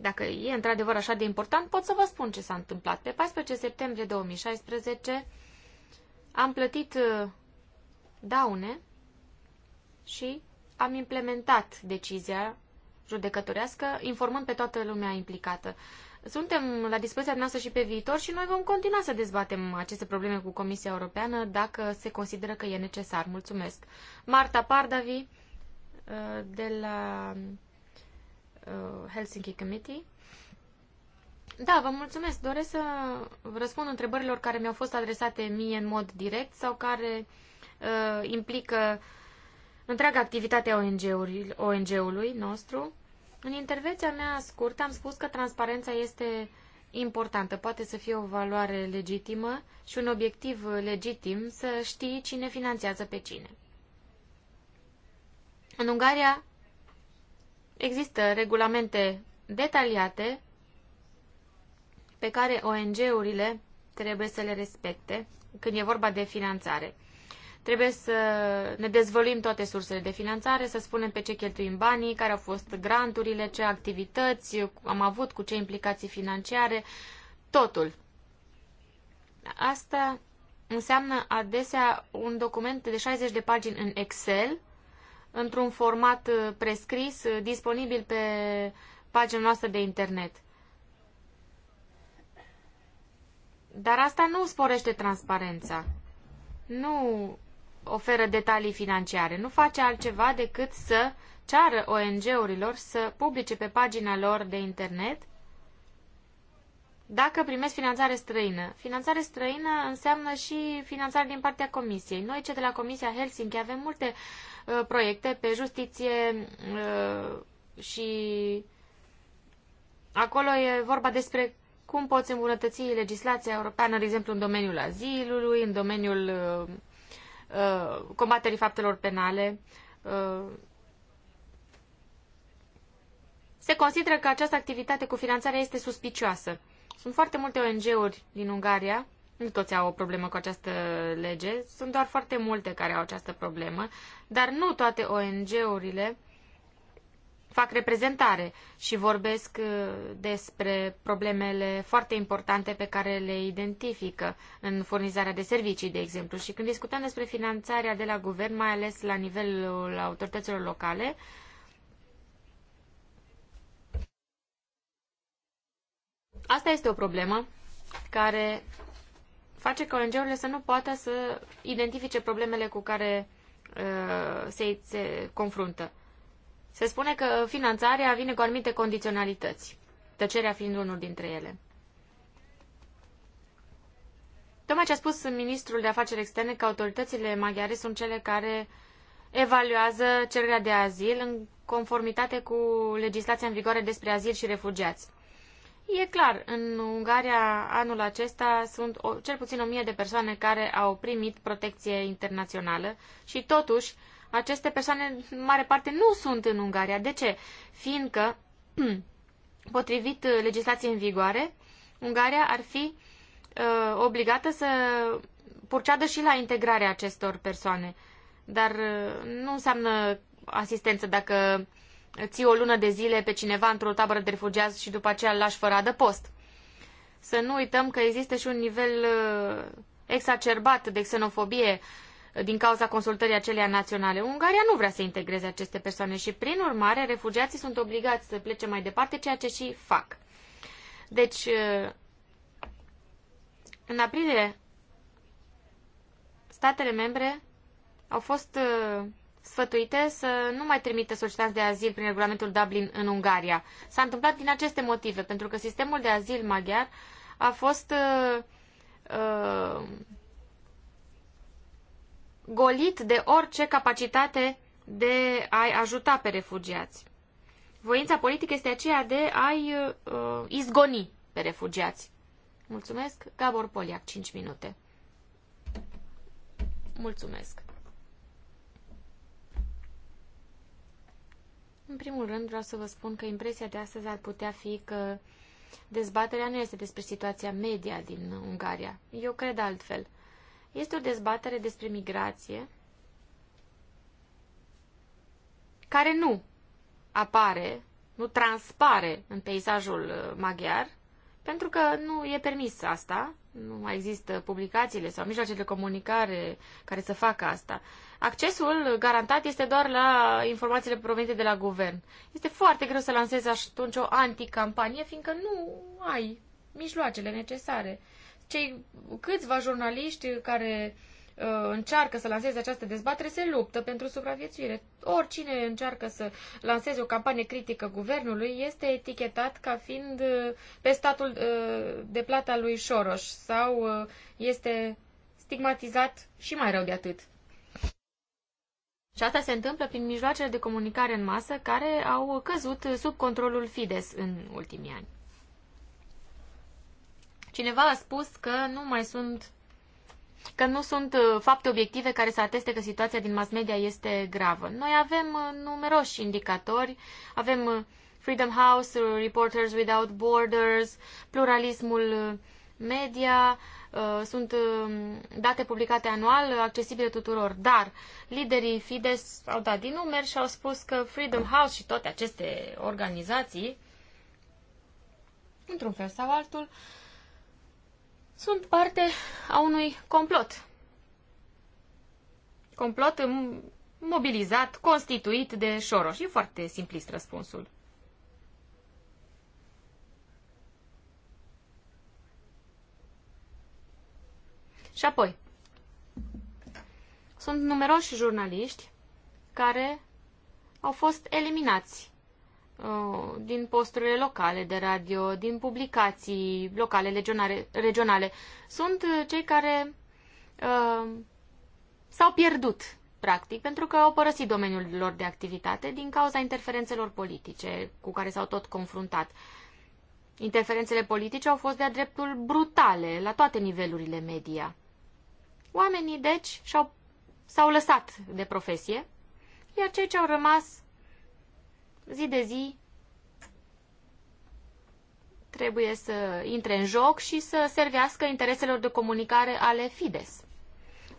Dacă e într-adevăr așa de important, pot să vă spun ce s-a întâmplat. Pe 14 septembrie 2016 am plătit uh, daune și am implementat decizia judecătorească, informând pe toată lumea implicată. Suntem la dispoziția noastră și pe viitor și noi vom continua să dezbatem aceste probleme cu Comisia Europeană dacă se consideră că e necesar. Mulțumesc. Marta Pardavi uh, de la Uh, Helsinki Committee. Da, vă mulțumesc. Doresc să răspund întrebărilor care mi-au fost adresate mie în mod direct sau care uh, implică întreaga activitate a ONG-ului nostru. În intervenția mea scurtă am spus că transparența este importantă, poate să fie o valoare legitimă și un obiectiv legitim să știi cine finanțează pe cine. În Ungaria Există regulamente detaliate pe care ONG-urile trebuie să le respecte când e vorba de finanțare. Trebuie să ne dezvăluim toate sursele de finanțare, să spunem pe ce cheltuim banii, care au fost granturile, ce activități am avut, cu ce implicații financiare, totul. Asta înseamnă adesea un document de 60 de pagini în Excel, într-un format uh, prescris, uh, disponibil pe pagina noastră de internet. Dar asta nu sporește transparența. Nu oferă detalii financiare. Nu face altceva decât să ceară ONG-urilor să publice pe pagina lor de internet dacă primesc finanțare străină. Finanțare străină înseamnă și finanțare din partea Comisiei. Noi, cei de la Comisia Helsinki, avem multe Uh, proiecte pe justiție uh, și acolo e vorba despre cum poți îmbunătăți legislația europeană, de exemplu, în domeniul azilului, în domeniul uh, combaterii faptelor penale. Se consideră că această activitate cu finanțare este suspicioasă. Sunt foarte multe ONG-uri din Ungaria nu toți au o problemă cu această lege, sunt doar foarte multe care au această problemă, dar nu toate ONG-urile fac reprezentare și vorbesc uh, despre problemele foarte importante pe care le identifică în furnizarea de servicii, de exemplu. Și când discutăm despre finanțarea de la guvern, mai ales la nivelul autorităților locale, asta este o problemă care face ca ONG-urile să nu poată să identifice problemele cu care uh, se, se confruntă. Se spune că finanțarea vine cu anumite condiționalități, tăcerea fiind unul dintre ele. Tocmai ce a spus ministrul de afaceri externe că autoritățile maghiare sunt cele care evaluează cererea de azil în conformitate cu legislația în vigoare despre azil și refugiați. E clar, în Ungaria anul acesta sunt o, cel puțin o mie de persoane care au primit protecție internațională și totuși aceste persoane în mare parte nu sunt în Ungaria. De ce? Fiindcă, potrivit legislației în vigoare, Ungaria ar fi uh, obligată să purceadă și la integrarea acestor persoane. Dar uh, nu înseamnă asistență dacă uh, ții o lună de zile pe cineva într-o tabără de refugiați și după aceea îl lași fără adăpost. Să nu uităm că există și un nivel uh, exacerbat de xenofobie uh, din cauza consultării acelea naționale. Ungaria nu vrea să integreze aceste persoane și, prin urmare, refugiații sunt obligați să plece mai departe, ceea ce și fac. Deci, uh, în aprilie, statele membre au fost sfătuite să nu mai trimită solicitanți de azil prin regulamentul Dublin în Ungaria. S-a întâmplat din aceste motive, pentru că sistemul de azil maghiar a fost uh, uh, golit de orice capacitate de a ajuta pe refugiați. Voința politică este aceea de a-i uh, izgoni pe refugiați. Mulțumesc, Gabor Poliac, 5 minute. Mulțumesc. În primul rând vreau să vă spun că impresia de astăzi ar putea fi că dezbaterea nu este despre situația media din Ungaria. Eu cred altfel. Este o dezbatere despre migrație care nu apare, nu transpare în peisajul maghiar, pentru că nu e permis asta, nu mai există publicațiile sau mijloace de comunicare care să facă asta. Accesul garantat este doar la informațiile provenite de la guvern. Este foarte greu să lansezi atunci o anticampanie, fiindcă nu ai mijloacele necesare. Cei câțiva jurnaliști care uh, Uh, încearcă să lanseze această dezbatere se luptă pentru supraviețuire. Oricine încearcă să lanseze o campanie critică guvernului este etichetat ca fiind uh, pe statul uh, de plata lui Soros sau este stigmatizat și mai rău de atât. Și asta se întâmplă prin mijloacele de comunicare în masă care au căzut sub controlul Fides în ultimii ani. Cineva a spus că nu mai sunt că nu sunt uh, fapte obiective care să ateste că situația din mass media este gravă. Noi avem uh, numeroși indicatori, avem uh, Freedom House, Reporters Without Borders, pluralismul media, sunt um, date publicate anual, accesibile tuturor, dar liderii Fides au dat din numeri și au spus că Freedom House și toate aceste organizații, într-un fel sau altul, sunt parte a unui complot. Complot mobilizat, constituit de Soros. E foarte simplist răspunsul. Și apoi, sunt numeroși jurnaliști care au fost eliminați Uh, din posturile locale de radio, din publicații locale, legionare, regionale. Sunt uh, cei care uh, s-au pierdut, practic, pentru că au părăsit domeniul lor de activitate din cauza interferențelor politice cu care s-au tot confruntat. Interferențele politice au fost de-a dreptul brutale la toate nivelurile media. Oamenii, deci, s-au lăsat de profesie, iar cei ce au rămas zi de zi trebuie să intre în joc și să servească intereselor de comunicare ale Fides.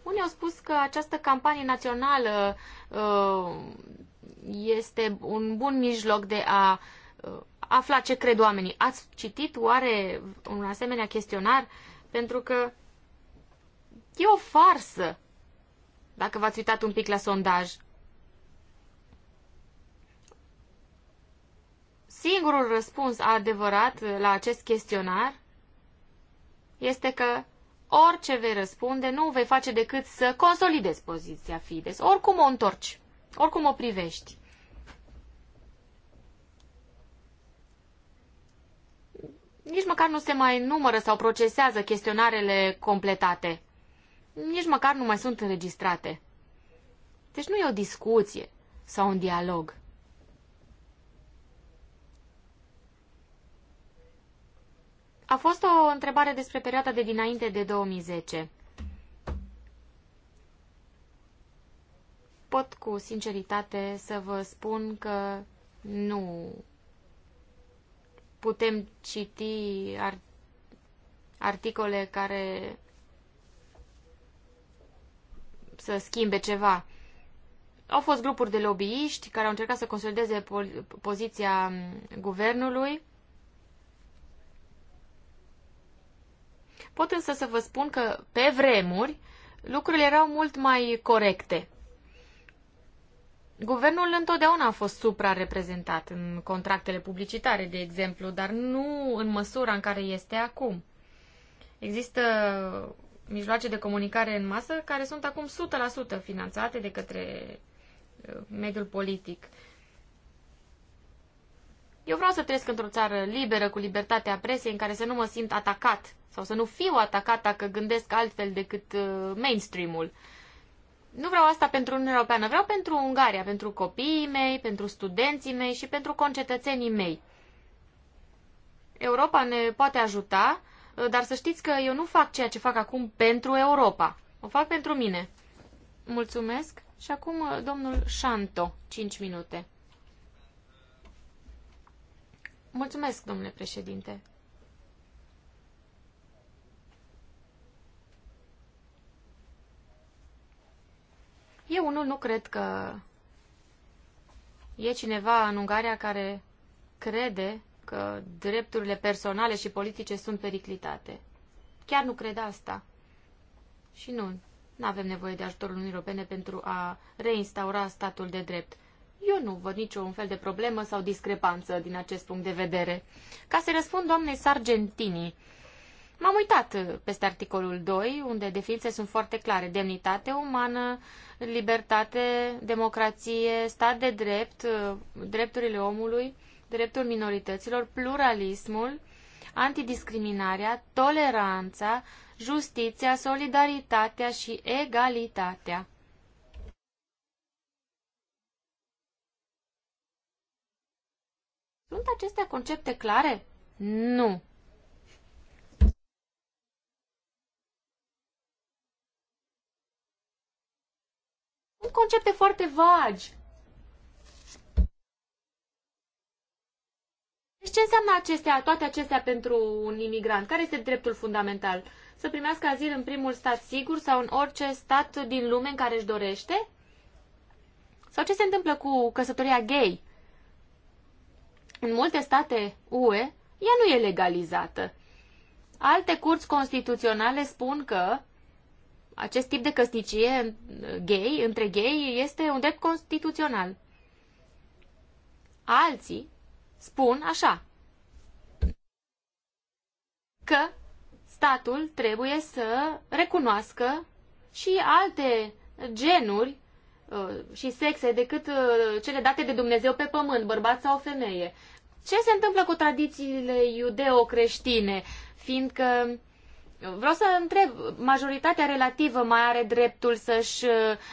Unii au spus că această campanie națională uh, este un bun mijloc de a uh, afla ce cred oamenii. Ați citit oare un asemenea chestionar? Pentru că e o farsă dacă v-ați uitat un pic la sondaj. Singurul răspuns adevărat la acest chestionar este că orice vei răspunde, nu vei face decât să consolidezi poziția Fides. Oricum o întorci, oricum o privești. Nici măcar nu se mai numără sau procesează chestionarele completate. Nici măcar nu mai sunt înregistrate. Deci nu e o discuție sau un dialog. A fost o întrebare despre perioada de dinainte de 2010. Pot cu sinceritate să vă spun că nu putem citi articole care să schimbe ceva. Au fost grupuri de lobbyiști care au încercat să consolideze poziția guvernului Pot însă să vă spun că pe vremuri lucrurile erau mult mai corecte. Guvernul întotdeauna a fost suprareprezentat în contractele publicitare, de exemplu, dar nu în măsura în care este acum. Există mijloace de comunicare în masă care sunt acum 100% finanțate de către uh, mediul politic. Eu vreau să trăiesc într-o țară liberă, cu libertatea presei, în care să nu mă simt atacat sau să nu fiu atacat dacă gândesc altfel decât uh, mainstream-ul. Nu vreau asta pentru Uniunea Europeană, vreau pentru Ungaria, pentru copiii mei, pentru studenții mei și pentru concetățenii mei. Europa ne poate ajuta, uh, dar să știți că eu nu fac ceea ce fac acum pentru Europa. O fac pentru mine. Mulțumesc. Și acum uh, domnul Șanto, 5 minute. Mulțumesc, domnule președinte. Eu unul nu cred că e cineva în Ungaria care crede că drepturile personale și politice sunt periclitate. Chiar nu cred asta. Și nu, nu avem nevoie de ajutorul Uniunii Europene pentru a reinstaura statul de drept. Eu nu văd niciun fel de problemă sau discrepanță din acest punct de vedere. Ca să răspund doamnei Sargentini, M-am uitat peste articolul 2, unde definițe sunt foarte clare. Demnitate umană, libertate, democrație, stat de drept, drepturile omului, dreptul minorităților, pluralismul, antidiscriminarea, toleranța, justiția, solidaritatea și egalitatea. Sunt acestea concepte clare? Nu. Sunt concepte foarte vagi. Deci ce înseamnă acestea, toate acestea pentru un imigrant? Care este dreptul fundamental? Să primească azil în primul stat sigur sau în orice stat din lume în care își dorește? Sau ce se întâmplă cu căsătoria gay? În multe state UE, ea nu e legalizată. Alte curți constituționale spun că acest tip de căsnicie uh, gay, între gay, este un drept constituțional. Alții spun așa, că statul trebuie să recunoască și alte genuri Uh, și sexe decât uh, cele date de Dumnezeu pe pământ, bărbat sau femeie. Ce se întâmplă cu tradițiile iudeo-creștine? Fiindcă uh, vreau să întreb, majoritatea relativă mai are dreptul să-și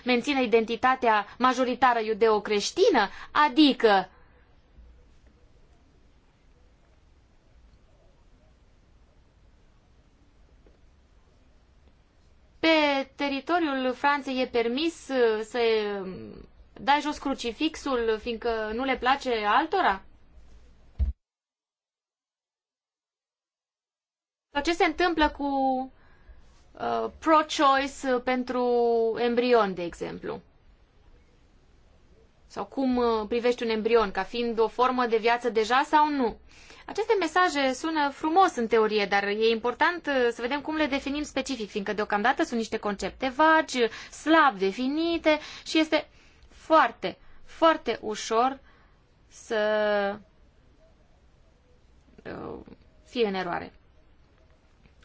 mențină identitatea majoritară iudeo-creștină? Adică Pe teritoriul Franței e permis uh, să um, dai jos crucifixul fiindcă nu le place altora? Sau ce se întâmplă cu uh, pro-choice uh, pentru embrion, de exemplu? Sau cum uh, privești un embrion, ca fiind o formă de viață deja sau nu? Aceste mesaje sună frumos în teorie, dar e important uh, să vedem cum le definim specific, fiindcă deocamdată sunt niște concepte vagi, slab definite și este foarte, foarte ușor să uh, fie în eroare.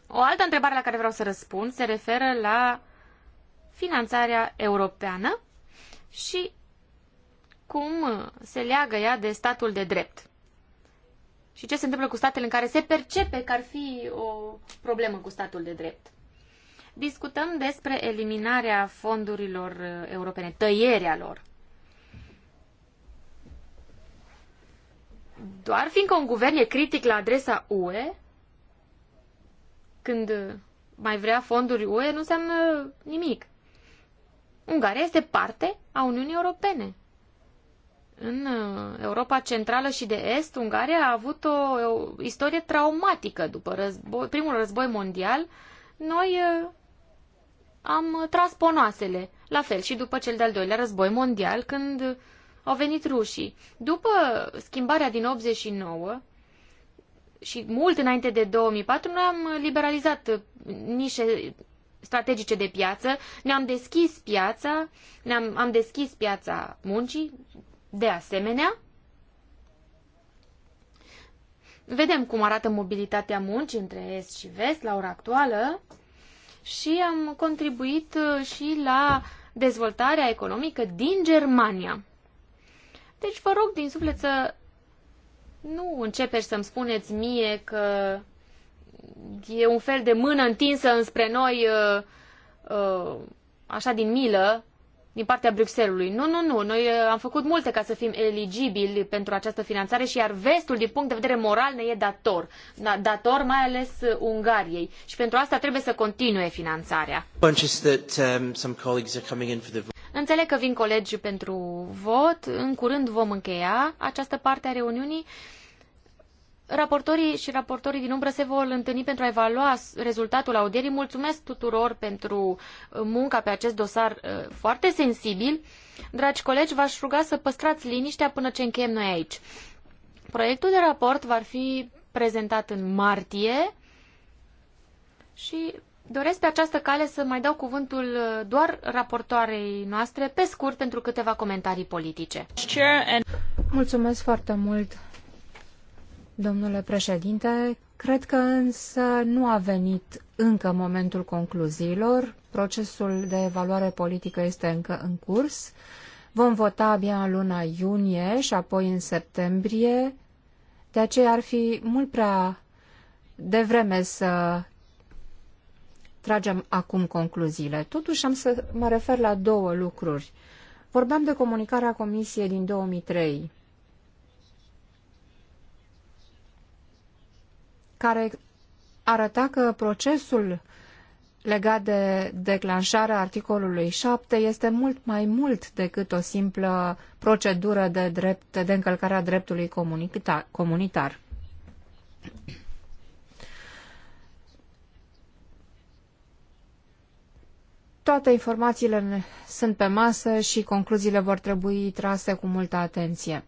O altă întrebare la care vreau să răspund se referă la finanțarea europeană și cum se leagă ea de statul de drept și ce se întâmplă cu statele în care se percepe că ar fi o problemă cu statul de drept. Discutăm despre eliminarea fondurilor uh, europene, tăierea lor. Doar fiindcă un guvern e critic la adresa UE, când mai vrea fonduri UE, nu înseamnă nimic. Ungaria este parte a Uniunii Europene. În uh, Europa Centrală și de Est, Ungaria a avut o, o istorie traumatică după război, primul război mondial. Noi uh, am tras ponoasele, la fel și după cel de-al doilea război mondial, când au venit rușii. După schimbarea din 89 și mult înainte de 2004, noi am liberalizat uh, nișe strategice de piață, ne-am deschis piața, ne-am am deschis piața muncii, de asemenea, vedem cum arată mobilitatea muncii între Est și Vest la ora actuală și am contribuit uh, și la dezvoltarea economică din Germania. Deci vă rog din suflet să nu începeți să-mi spuneți mie că e un fel de mână întinsă înspre noi uh, uh, așa din milă din partea Bruxellesului. Nu, nu, nu. Noi uh, am făcut multe ca să fim eligibili pentru această finanțare și iar vestul, din punct de vedere moral, ne e dator. Dator mai ales uh, Ungariei. Și pentru asta trebuie să continue finanțarea. Um, Înțeleg că vin colegi pentru vot. În curând vom încheia această parte a reuniunii. Raportorii și raportorii din umbră se vor întâlni pentru a evalua rezultatul audierii. Mulțumesc tuturor pentru uh, munca pe acest dosar uh, foarte sensibil. Dragi colegi, v-aș ruga să păstrați liniștea până ce încheiem noi aici. Proiectul de raport va fi prezentat în martie și doresc pe această cale să mai dau cuvântul uh, doar raportoarei noastre, pe scurt, pentru câteva comentarii politice. Mulțumesc foarte mult, Domnule președinte, cred că însă nu a venit încă momentul concluziilor. Procesul de evaluare politică este încă în curs. Vom vota abia în luna iunie și apoi în septembrie. De aceea ar fi mult prea devreme să tragem acum concluziile. Totuși am să mă refer la două lucruri. Vorbeam de comunicarea Comisiei din 2003 care arăta că procesul legat de declanșarea articolului 7 este mult mai mult decât o simplă procedură de, drept, de încălcare a dreptului comunitar. Toate informațiile sunt pe masă și concluziile vor trebui trase cu multă atenție.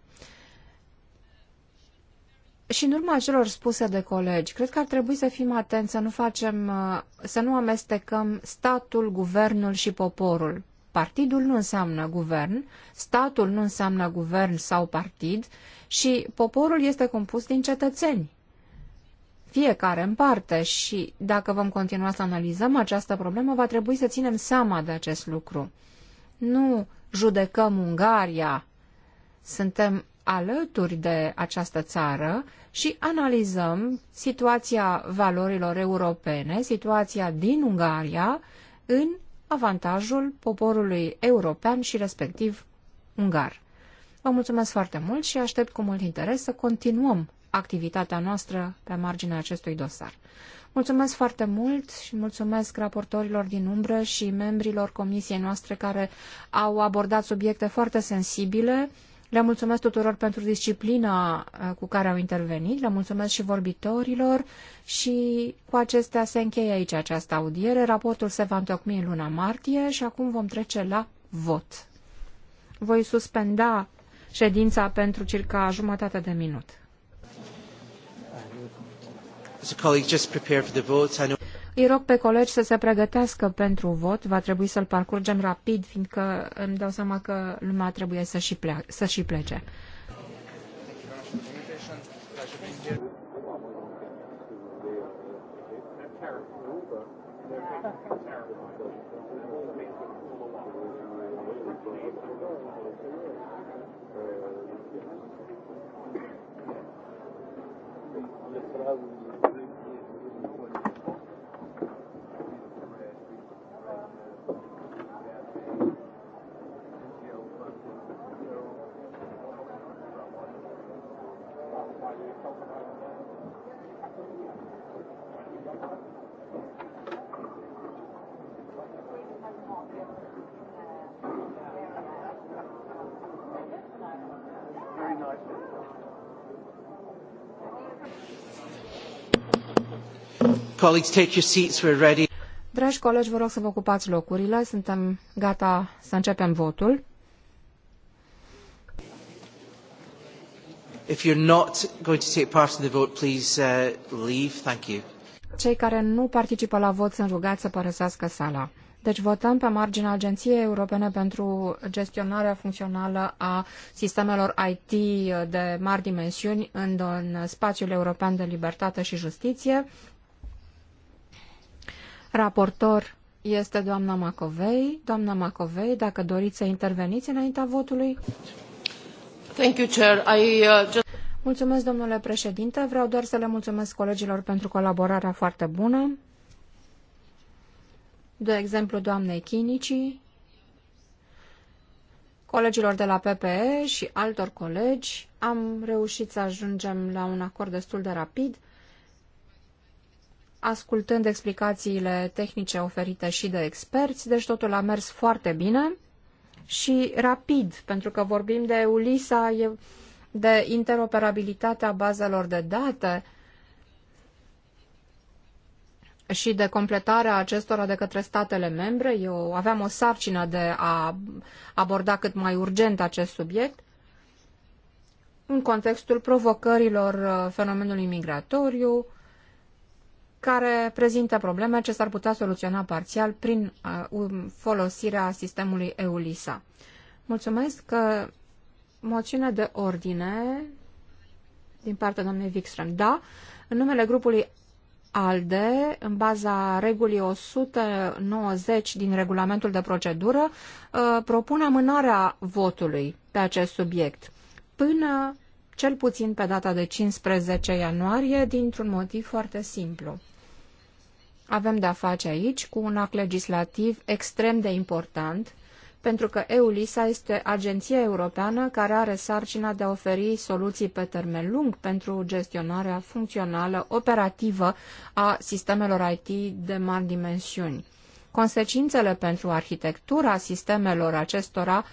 Și în urma celor spuse de colegi, cred că ar trebui să fim atenți să nu facem, uh, să nu amestecăm statul, guvernul și poporul. Partidul nu înseamnă guvern, statul nu înseamnă guvern sau partid și poporul este compus din cetățeni. Fiecare în parte și dacă vom continua să analizăm această problemă, va trebui să ținem seama de acest lucru. Nu judecăm Ungaria, suntem alături de această țară și analizăm situația valorilor europene, situația din Ungaria, în avantajul poporului european și respectiv ungar. Vă mulțumesc foarte mult și aștept cu mult interes să continuăm activitatea noastră pe marginea acestui dosar. Mulțumesc foarte mult și mulțumesc raportorilor din umbră și membrilor comisiei noastre care au abordat subiecte foarte sensibile le mulțumesc tuturor pentru disciplina uh, cu care au intervenit, le mulțumesc și vorbitorilor și cu acestea se încheie aici această audiere. Raportul se va întocmi în luna martie și acum vom trece la vot. Voi suspenda ședința pentru circa jumătate de minut. Îi rog pe colegi să se pregătească pentru vot. Va trebui să-l parcurgem rapid, fiindcă îmi dau seama că lumea trebuie să și, plece. colleagues, take your seats. We're ready. Dragi colegi, vă rog să vă ocupați locurile. Suntem gata să începem votul. If you're not going to take part in the vote, please uh, leave. Thank you. Cei care nu participă la vot sunt rugați să părăsească sala. Deci votăm pe marginea Agenției Europene pentru gestionarea funcțională a sistemelor IT de mari dimensiuni în, în spațiul european de libertate și justiție. Raportor este doamna Macovei. Doamna Macovei, dacă doriți să interveniți înaintea votului. Thank you, Chair. I, uh, just... Mulțumesc, domnule președinte. Vreau doar să le mulțumesc colegilor pentru colaborarea foarte bună. De exemplu, doamnei Chinicii, colegilor de la PPE și altor colegi, am reușit să ajungem la un acord destul de rapid ascultând explicațiile tehnice oferite și de experți, deci totul a mers foarte bine și rapid, pentru că vorbim de ULISA, de interoperabilitatea bazelor de date și de completarea acestora de către statele membre. Eu aveam o sarcină de a aborda cât mai urgent acest subiect în contextul provocărilor uh, fenomenului migratoriu, care prezintă probleme ce s-ar putea soluționa parțial prin uh, folosirea sistemului EULISA. Mulțumesc că moțiune de ordine din partea doamnei Wikström. Da, în numele grupului ALDE, în baza regulii 190 din regulamentul de procedură, uh, propun amânarea votului pe acest subiect până cel puțin pe data de 15 ianuarie, dintr-un motiv foarte simplu. Avem de-a face aici cu un act legislativ extrem de important, pentru că EULISA este agenția europeană care are sarcina de a oferi soluții pe termen lung pentru gestionarea funcțională, operativă a sistemelor IT de mari dimensiuni. Consecințele pentru arhitectura sistemelor acestora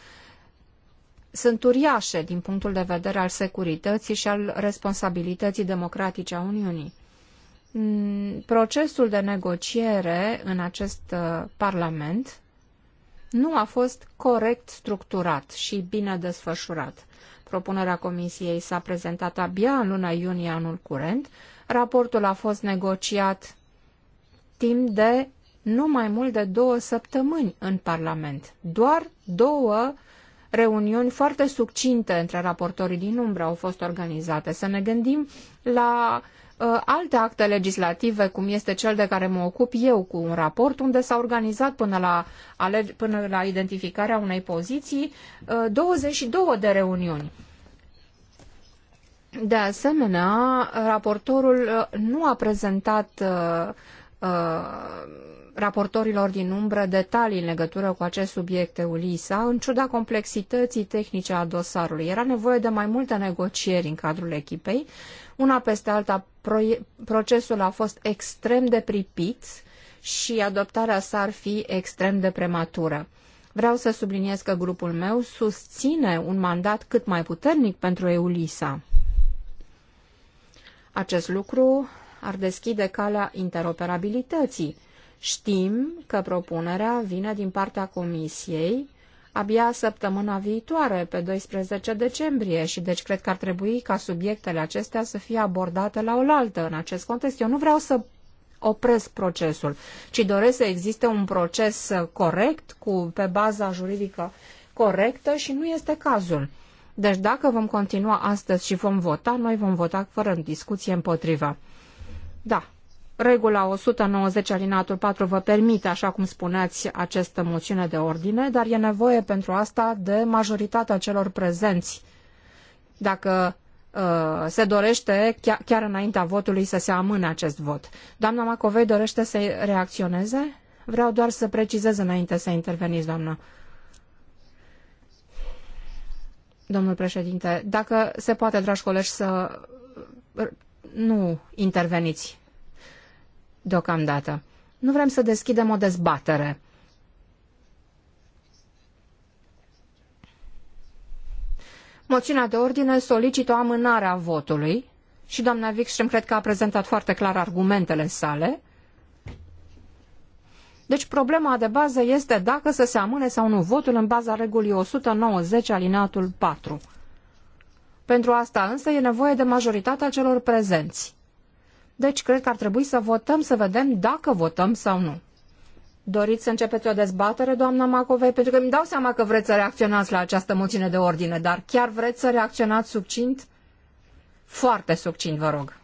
sunt uriașe din punctul de vedere al securității și al responsabilității democratice a Uniunii. Mm, procesul de negociere în acest uh, Parlament nu a fost corect structurat și bine desfășurat. Propunerea Comisiei s-a prezentat abia în luna iunie anul curent. Raportul a fost negociat timp de nu mai mult de două săptămâni în Parlament. Doar două reuniuni foarte succinte între raportorii din umbră au fost organizate. Să ne gândim la uh, alte acte legislative, cum este cel de care mă ocup eu cu un raport, unde s-a organizat până la, până la identificarea unei poziții uh, 22 de reuniuni. De asemenea, raportorul uh, nu a prezentat uh, uh, raportorilor din umbră detalii în legătură cu acest subiect EULISA, în ciuda complexității tehnice a dosarului. Era nevoie de mai multe negocieri în cadrul echipei. Una peste alta, procesul a fost extrem de pripit și adoptarea sa ar fi extrem de prematură. Vreau să subliniez că grupul meu susține un mandat cât mai puternic pentru EULISA. Acest lucru ar deschide calea interoperabilității Știm că propunerea vine din partea Comisiei abia săptămâna viitoare, pe 12 decembrie, și deci cred că ar trebui ca subiectele acestea să fie abordate la oaltă în acest context. Eu nu vreau să opresc procesul, ci doresc să existe un proces corect, cu, pe baza juridică corectă și nu este cazul. Deci dacă vom continua astăzi și vom vota, noi vom vota fără discuție împotriva. Da, regula 190 alinatul 4 vă permite, așa cum spuneați, această moțiune de ordine, dar e nevoie pentru asta de majoritatea celor prezenți. Dacă uh, se dorește chiar, chiar înaintea votului să se amâne acest vot. Doamna Macovei dorește să reacționeze? Vreau doar să precizez înainte să interveniți, doamna. Domnul președinte, dacă se poate, dragi colegi, să uh, nu interveniți deocamdată. Nu vrem să deschidem o dezbatere. Moțiunea de ordine solicită o amânare a votului și doamna Wikström cred că a prezentat foarte clar argumentele sale. Deci problema de bază este dacă să se amâne sau nu votul în baza regulii 190 alineatul 4. Pentru asta însă e nevoie de majoritatea celor prezenți. Deci cred că ar trebui să votăm, să vedem dacă votăm sau nu. Doriți să începeți o dezbatere, doamna Macovei? Pentru că îmi dau seama că vreți să reacționați la această moțiune de ordine, dar chiar vreți să reacționați succint? Foarte succint, vă rog.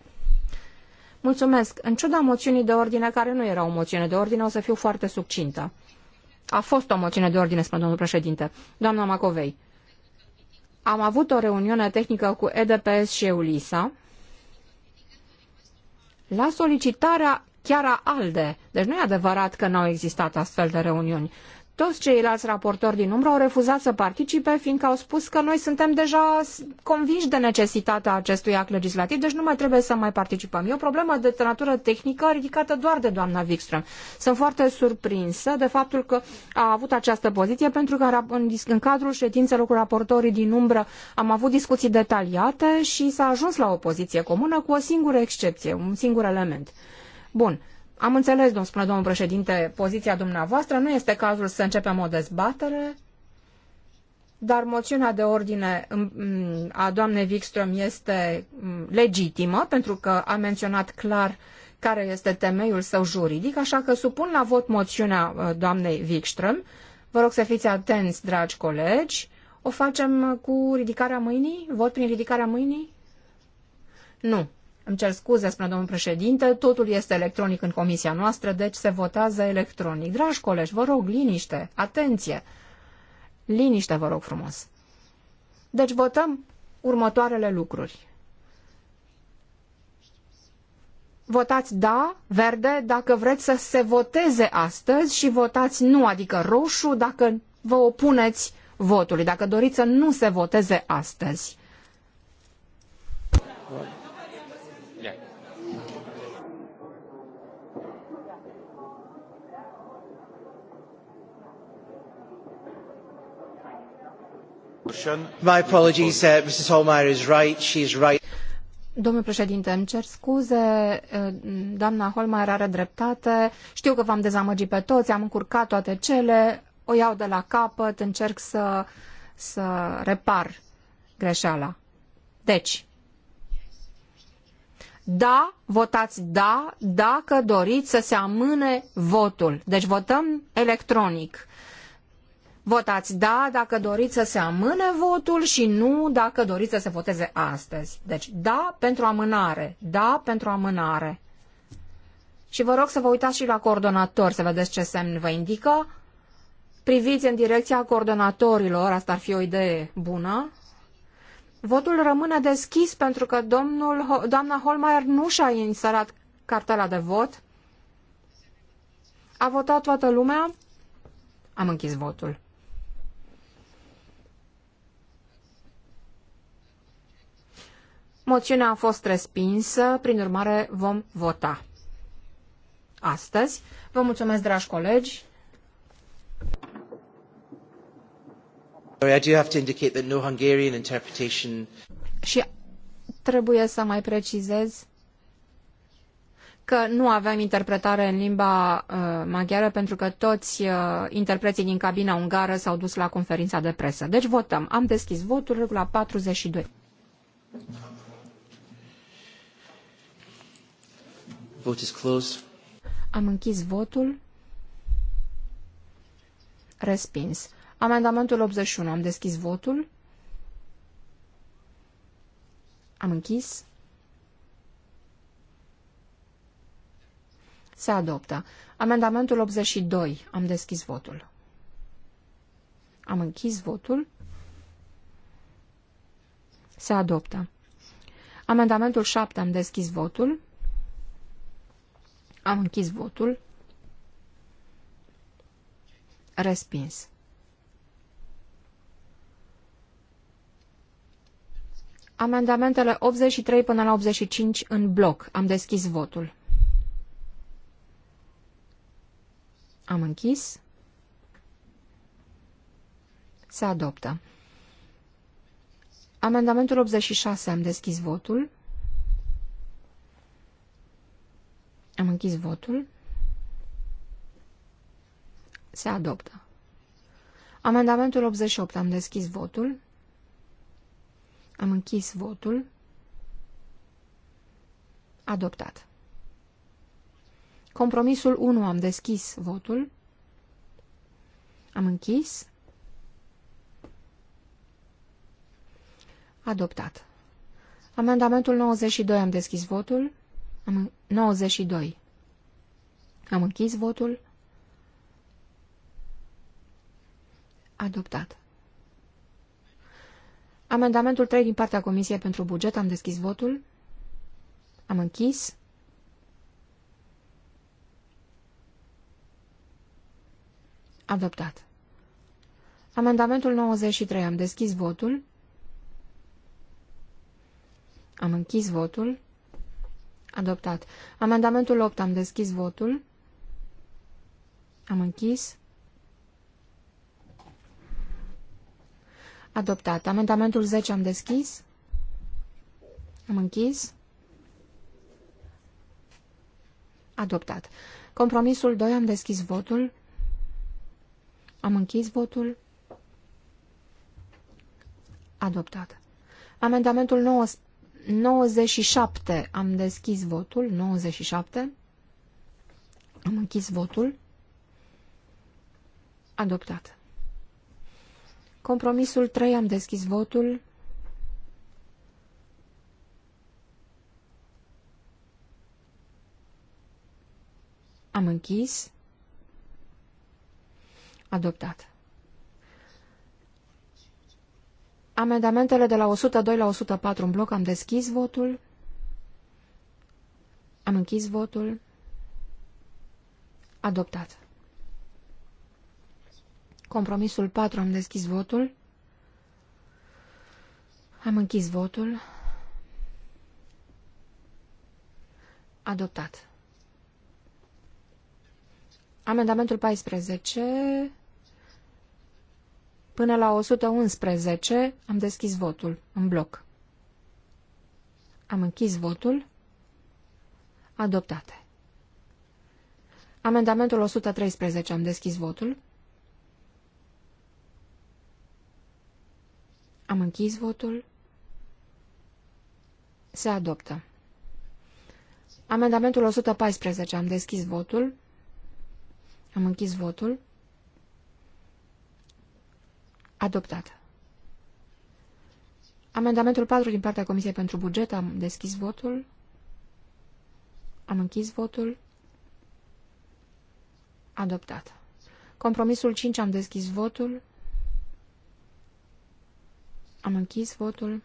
Mulțumesc. În ciuda moțiunii de ordine, care nu era o moțiune de ordine, o să fiu foarte succintă. A fost o moțiune de ordine, spune domnul președinte. Doamna Macovei, am avut o reuniune tehnică cu EDPS și EULISA, la solicitarea chiar a ALDE. Deci nu e adevărat că n-au existat astfel de reuniuni. Toți ceilalți raportori din umbră au refuzat să participe, fiindcă au spus că noi suntem deja convinși de necesitatea acestui act legislativ, deci nu mai trebuie să mai participăm. E o problemă de natură tehnică ridicată doar de doamna Wikström. Sunt foarte surprinsă de faptul că a avut această poziție, pentru că în, cadrul ședințelor cu raportorii din umbră am avut discuții detaliate și s-a ajuns la o poziție comună cu o singură excepție, un singur element. Bun. Am înțeles, domn, spune domnul președinte, poziția dumneavoastră. Nu este cazul să începem o dezbatere, dar moțiunea de ordine mm, a doamnei Wikström este mm, legitimă, pentru că a menționat clar care este temeiul său juridic, așa că supun la vot moțiunea uh, doamnei Wikström. Vă rog să fiți atenți, dragi colegi. O facem cu ridicarea mâinii? Vot prin ridicarea mâinii? Nu. Îmi cer scuze, spune domnul președinte, totul este electronic în comisia noastră, deci se votează electronic. Dragi colegi, vă rog, liniște, atenție! Liniște, vă rog frumos! Deci votăm următoarele lucruri. Votați da, verde, dacă vreți să se voteze astăzi și votați nu, adică roșu, dacă vă opuneți votului, dacă doriți să nu se voteze astăzi. My apologies, uh, Mrs. Holmeyer is right. right. Domnul președinte, îmi cer scuze, uh, doamna Holmeier are dreptate, știu că v-am dezamăgit pe toți, am încurcat toate cele, o iau de la capăt, încerc să, să repar greșeala. Deci, da, votați da, dacă doriți să se amâne votul. Deci votăm electronic. Votați da dacă doriți să se amâne votul și nu dacă doriți să se voteze astăzi. Deci da pentru amânare, da pentru amânare. Și vă rog să vă uitați și la coordonator să vedeți ce semn vă indică. Priviți în direcția coordonatorilor, asta ar fi o idee bună. Votul rămâne deschis pentru că domnul, doamna Holmeier nu și-a inserat cartela de vot. A votat toată lumea? Am închis votul. Moțiunea a fost respinsă, prin urmare vom vota astăzi. Vă mulțumesc, dragi colegi. Și trebuie să mai precizez că nu avem interpretare în limba uh, maghiară pentru că toți uh, interpreții din cabina ungară s-au dus la conferința de presă. Deci votăm. Am deschis votul la 42. Vote is closed. Am închis votul. Respins. Amendamentul 81. Am deschis votul. Am închis. Se adoptă. Amendamentul 82. Am deschis votul. Am închis votul. Se adoptă. Amendamentul 7. Am deschis votul. Am închis votul. Respins. Amendamentele 83 până la 85 în bloc. Am deschis votul. Am închis. Se adoptă. Amendamentul 86. Am deschis votul. Am închis votul. Se adoptă. Amendamentul 88. Am deschis votul. Am închis votul. Adoptat. Compromisul 1. Am deschis votul. Am închis. Adoptat. Amendamentul 92. Am deschis votul. Am 92. Am închis votul. Adoptat. Amendamentul 3 din partea Comisiei pentru Buget. Am deschis votul. Am închis. Adoptat. Amendamentul 93. Am deschis votul. Am închis votul. Adoptat. Amendamentul 8. Am deschis votul. Am închis. Adoptat. Amendamentul 10. Am deschis. Am închis. Adoptat. Compromisul 2. Am deschis votul. Am închis votul. Adoptat. Amendamentul 9 97. Am deschis votul. 97. Am închis votul. Adoptat. Compromisul 3. Am deschis votul. Am închis. Adoptat. Amendamentele de la 102 la 104 în bloc. Am deschis votul. Am închis votul. Adoptat. Compromisul 4. Am deschis votul. Am închis votul. Adoptat. Amendamentul 14 până la 111 am deschis votul în bloc. Am închis votul. Adoptate. Amendamentul 113 am deschis votul. Am închis votul. Se adoptă. Amendamentul 114. Am deschis votul. Am închis votul. Adoptat. Amendamentul 4 din partea Comisiei pentru Buget. Am deschis votul. Am închis votul. Adoptat. Compromisul 5. Am deschis votul. Am închis votul.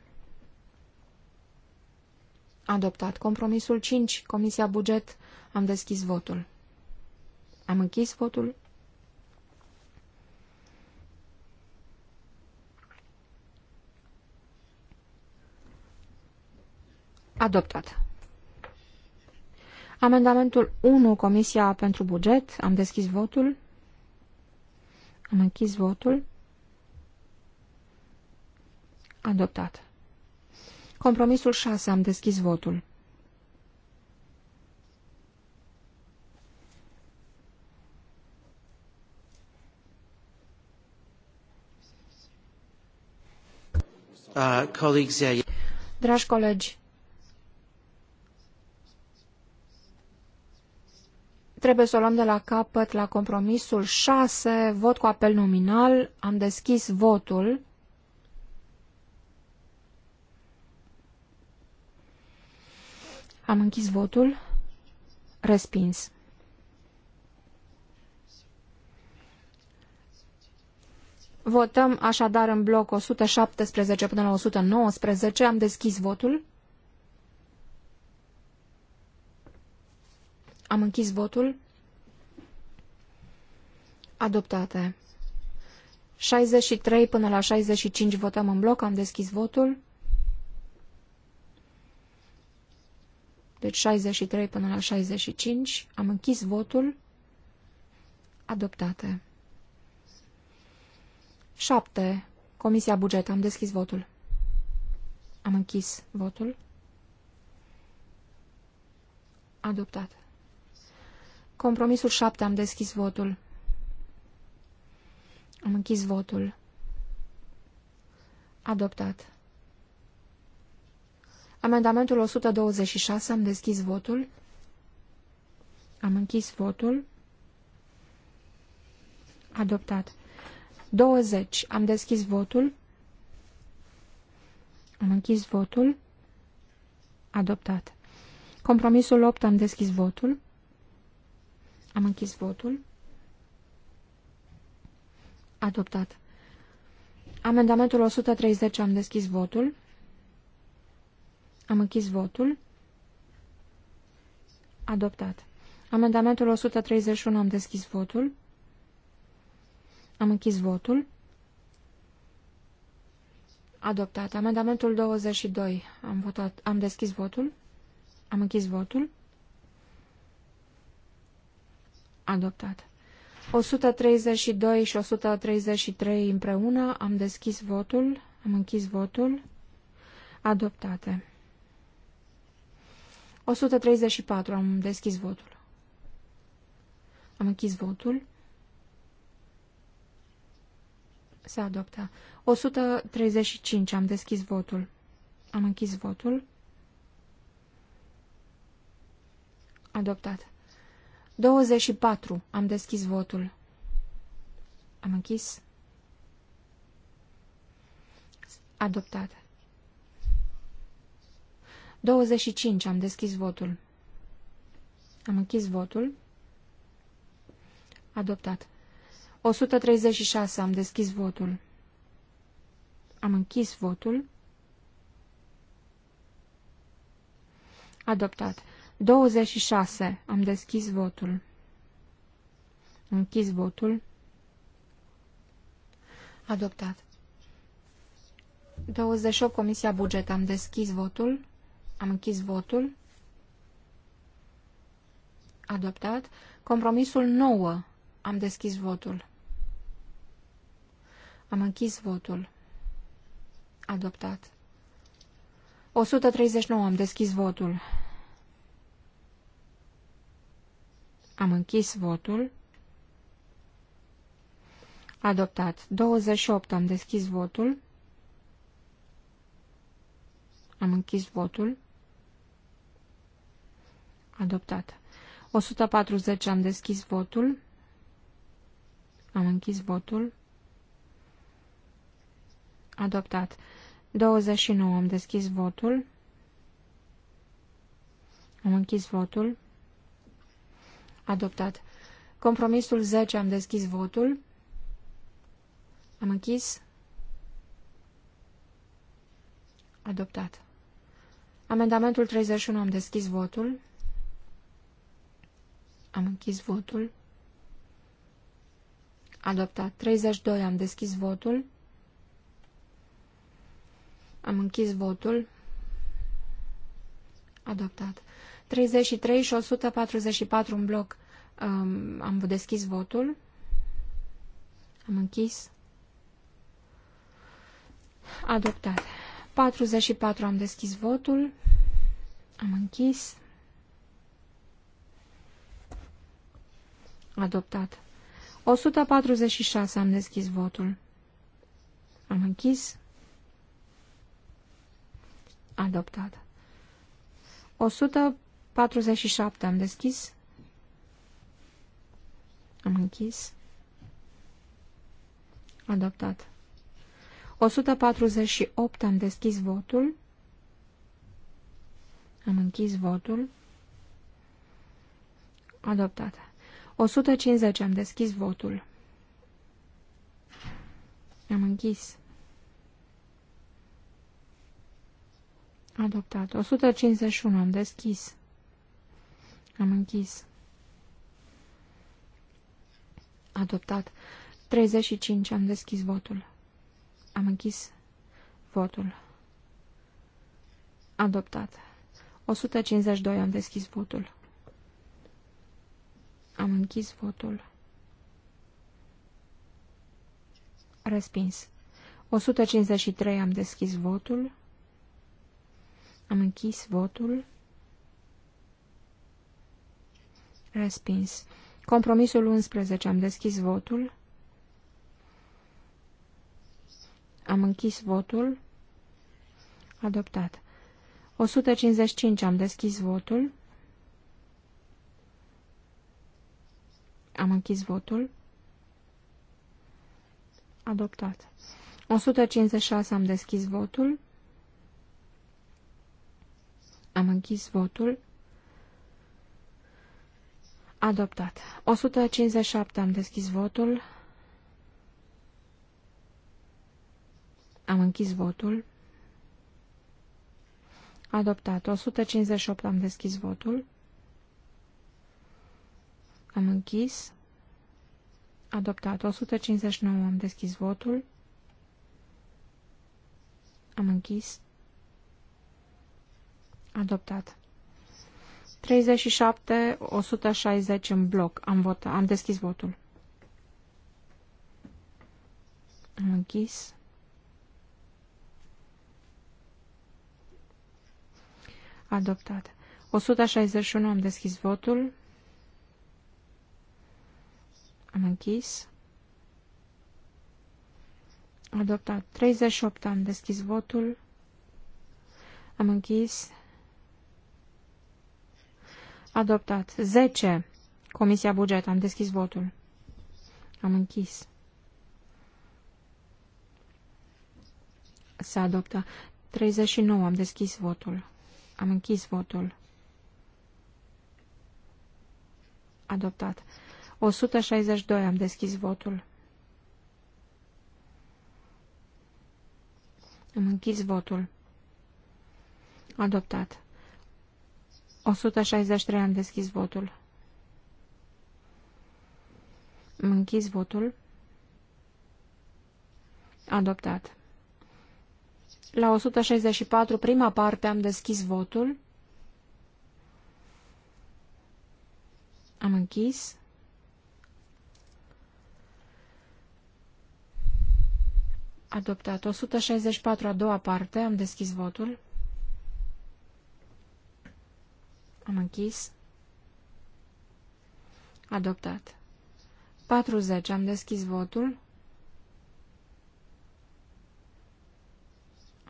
Adoptat. Compromisul 5. Comisia Buget. Am deschis votul. Am închis votul. Adoptat. Amendamentul 1, Comisia pentru Buget. Am deschis votul. Am închis votul. Adoptat. Compromisul 6. Am deschis votul. Uh, colegi... Dragi colegi, trebuie să o luăm de la capăt la compromisul 6, vot cu apel nominal. Am deschis votul. Am închis votul. Respins. Votăm așadar în bloc 117 până la 119. Am deschis votul. Am închis votul. Adoptate. 63 până la 65 votăm în bloc. Am deschis votul. Deci 63 până la 65. Am închis votul. Adoptate. 7. Comisia Buget. Am deschis votul. Am închis votul. Adoptate. Compromisul 7. Am deschis votul. Am închis votul. Adoptat. Amendamentul 126. Am deschis votul. Am închis votul. Adoptat. 20. Am deschis votul. Am închis votul. Adoptat. Compromisul 8. Am deschis votul. Am închis votul. Adoptat. Amendamentul 130 am deschis votul. Am închis votul. Adoptat. Amendamentul 131 am deschis votul. Am închis votul. Adoptat. Amendamentul 22 am votat. Am deschis votul. Am închis votul. Adoptat. 132 și 133 împreună. Am deschis votul. Am închis votul. Adoptate. 134. Am deschis votul. Am închis votul. Se adoptat. 135. Am deschis votul. Am închis votul. Adoptat. 24. Am deschis votul. Am închis. Adoptat. 25. Am deschis votul. Am închis votul. Adoptat. 136. Am deschis votul. Am închis votul. Adoptat. 26. Am deschis votul. Închis votul. Adoptat. 28. Comisia Buget. Am deschis votul. Am închis votul. Adoptat. Compromisul 9. Am deschis votul. Am închis votul. Adoptat. 139. Am deschis votul. Am închis votul. Adoptat. 28. Am deschis votul. Am închis votul. Adoptat. 140. Am deschis votul. Am închis votul. Adoptat. 29. Am deschis votul. Am închis votul. Adoptat. Compromisul 10. Am deschis votul. Am închis. Adoptat. Amendamentul 31. Am deschis votul. Am închis votul. Adoptat. 32. Am deschis votul. Am închis votul. Adoptat. 133 și 144 în bloc. Um, am deschis votul. Am închis. Adoptat. 44 am deschis votul. Am închis. Adoptat. 146 am deschis votul. Am închis. Adoptat. 100 47. Am deschis. Am închis. Adoptat. 148. Am deschis votul. Am închis votul. Adoptat. 150. Am deschis votul. Am închis. Adoptat. 151. Am deschis. Am închis. Adoptat. 35. Am deschis votul. Am închis votul. Adoptat. 152. Am deschis votul. Am închis votul. Respins. 153. Am deschis votul. Am închis votul. Respins. Compromisul 11. Am deschis votul. Am închis votul. Adoptat. 155. Am deschis votul. Am închis votul. Adoptat. 156. Am deschis votul. Am închis votul. Adoptat. 157. Am deschis votul. Am închis votul. Adoptat. 158. Am deschis votul. Am închis. Adoptat. 159. Am deschis votul. Am închis. Adoptat. 37, 160 în bloc. Am, votat, am deschis votul. Am închis. Adoptat. 161 am deschis votul. Am închis. Adoptat. 38 am deschis votul. Am închis. Adoptat. 10. Comisia Buget. Am deschis votul. Am închis. Se adoptă. 39. Am deschis votul. Am închis votul. Adoptat. 162. Am deschis votul. Am închis votul. Adoptat. 163 am deschis votul. Am închis votul. Adoptat. La 164, prima parte, am deschis votul. Am închis. Adoptat. 164, a doua parte, am deschis votul. Am închis. Adoptat. 40. Am deschis votul.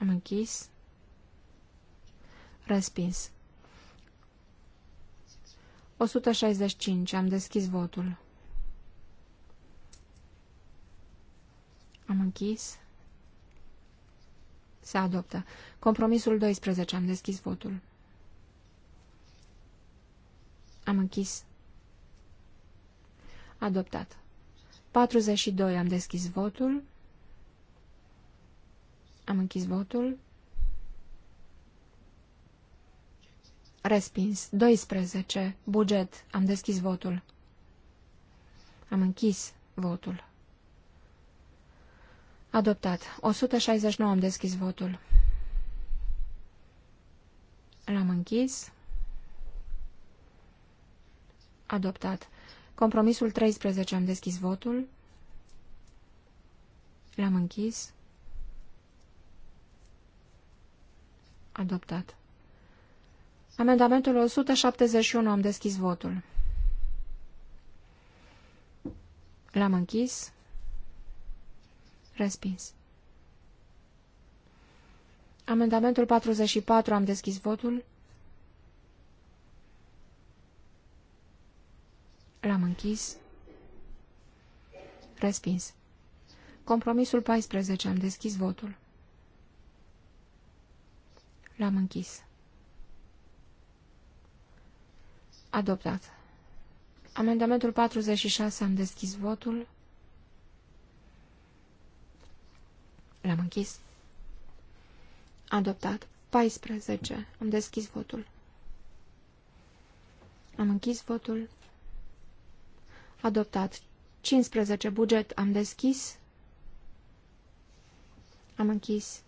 Am închis. Respins. 165. Am deschis votul. Am închis. Se adoptă. Compromisul 12. Am deschis votul. Am închis. Adoptat. 42. Am deschis votul. Am închis votul. Respins. 12. Buget. Am deschis votul. Am închis votul. Adoptat. 169 am deschis votul. L-am închis. Adoptat. Compromisul 13. Am deschis votul. L-am închis. Adoptat. Amendamentul 171. Am deschis votul. L-am închis. Respins. Amendamentul 44. Am deschis votul. L-am închis. Respins. Compromisul 14. Am deschis votul. L-am închis. Adoptat. Amendamentul 46. Am deschis votul. L-am închis. Adoptat. 14. Am deschis votul. Am închis votul. Adoptat. 15. Buget. Am deschis. Am închis.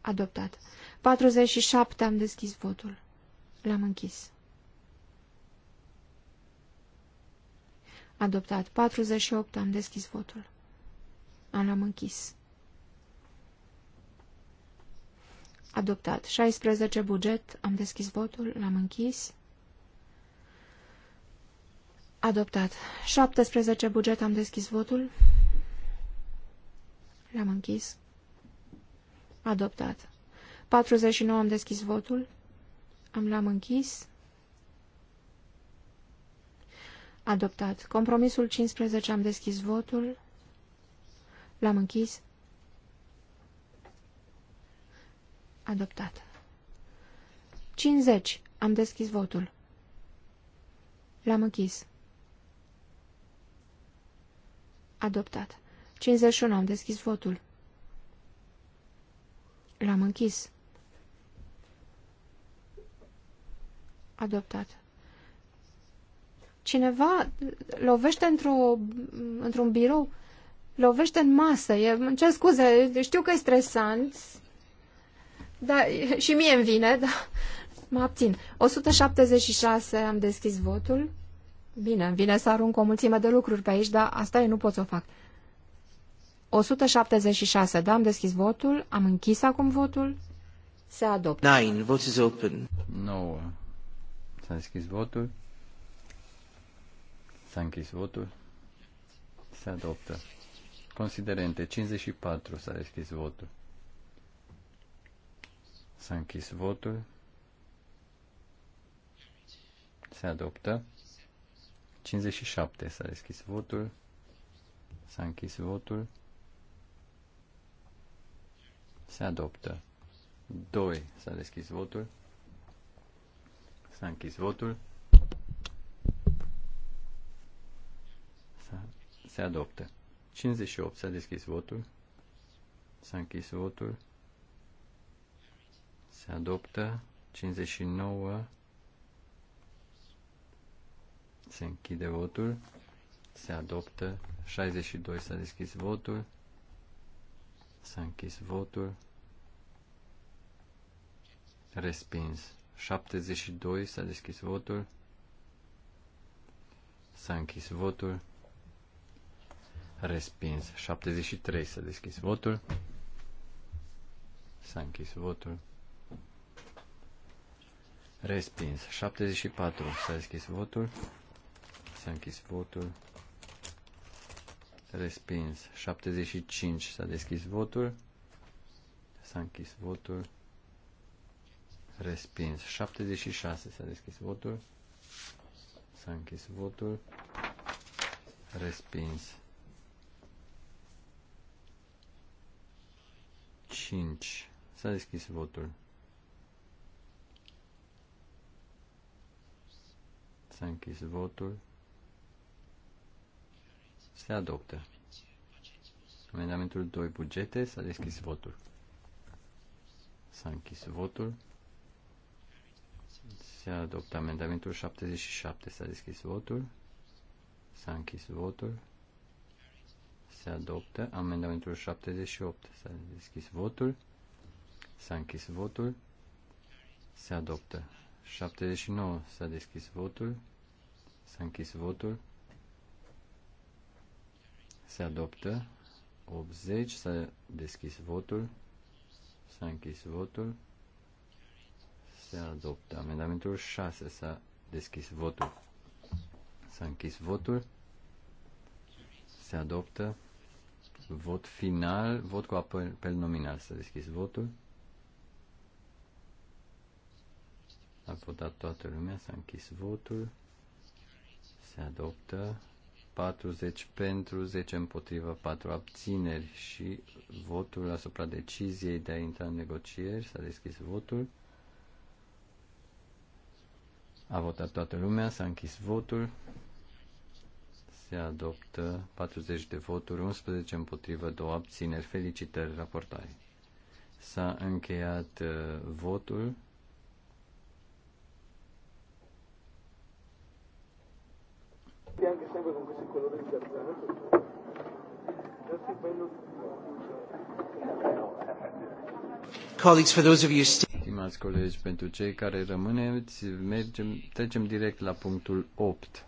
Adoptat. 47. Am deschis votul. L-am închis. Adoptat. 48. Am deschis votul. Am l-am închis. Adoptat. 16. Buget. Am deschis votul. L-am închis. Adoptat. 17 buget, am deschis votul. L-am închis. Adoptat. 49 am deschis votul. Am l-am închis. Adoptat. Compromisul 15 am deschis votul. L-am închis. Adoptat. 50 am deschis votul. L-am închis. Adoptat. 51. Am deschis votul. L-am închis. Adoptat. Cineva lovește într-un într, birou, lovește în masă. E, îmi cer scuze, știu că e stresant, dar și mie îmi vine, dar mă abțin. 176 am deschis votul. Bine, îmi vine să arunc o mulțime de lucruri pe aici, dar asta e, nu pot să o fac. 176, da, am deschis votul, am închis acum votul, se adoptă. 9, vot is open. 9. S-a deschis votul. S-a închis votul. Se adoptă. Considerente, 54 s-a deschis votul. S-a închis votul. Se adoptă. 57. S-a deschis votul. S-a închis votul. Se adoptă. 2. S-a deschis votul. S-a închis votul. Se adoptă. 58. S-a deschis votul. S-a închis votul. Se adoptă. 59. Se închide votul. Se adoptă. 62 s-a deschis votul. S-a închis votul. Respins. 72 s-a deschis votul. S-a închis votul. Respins. 73 s-a deschis votul. S-a închis votul. Respins. 74 s-a deschis votul. S-a închis votul. Respins. 75. S-a deschis votul. S-a închis votul. Respins. 76. S-a deschis votul. S-a închis votul. Respins. 5. S-a deschis votul. S-a închis votul. Se adoptă. Amendamentul 2 bugete. S-a deschis votul. S-a închis votul. Se adoptă amendamentul 77. S-a deschis votul. S-a închis votul. Se adoptă amendamentul 78. S-a deschis votul. S-a închis votul. Se adoptă. 79. S-a deschis votul. S-a închis votul se adoptă. 80 s-a deschis votul. S-a închis votul. Se adoptă. Amendamentul 6 s-a deschis votul. S-a închis votul. Se adoptă. Vot final, vot cu apel nominal. S-a deschis votul. A votat toată lumea, s-a închis votul. Se adoptă 40 pentru, 10 împotriva, 4 abțineri și votul asupra deciziei de a intra în negocieri. S-a deschis votul. A votat toată lumea, s-a închis votul. Se adoptă 40 de voturi, 11 împotrivă, 2 abțineri. Felicitări raportare. S-a încheiat uh, votul. Colleagues, for those of you Stimați colegi, pentru cei care rămâneți, mergem, trecem direct la punctul 8.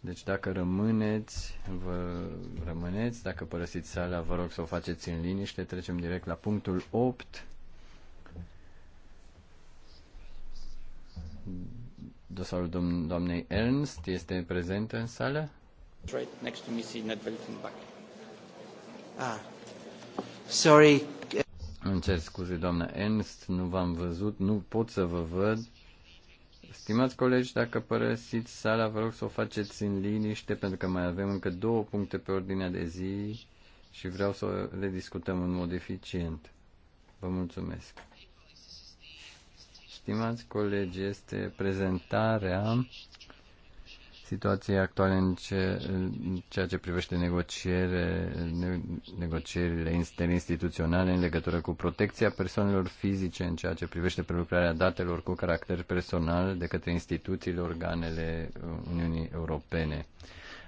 Deci dacă rămâneți, vă rămâneți, dacă părăsiți sala, vă rog să o faceți în liniște, trecem direct la punctul 8. Dosarul domn, doamnei Ernst este prezent în sală? Right next to me, see Ah. Sorry. Îmi cer scuze, doamna Ernst, nu v-am văzut, nu pot să vă văd. Stimați colegi, dacă părăsiți sala, vă rog să o faceți în liniște, pentru că mai avem încă două puncte pe ordinea de zi și vreau să le discutăm în mod eficient. Vă mulțumesc. Stimați colegi, este prezentarea situației actuale în, ce, în ceea ce privește negociere, ne, negocierile interinstituționale în legătură cu protecția persoanelor fizice în ceea ce privește prelucrarea datelor cu caracter personal de către instituțiile, organele uh, Uniunii Europene.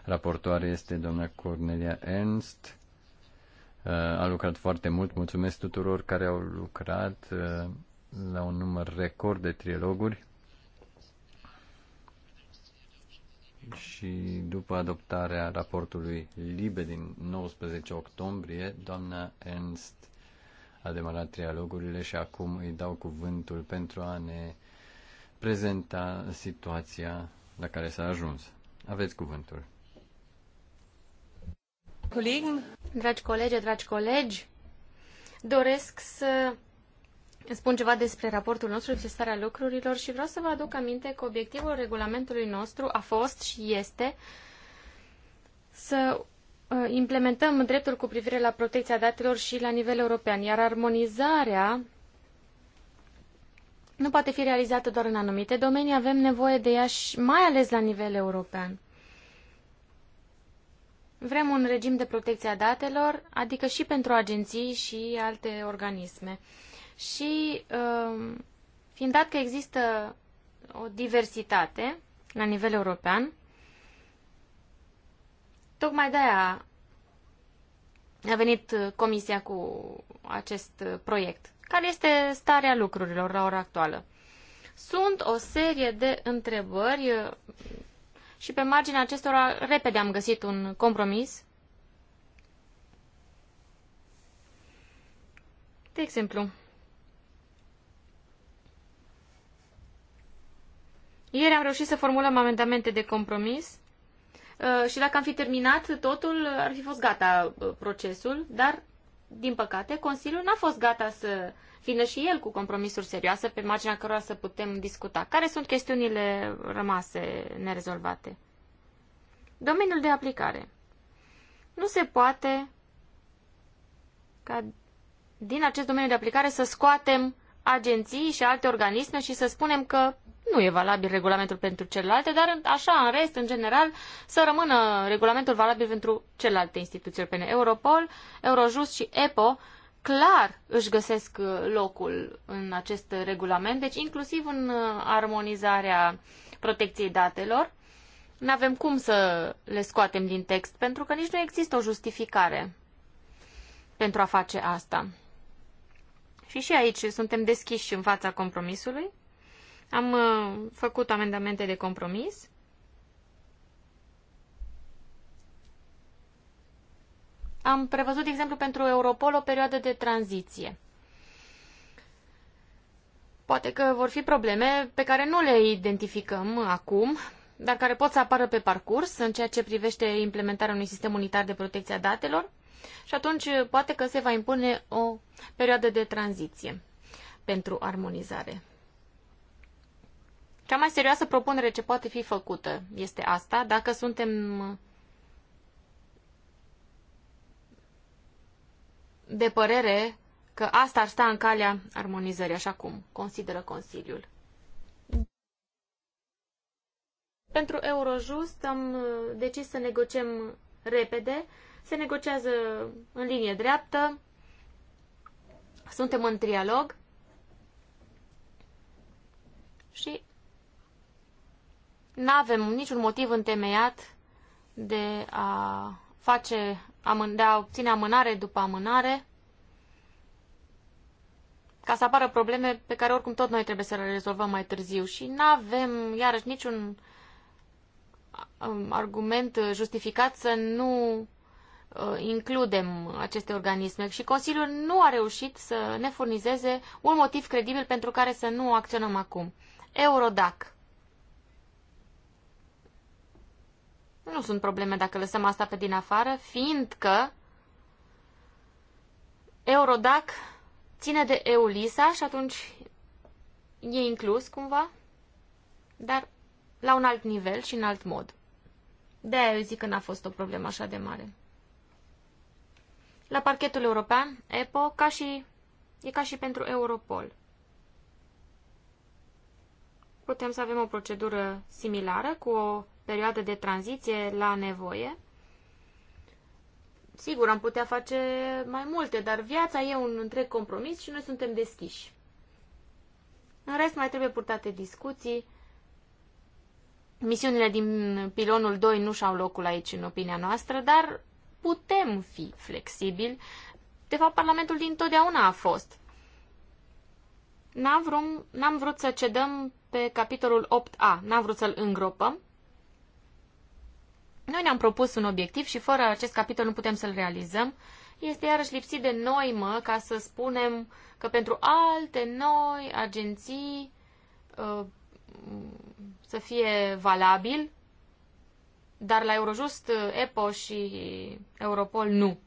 Raportoare este doamna Cornelia Ernst. Uh, a lucrat foarte mult. Mulțumesc tuturor care au lucrat uh, la un număr record de triloguri și după adoptarea raportului LIBE din 19 octombrie, doamna Ernst a demarat trialogurile și acum îi dau cuvântul pentru a ne prezenta situația la care s-a ajuns. Aveți cuvântul. dragi colegi, dragi colegi, doresc să spun ceva despre raportul nostru, despre starea lucrurilor și vreau să vă aduc aminte că obiectivul regulamentului nostru a fost și este să uh, implementăm dreptul cu privire la protecția datelor și la nivel european, iar armonizarea nu poate fi realizată doar în anumite domenii, avem nevoie de ea și mai ales la nivel european. Vrem un regim de protecție a datelor, adică și pentru agenții și alte organisme și um, fiind dat că există o diversitate la nivel european, tocmai de-aia a venit comisia cu acest proiect. Care este starea lucrurilor la ora actuală? Sunt o serie de întrebări uh, și pe marginea acestora repede am găsit un compromis. De exemplu, Ieri am reușit să formulăm amendamente de compromis uh, și dacă am fi terminat totul, ar fi fost gata uh, procesul, dar, din păcate, Consiliul n-a fost gata să vină și el cu compromisuri serioase pe marginea cărora să putem discuta. Care sunt chestiunile rămase nerezolvate? Domeniul de aplicare. Nu se poate ca din acest domeniu de aplicare să scoatem agenții și alte organisme și să spunem că nu e valabil regulamentul pentru celelalte, dar așa, în rest, în general, să rămână regulamentul valabil pentru celelalte instituții europene. Europol, Eurojust și EPO clar își găsesc uh, locul în acest regulament, deci inclusiv în uh, armonizarea protecției datelor. Nu avem cum să le scoatem din text, pentru că nici nu există o justificare pentru a face asta. Și și aici suntem deschiși în fața compromisului. Am uh, făcut amendamente de compromis. Am prevăzut, de exemplu, pentru Europol o perioadă de tranziție. Poate că vor fi probleme pe care nu le identificăm acum, dar care pot să apară pe parcurs în ceea ce privește implementarea unui sistem unitar de protecție a datelor și atunci uh, poate că se va impune o perioadă de tranziție pentru armonizare. Cea mai serioasă propunere ce poate fi făcută este asta, dacă suntem de părere că asta ar sta în calea armonizării, așa cum consideră Consiliul. Pentru Eurojust am decis să negociem repede. Se negociază în linie dreaptă. Suntem în trialog. Și nu avem niciun motiv întemeiat de a face, de a obține amânare după amânare, ca să apară probleme pe care oricum tot noi trebuie să le rezolvăm mai târziu și nu avem, iarăși, niciun um, argument justificat să nu uh, includem aceste organisme și Consiliul nu a reușit să ne furnizeze un motiv credibil pentru care să nu acționăm acum. Eurodac. nu sunt probleme dacă lăsăm asta pe din afară, fiindcă Eurodac ține de EULISA și atunci e inclus cumva, dar la un alt nivel și în alt mod. De-aia eu zic că n-a fost o problemă așa de mare. La parchetul european, EPO ca și, e ca și pentru Europol. Putem să avem o procedură similară cu o perioadă de tranziție la nevoie. Sigur, am putea face mai multe, dar viața e un întreg compromis și noi suntem deschiși. În rest, mai trebuie purtate discuții. Misiunile din pilonul 2 nu și-au locul aici, în opinia noastră, dar putem fi flexibili. De fapt, Parlamentul din dintotdeauna a fost. N-am vrut, vrut să cedăm pe capitolul 8a, n-am vrut să-l îngropăm, noi ne-am propus un obiectiv și fără acest capitol nu putem să-l realizăm. Este iarăși lipsit de noimă ca să spunem că pentru alte noi agenții uh, să fie valabil, dar la Eurojust, uh, EPO și Europol nu.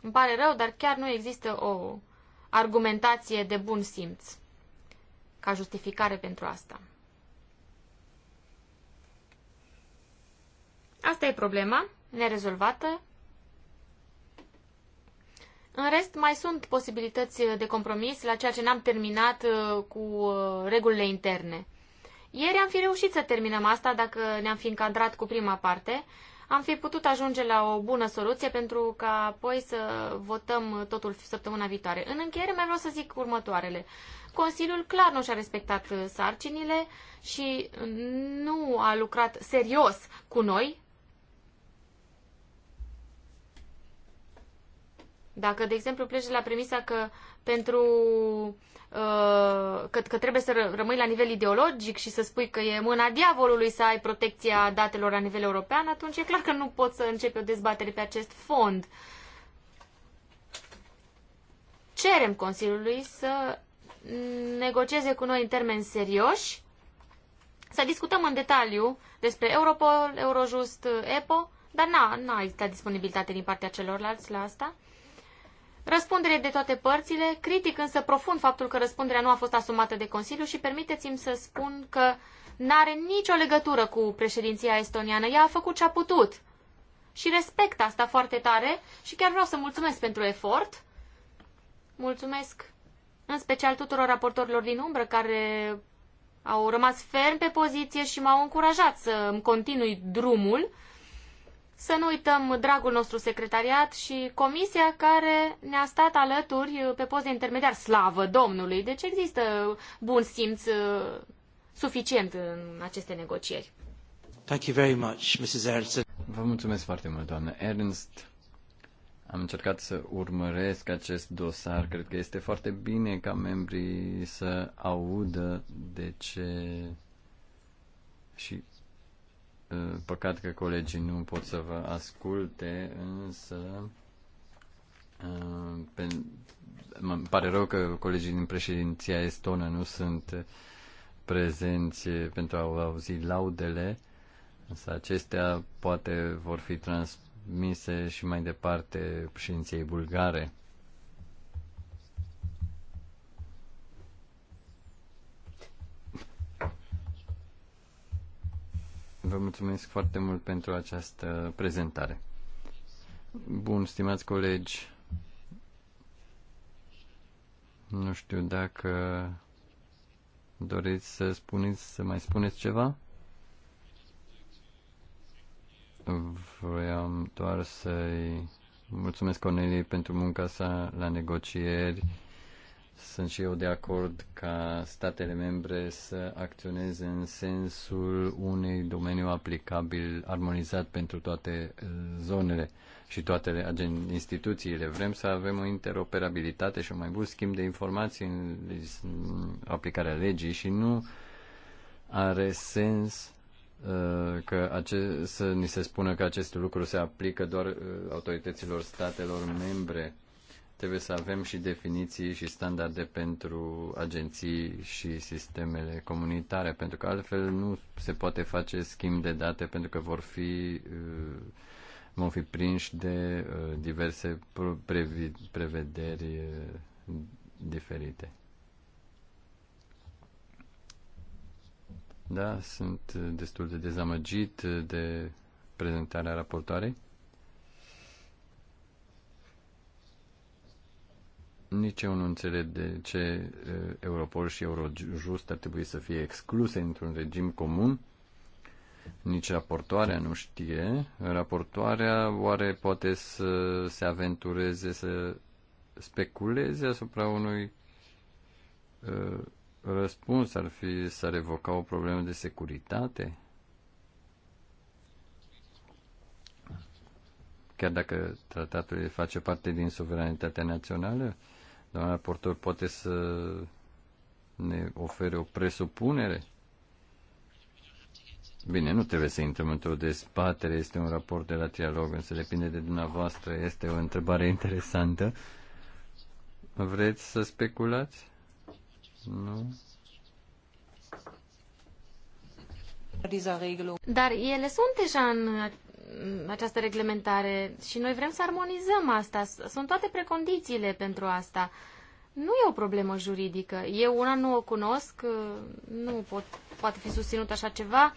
Îmi pare rău, dar chiar nu există o argumentație de bun simț ca justificare pentru asta. Asta e problema nerezolvată. În rest, mai sunt posibilități de compromis la ceea ce n-am terminat uh, cu uh, regulile interne. Ieri am fi reușit să terminăm asta dacă ne-am fi încadrat cu prima parte. Am fi putut ajunge la o bună soluție pentru ca apoi să votăm totul săptămâna viitoare. În încheiere mai vreau să zic următoarele. Consiliul clar nu și-a respectat uh, sarcinile și nu a lucrat serios cu noi, Dacă, de exemplu, pleci de la premisa că pentru uh, că, că trebuie să rămâi la nivel ideologic și să spui că e mâna diavolului să ai protecția datelor la nivel european, atunci e clar că nu poți să începi o dezbatere pe acest fond. Cerem Consiliului să negocieze cu noi în termeni serioși, să discutăm în detaliu despre Europol, Eurojust, EPO, dar n-a, n-a existat disponibilitate din partea celorlalți la asta. Răspundere de toate părțile, critic însă profund faptul că răspunderea nu a fost asumată de Consiliu și permiteți-mi să spun că n-are nicio legătură cu președinția estoniană. Ea a făcut ce a putut. Și respect asta foarte tare și chiar vreau să mulțumesc pentru efort. Mulțumesc în special tuturor raportorilor din umbră care au rămas ferm pe poziție și m-au încurajat să îmi continui drumul să nu uităm dragul nostru secretariat și comisia care ne-a stat alături uh, pe post de intermediar. Slavă Domnului! Deci există bun simț uh, suficient în aceste negocieri. Thank you very much, Mrs. Ernst. Vă mulțumesc foarte mult, doamnă Ernst. Am încercat să urmăresc acest dosar. Cred că este foarte bine ca membrii să audă de ce și Păcat că colegii nu pot să vă asculte, însă pe, mă pare rău că colegii din președinția estonă nu sunt prezenți pentru a auzi laudele, însă acestea poate vor fi transmise și mai departe președinției bulgare. Vă mulțumesc foarte mult pentru această prezentare. Bun, stimați colegi, nu știu dacă doriți să spuneți, să mai spuneți ceva? Vreau doar să-i mulțumesc Corneliei pentru munca sa la negocieri sunt și eu de acord ca statele membre să acționeze în sensul unui domeniu aplicabil, armonizat pentru toate eh, zonele și toate instituțiile. Vrem să avem o interoperabilitate și un mai bun schimb de informații în aplicarea legii și nu are sens eh, că ace- să ni se spună că acest lucru se aplică doar eh, autorităților statelor membre Trebuie să avem și definiții și standarde pentru agenții și sistemele comunitare, pentru că altfel nu se poate face schimb de date, pentru că vor fi uh, vom fi prinși de uh, diverse prevederi uh, diferite. Da, sunt destul de dezamăgit de prezentarea raportoarei. Nici eu nu înțeleg de ce Europol și Eurojust ar trebui să fie excluse într-un regim comun. Nici raportoarea nu știe. Raportoarea oare poate să se aventureze, să speculeze asupra unui răspuns? Ar fi să revoca o problemă de securitate? Chiar dacă tratatul face parte din suveranitatea națională? Doamna raportor poate să ne ofere o presupunere? Bine, nu trebuie să intrăm într-o dezbatere, este un raport de la trialog, însă depinde de dumneavoastră, este o întrebare interesantă. Vreți să speculați? Nu? Dar ele sunt deja în Mm, această reglementare și noi vrem să armonizăm asta. Sunt toate precondițiile pentru asta. Nu e o problemă juridică. Eu una nu o cunosc, uh, nu pot, poate fi susținut așa ceva.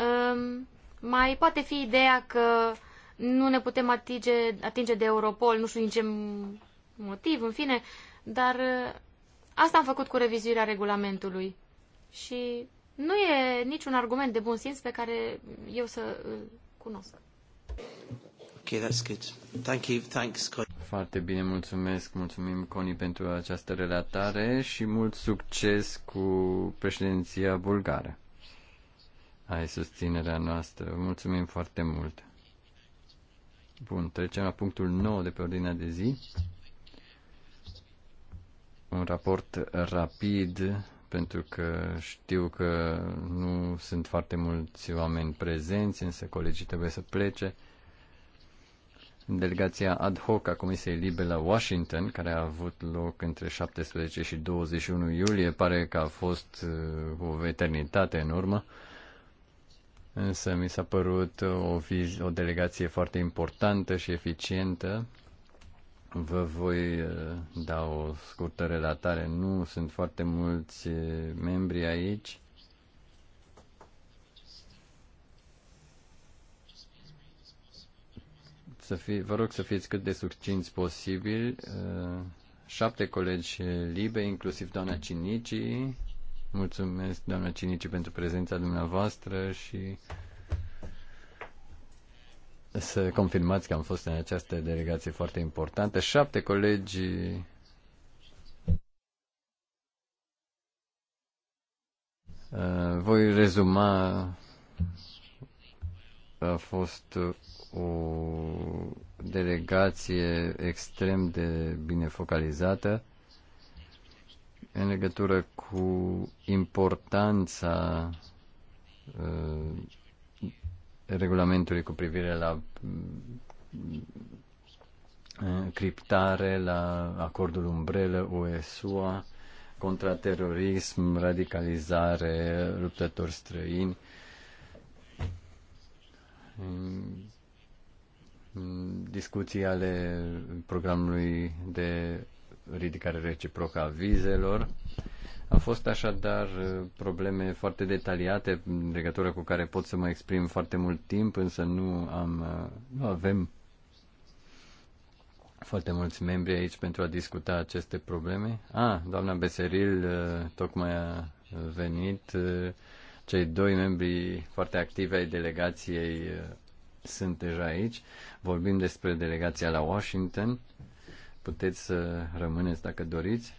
Um, mai poate fi ideea că nu ne putem atinge, atinge de Europol, nu știu din ce motiv, în fine, dar uh, asta am făcut cu revizuirea regulamentului. Și nu e niciun argument de bun simț pe care eu să uh, cunosc. Ok, that's good. Thank you. Thanks, Connie. Foarte bine, mulțumesc. Mulțumim, Connie, pentru această relatare și mult succes cu președinția bulgară. Ai susținerea noastră. Mulțumim foarte mult. Bun, trecem la punctul 9 de pe ordinea de zi. Un raport rapid pentru că știu că nu sunt foarte mulți oameni prezenți, însă colegii trebuie să plece. Delegația ad hoc a Comisiei Libe la Washington, care a avut loc între 17 și 21 iulie, pare că a fost uh, o eternitate în urmă, însă mi s-a părut uh, o, o delegație foarte importantă și eficientă Vă voi eh, da o scurtă relatare. Nu sunt foarte mulți eh, membri aici. Să fi, vă rog să fiți cât de succinți posibil. Eh, șapte colegi libe, inclusiv doamna Cinici. Mulțumesc, doamna Cinici, pentru prezența dumneavoastră și să confirmați că am fost în această delegație foarte importantă. Șapte colegi uh, Voi rezuma. A fost o delegație extrem de bine focalizată în legătură cu importanța uh, regulamentului cu privire la mm, criptare, la acordul umbrelă UE-SUA, contraterorism, radicalizare, luptători străini. Discuții ale programului de ridicare reciprocă a vizelor. A fost așadar uh, probleme foarte detaliate în legătură cu care pot să mă exprim foarte mult timp, însă nu, am, uh, nu avem foarte mulți membri aici pentru a discuta aceste probleme. Ah, doamna Beseril uh, tocmai a venit. Cei doi membri foarte activi ai delegației sunt deja aici. Vorbim despre delegația la Washington Puteți să rămâneți dacă doriți.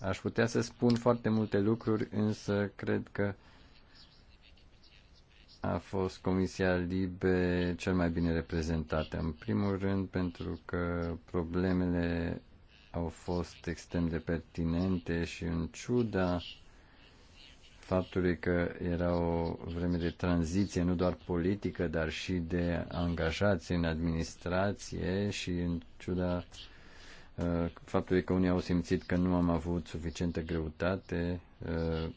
Aș putea să spun foarte multe lucruri, însă cred că a fost Comisia Libe cel mai bine reprezentată. În primul rând pentru că problemele au fost extrem de pertinente și în ciuda faptului că era o vreme de tranziție, nu doar politică, dar și de angajați în administrație și în ciuda uh, faptului că unii au simțit că nu am avut suficientă greutate uh,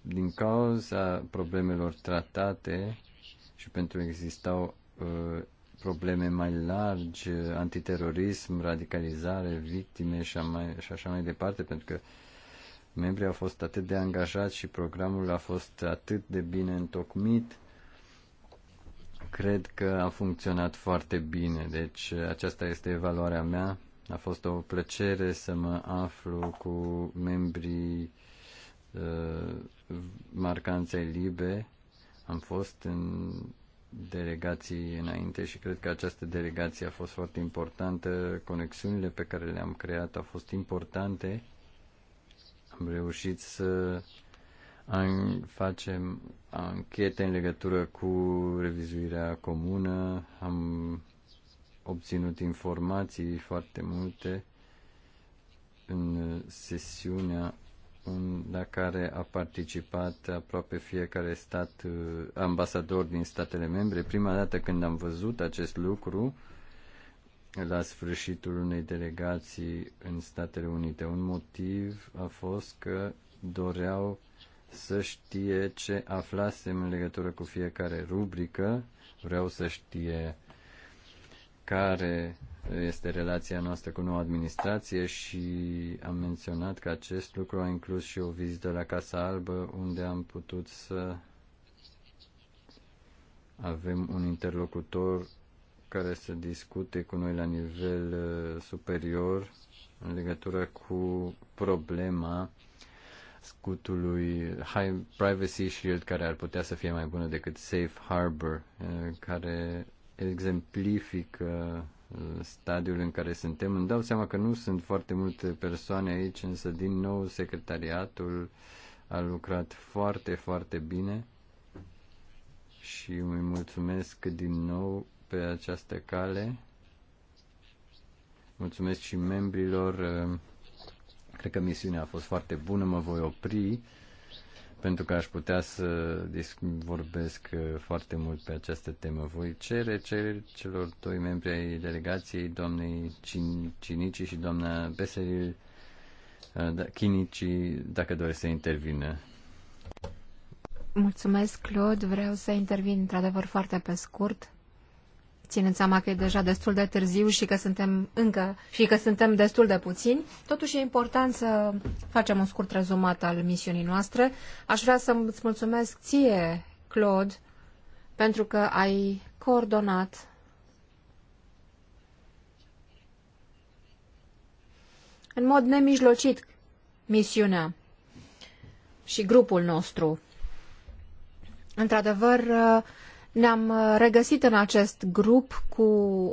din cauza problemelor tratate și pentru că existau uh, probleme mai largi, antiterorism, radicalizare, victime și, și așa mai departe, pentru că uh, membrii au fost atât de angajați și programul a fost atât de bine întocmit, cred că a funcționat foarte bine. Deci aceasta este evaluarea mea. A fost o plăcere să mă aflu cu membrii uh, marcanței Libe. Am fost în delegații înainte și cred că această delegație a fost foarte importantă. Conexiunile pe care le-am creat au fost importante am reușit să facem anchete în legătură cu revizuirea comună, am obținut informații foarte multe în sesiunea la care a participat aproape fiecare stat ambasador din statele membre. Prima dată când am văzut acest lucru, la sfârșitul unei delegații în Statele Unite. Un motiv a fost că doreau să știe ce aflasem în legătură cu fiecare rubrică, vreau să știe care este relația noastră cu noua administrație și am menționat că acest lucru a inclus și o vizită la Casa Albă, unde am putut să avem un interlocutor care să discute cu noi la nivel uh, superior în legătură cu problema scutului High Privacy Shield care ar putea să fie mai bună decât Safe Harbor, uh, care exemplifică uh, stadiul în care suntem. Îmi dau seama că nu sunt foarte multe persoane aici, însă din nou secretariatul a lucrat foarte, foarte bine și îi mulțumesc din nou pe această cale. Mulțumesc și membrilor. Cred că misiunea a fost foarte bună, mă voi opri pentru că aș putea să vorbesc uh, foarte mult pe această temă. Voi cere, cere celor doi membri ai delegației, doamnei Cin- Cinici și doamna Beseril uh, da, Chinici, dacă doresc să intervină. Mulțumesc, Claude. Vreau să intervin într-adevăr foarte pe scurt ținând seama că e deja destul de târziu și că suntem încă și că suntem destul de puțini, totuși e important să facem un scurt rezumat al misiunii noastre. Aș vrea să îți mulțumesc ție, Claude, pentru că ai coordonat în mod nemijlocit misiunea și grupul nostru. Într-adevăr, ne-am uh, regăsit în acest grup cu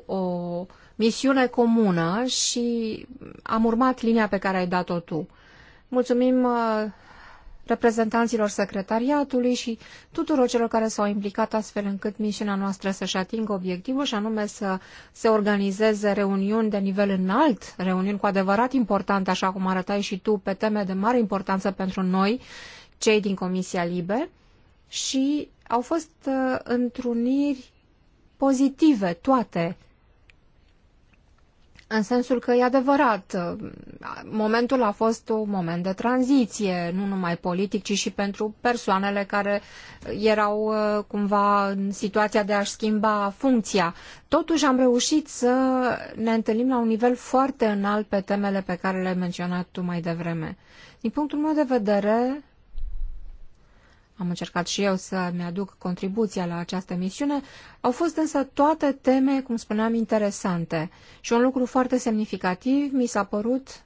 o misiune comună și am urmat linia pe care ai dat-o tu. Mulțumim uh, reprezentanților secretariatului și tuturor celor care s-au implicat astfel încât misiunea noastră să-și atingă obiectivul și anume să se organizeze reuniuni de nivel înalt, reuniuni cu adevărat importante, așa cum arătai și tu, pe teme de mare importanță pentru noi, cei din Comisia Libe și au fost uh, întruniri pozitive, toate, în sensul că e adevărat, uh, momentul a fost un moment de tranziție, nu numai politic, ci și pentru persoanele care erau uh, cumva în situația de a-și schimba funcția. Totuși am reușit să ne întâlnim la un nivel foarte înalt pe temele pe care le-ai menționat tu mai devreme. Din punctul meu de vedere, am încercat și eu să-mi aduc contribuția la această misiune, au fost însă toate teme, cum spuneam, interesante. Și un lucru foarte semnificativ mi s-a părut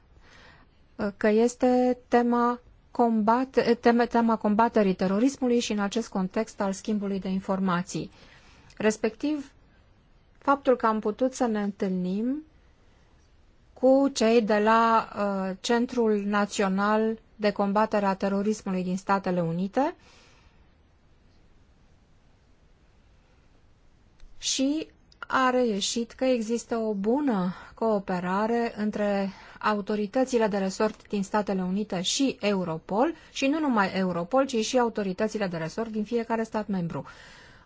uh, că este tema, combat, uh, teme, tema combaterii terorismului și în acest context al schimbului de informații. Respectiv, faptul că am putut să ne întâlnim cu cei de la uh, Centrul Național de Combatere a Terorismului din Statele Unite, uh, și a reieșit că există o bună cooperare între autoritățile de resort din Statele Unite și Europol, și nu numai Europol, ci și autoritățile de resort din fiecare stat membru.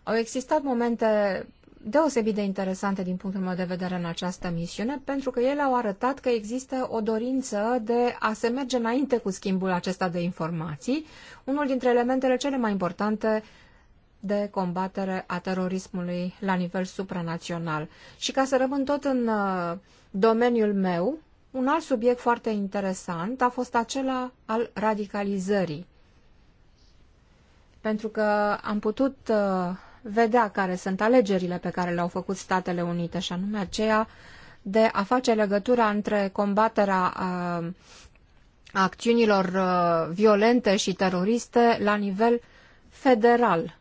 Au existat momente deosebit de interesante din punctul meu de vedere în această misiune, pentru că ele au arătat că există o dorință de a se merge înainte cu schimbul acesta de informații, unul dintre elementele cele mai importante de combatere a terorismului la nivel supranațional. Și ca să rămân tot în uh, domeniul meu, un alt subiect foarte interesant a fost acela al radicalizării. Pentru că am putut uh, vedea care sunt alegerile pe care le-au făcut Statele Unite, și anume aceea de a face legătura între combaterea uh, acțiunilor violente și teroriste la nivel federal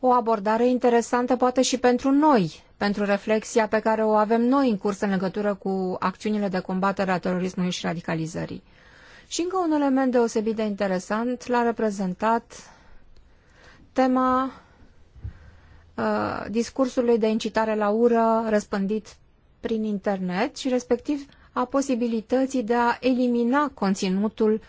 o abordare interesantă poate și pentru noi, pentru reflexia pe care o avem noi în curs în legătură cu acțiunile de combatere a terorismului și radicalizării. Și încă un element deosebit de interesant l-a reprezentat tema uh, discursului de incitare la ură răspândit prin internet și respectiv a posibilității de a elimina conținutul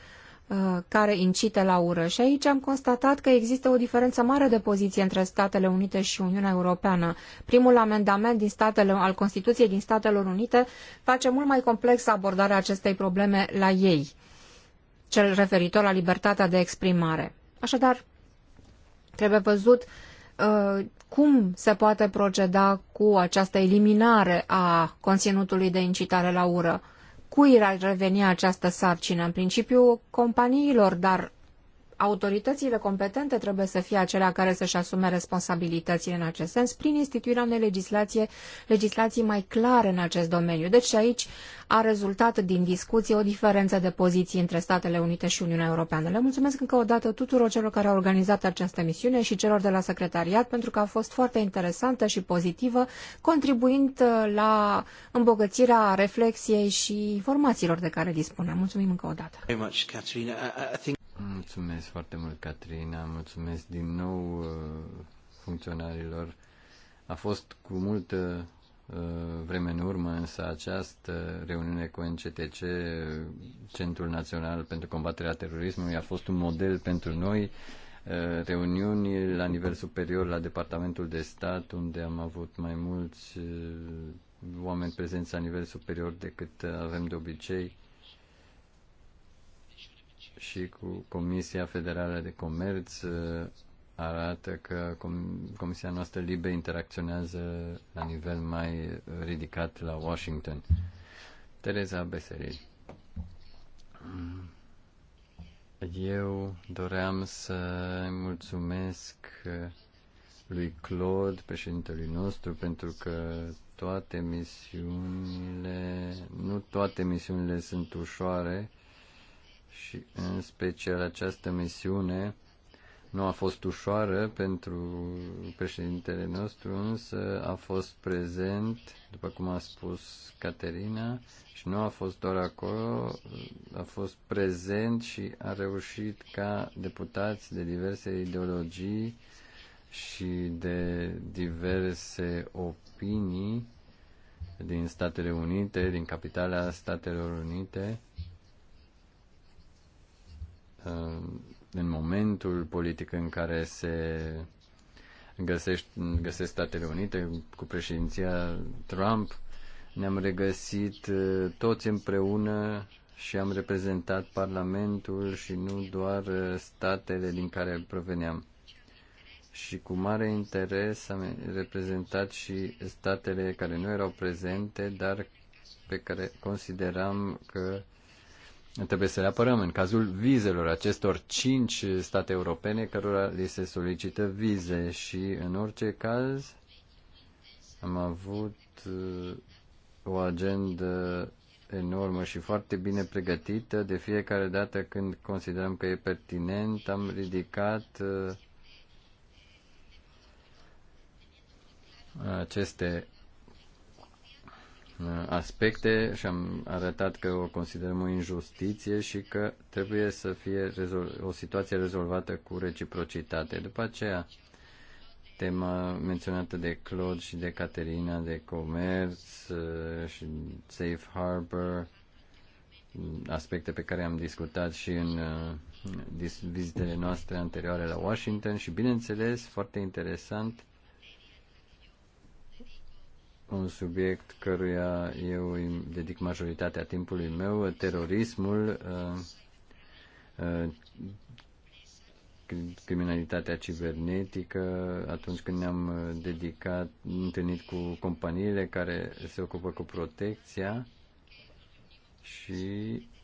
Uh, care incită la ură. Și aici am constatat că există o diferență mare de poziție între Statele Unite și Uniunea Europeană. Primul amendament din statele, al Constituției din Statele Unite face mult mai complexă abordarea acestei probleme la ei, cel referitor la libertatea de exprimare. Așadar, trebuie văzut uh, cum se poate proceda cu această eliminare a conținutului de incitare la ură. Cui ar reveni această sarcină? În principiu companiilor, dar autoritățile competente trebuie să fie acelea care să-și asume responsabilitățile în acest sens prin instituirea unei legislație, legislații mai clare în acest domeniu. Deci aici a rezultat din discuție o diferență de poziții între Statele Unite și Uniunea Europeană. Le mulțumesc încă o dată tuturor celor care au organizat această misiune și celor de la secretariat pentru că a fost foarte interesantă și pozitivă, contribuind uh, la îmbogățirea reflexiei și informațiilor de care dispunem. Mulțumim încă o dată. Mulțumesc foarte mult, Catrina. Mulțumesc din nou uh, funcționarilor. A fost cu multă uh, vreme în urmă, însă această reuniune cu NCTC, Centrul Național pentru Combaterea Terorismului, a fost un model pentru noi. Uh, reuniuni la nivel superior la Departamentul de Stat, unde am avut mai mulți oameni prezenți la nivel superior decât avem de obicei și cu Comisia Federală de Comerț uh, arată că Comisia noastră Libe interacționează la nivel mai ridicat la Washington. Tereza Beseril. Eu doream să mulțumesc lui Claude, președintelui nostru, pentru că toate misiunile, nu toate misiunile sunt ușoare, și în special această misiune nu a fost ușoară pentru președintele nostru, însă a fost prezent, după cum a spus Caterina, și nu a fost doar acolo, a fost prezent și a reușit ca deputați de diverse ideologii și de diverse opinii din Statele Unite, din capitala Statelor Unite, în momentul politic în care se găsește găsesc Statele Unite cu președinția Trump, ne-am regăsit uh, toți împreună și am reprezentat Parlamentul și nu doar uh, statele din care proveneam. Și cu mare interes am reprezentat și statele care nu erau prezente, dar pe care consideram că uh, Trebuie să le apărăm în cazul vizelor acestor cinci state europene cărora li se solicită vize și în orice caz am avut uh, o agendă enormă și foarte bine pregătită. De fiecare dată când considerăm că e pertinent, am ridicat uh, aceste aspecte și am arătat că o considerăm o injustiție și că trebuie să fie o situație rezolvată cu reciprocitate. După aceea, tema menționată de Claude și de Caterina de comerț uh, și safe harbor, aspecte pe care am discutat și în uh, vizitele noastre anterioare la Washington și, bineînțeles, foarte interesant, un subiect căruia eu îi dedic majoritatea timpului meu, terorismul, uh, uh, criminalitatea cibernetică, atunci când ne-am dedicat, întâlnit cu companiile care se ocupă cu protecția și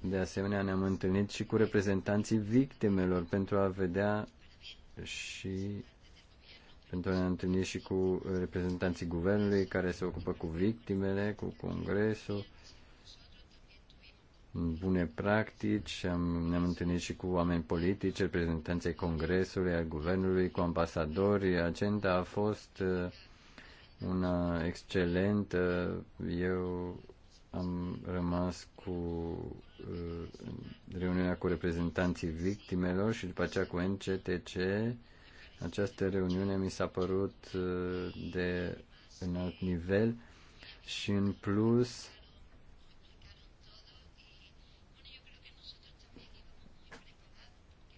de asemenea ne-am întâlnit și cu reprezentanții victimelor pentru a vedea și pentru a ne întâlni și cu reprezentanții guvernului care se ocupă cu victimele, cu congresul, bune practici, am, ne-am întâlnit și cu oameni politici, reprezentanții congresului, al guvernului, cu ambasadori. Agenda a fost uh, una excelentă. Eu am rămas cu uh, reuniunea cu reprezentanții victimelor și după aceea cu NCTC această reuniune mi s-a părut uh, de înalt nivel și în plus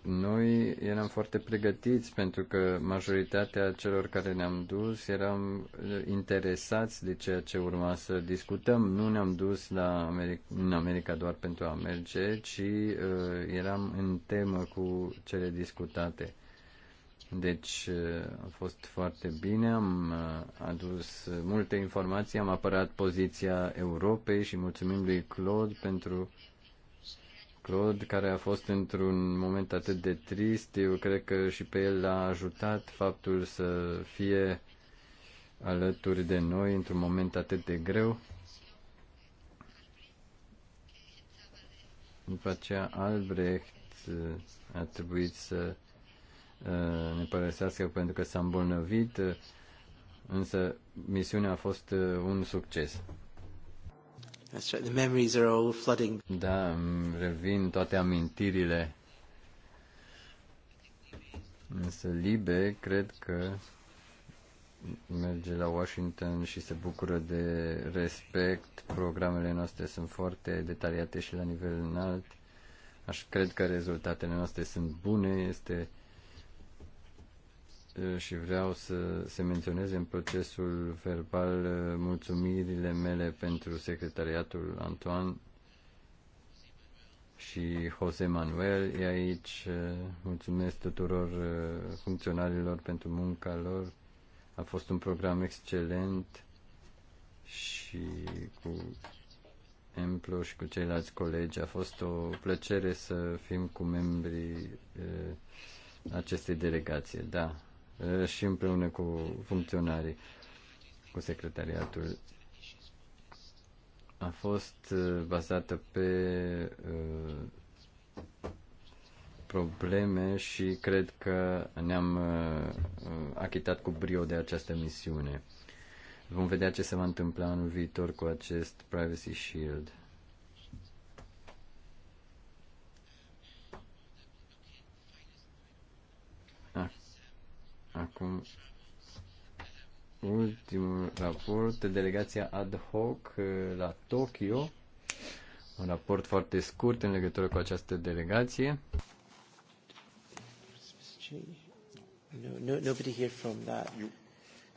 noi eram foarte pregătiți pentru că majoritatea celor care ne-am dus eram uh, interesați de ceea ce urma să discutăm. Nu ne-am dus la America, în America doar pentru a merge, ci uh, eram în temă cu cele discutate. Deci uh, a fost foarte bine, am uh, adus multe informații, am apărat poziția Europei și mulțumim lui Claude pentru Claude, care a fost într-un moment atât de trist. Eu cred că și pe el l-a ajutat faptul să fie alături de noi într-un moment atât de greu. După aceea, Albrecht uh, a trebuit să Eh, ne părăsească pentru că s-a îmbolnăvit, eh, însă misiunea a fost eh, un succes. That's right. The memories are all flooding. Da, revin toate amintirile. Însă Libe, cred că merge la Washington și se bucură de respect. Programele noastre sunt foarte detaliate și la nivel înalt. Aș cred că rezultatele noastre sunt bune. Este Eh, și vreau să se menționeze în procesul verbal eh, mulțumirile mele pentru secretariatul Antoine și Jose Manuel e aici. Eh, mulțumesc tuturor funcționarilor pentru munca lor. A fost un program excelent și cu Emplo și cu ceilalți colegi. A fost o plăcere să fim cu membrii acestei delegații. Da, Eh, și împreună cu funcționarii, cu secretariatul. A fost eh, bazată pe eh, probleme și cred că ne-am achitat cu brio de această misiune. Vom vedea ce se va întâmpla în viitor cu acest Privacy Shield. Acum, ultimul raport, delegația ad hoc uh, la Tokyo. Un raport foarte scurt în legătură cu această delegație. No, no, nobody here from that.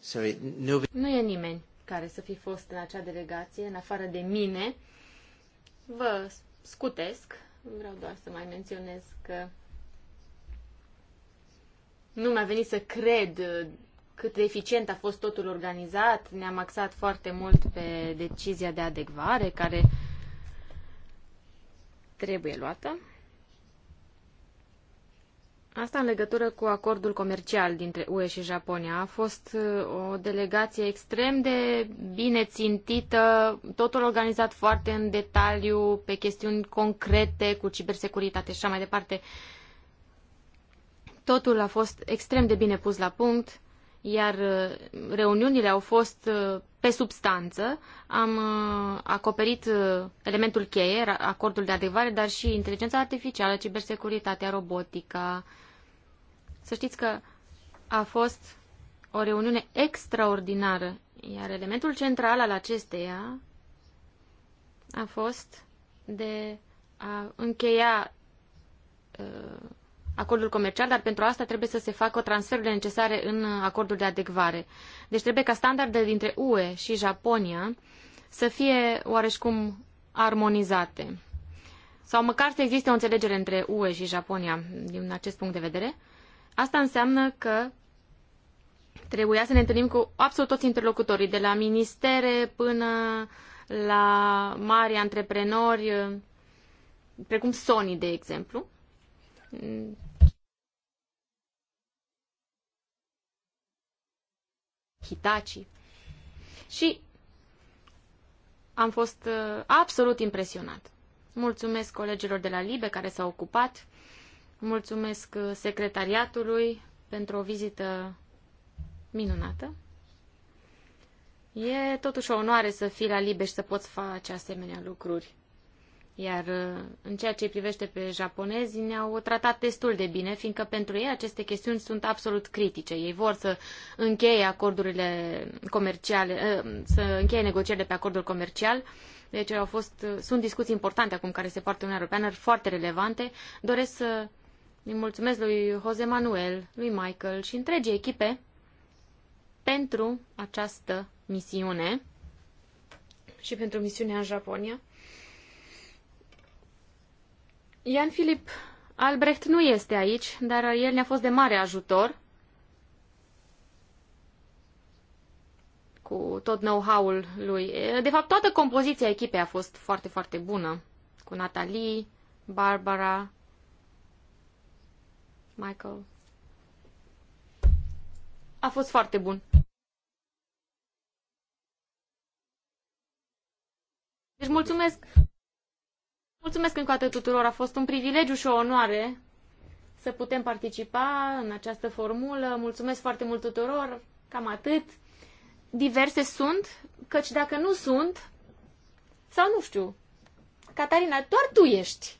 Sorry, nobody... Nu e nimeni care să fi fost în acea delegație, în afară de mine. Vă scutesc. Vreau doar să mai menționez că nu mi-a venit să cred uh, cât de eficient a fost totul organizat. Ne-am axat foarte mult pe decizia de adecvare care trebuie luată. Asta în legătură cu acordul comercial dintre UE și Japonia. A fost uh, o delegație extrem de bine țintită, totul organizat foarte în detaliu, pe chestiuni concrete, cu cibersecuritate și așa mai departe. Uh, Totul a fost extrem de bine pus la punct, iar uh, reuniunile au fost uh, pe substanță. Am uh, acoperit elementul cheie, acordul de adecvare, dar și inteligența artificială, cibersecuritatea, robotica. Să știți că a fost o reuniune extraordinară, iar elementul central al acesteia a fost de a încheia uh, acordul comercial, dar pentru asta trebuie să se facă transferurile necesare în acordul de adecvare. Deci trebuie ca standardele dintre UE și Japonia să fie oareșcum armonizate. Sau măcar să existe o înțelegere între UE și Japonia din acest punct de vedere. Asta înseamnă că trebuia să ne întâlnim cu absolut toți interlocutorii, de la ministere până la mari antreprenori, precum Sony, de exemplu. Hitachi. Și am fost uh, absolut impresionat. Mulțumesc colegilor de la Libe care s-au ocupat, mulțumesc uh, secretariatului pentru o vizită minunată. E totuși o onoare să fii la Libe și să poți face asemenea lucruri. Iar uh, în ceea ce privește pe japonezi, ne-au tratat destul de bine, fiindcă pentru ei aceste chestiuni sunt absolut critice. Ei vor să încheie acordurile comerciale, uh, să încheie negocierile pe acordul comercial. Deci au fost, uh, sunt discuții importante acum care se poartă în Europeană, foarte relevante. Doresc să îi mulțumesc lui Jose Manuel, lui Michael și întregii echipe pentru această misiune și pentru misiunea în Japonia. Ian Filip Albrecht nu este aici, dar el ne-a fost de mare ajutor cu tot know-how-ul lui. De fapt, toată compoziția echipei a fost foarte, foarte bună. Cu Natalie, Barbara, Michael. A fost foarte bun. Deci mulțumesc! Mulțumesc încă o dată tuturor, a fost un privilegiu și o onoare să putem participa în această formulă. Mulțumesc foarte mult tuturor, cam atât. Diverse sunt, căci dacă nu sunt, sau nu știu, Catarina, doar tu ești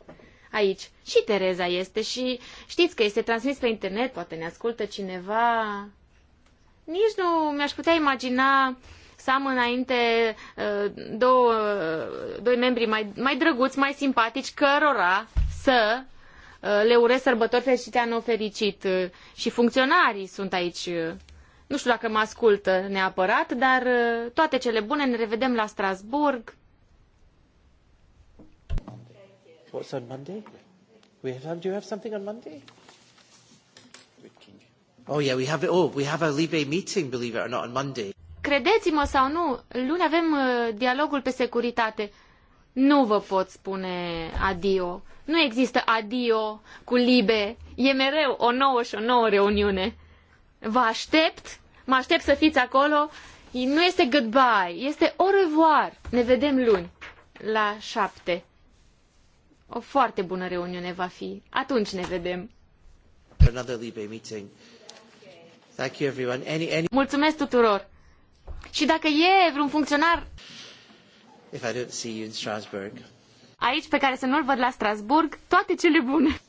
aici. Și Tereza este și știți că este transmis pe internet, poate ne ascultă cineva. Nici nu mi-aș putea imagina să am înainte uh, două, uh, doi membri mai, mai drăguți, mai simpatici, cărora să uh, le urez sărbători fericite, anul fericit. Și funcționarii sunt aici. Nu știu dacă mă ascultă neapărat, dar toate cele bune, ne revedem la Strasbourg. What's on Monday? We have, do you have something on Monday? Oh yeah, we have it. Oh, we have a Libe meeting, believe it or not, on Monday. Credeți-mă sau nu, luni avem uh, dialogul pe securitate. Nu vă pot spune adio. Nu există adio cu libe. E mereu o nouă și o nouă reuniune. Vă aștept, mă aștept să fiți acolo. Nu este goodbye, este au revoir. Ne vedem luni la șapte. O foarte bună reuniune va fi. Atunci ne vedem. Mulțumesc tuturor! Și dacă e vreun funcționar If I don't see you in Strasbourg. aici pe care să nu-l văd la Strasburg, toate cele bune.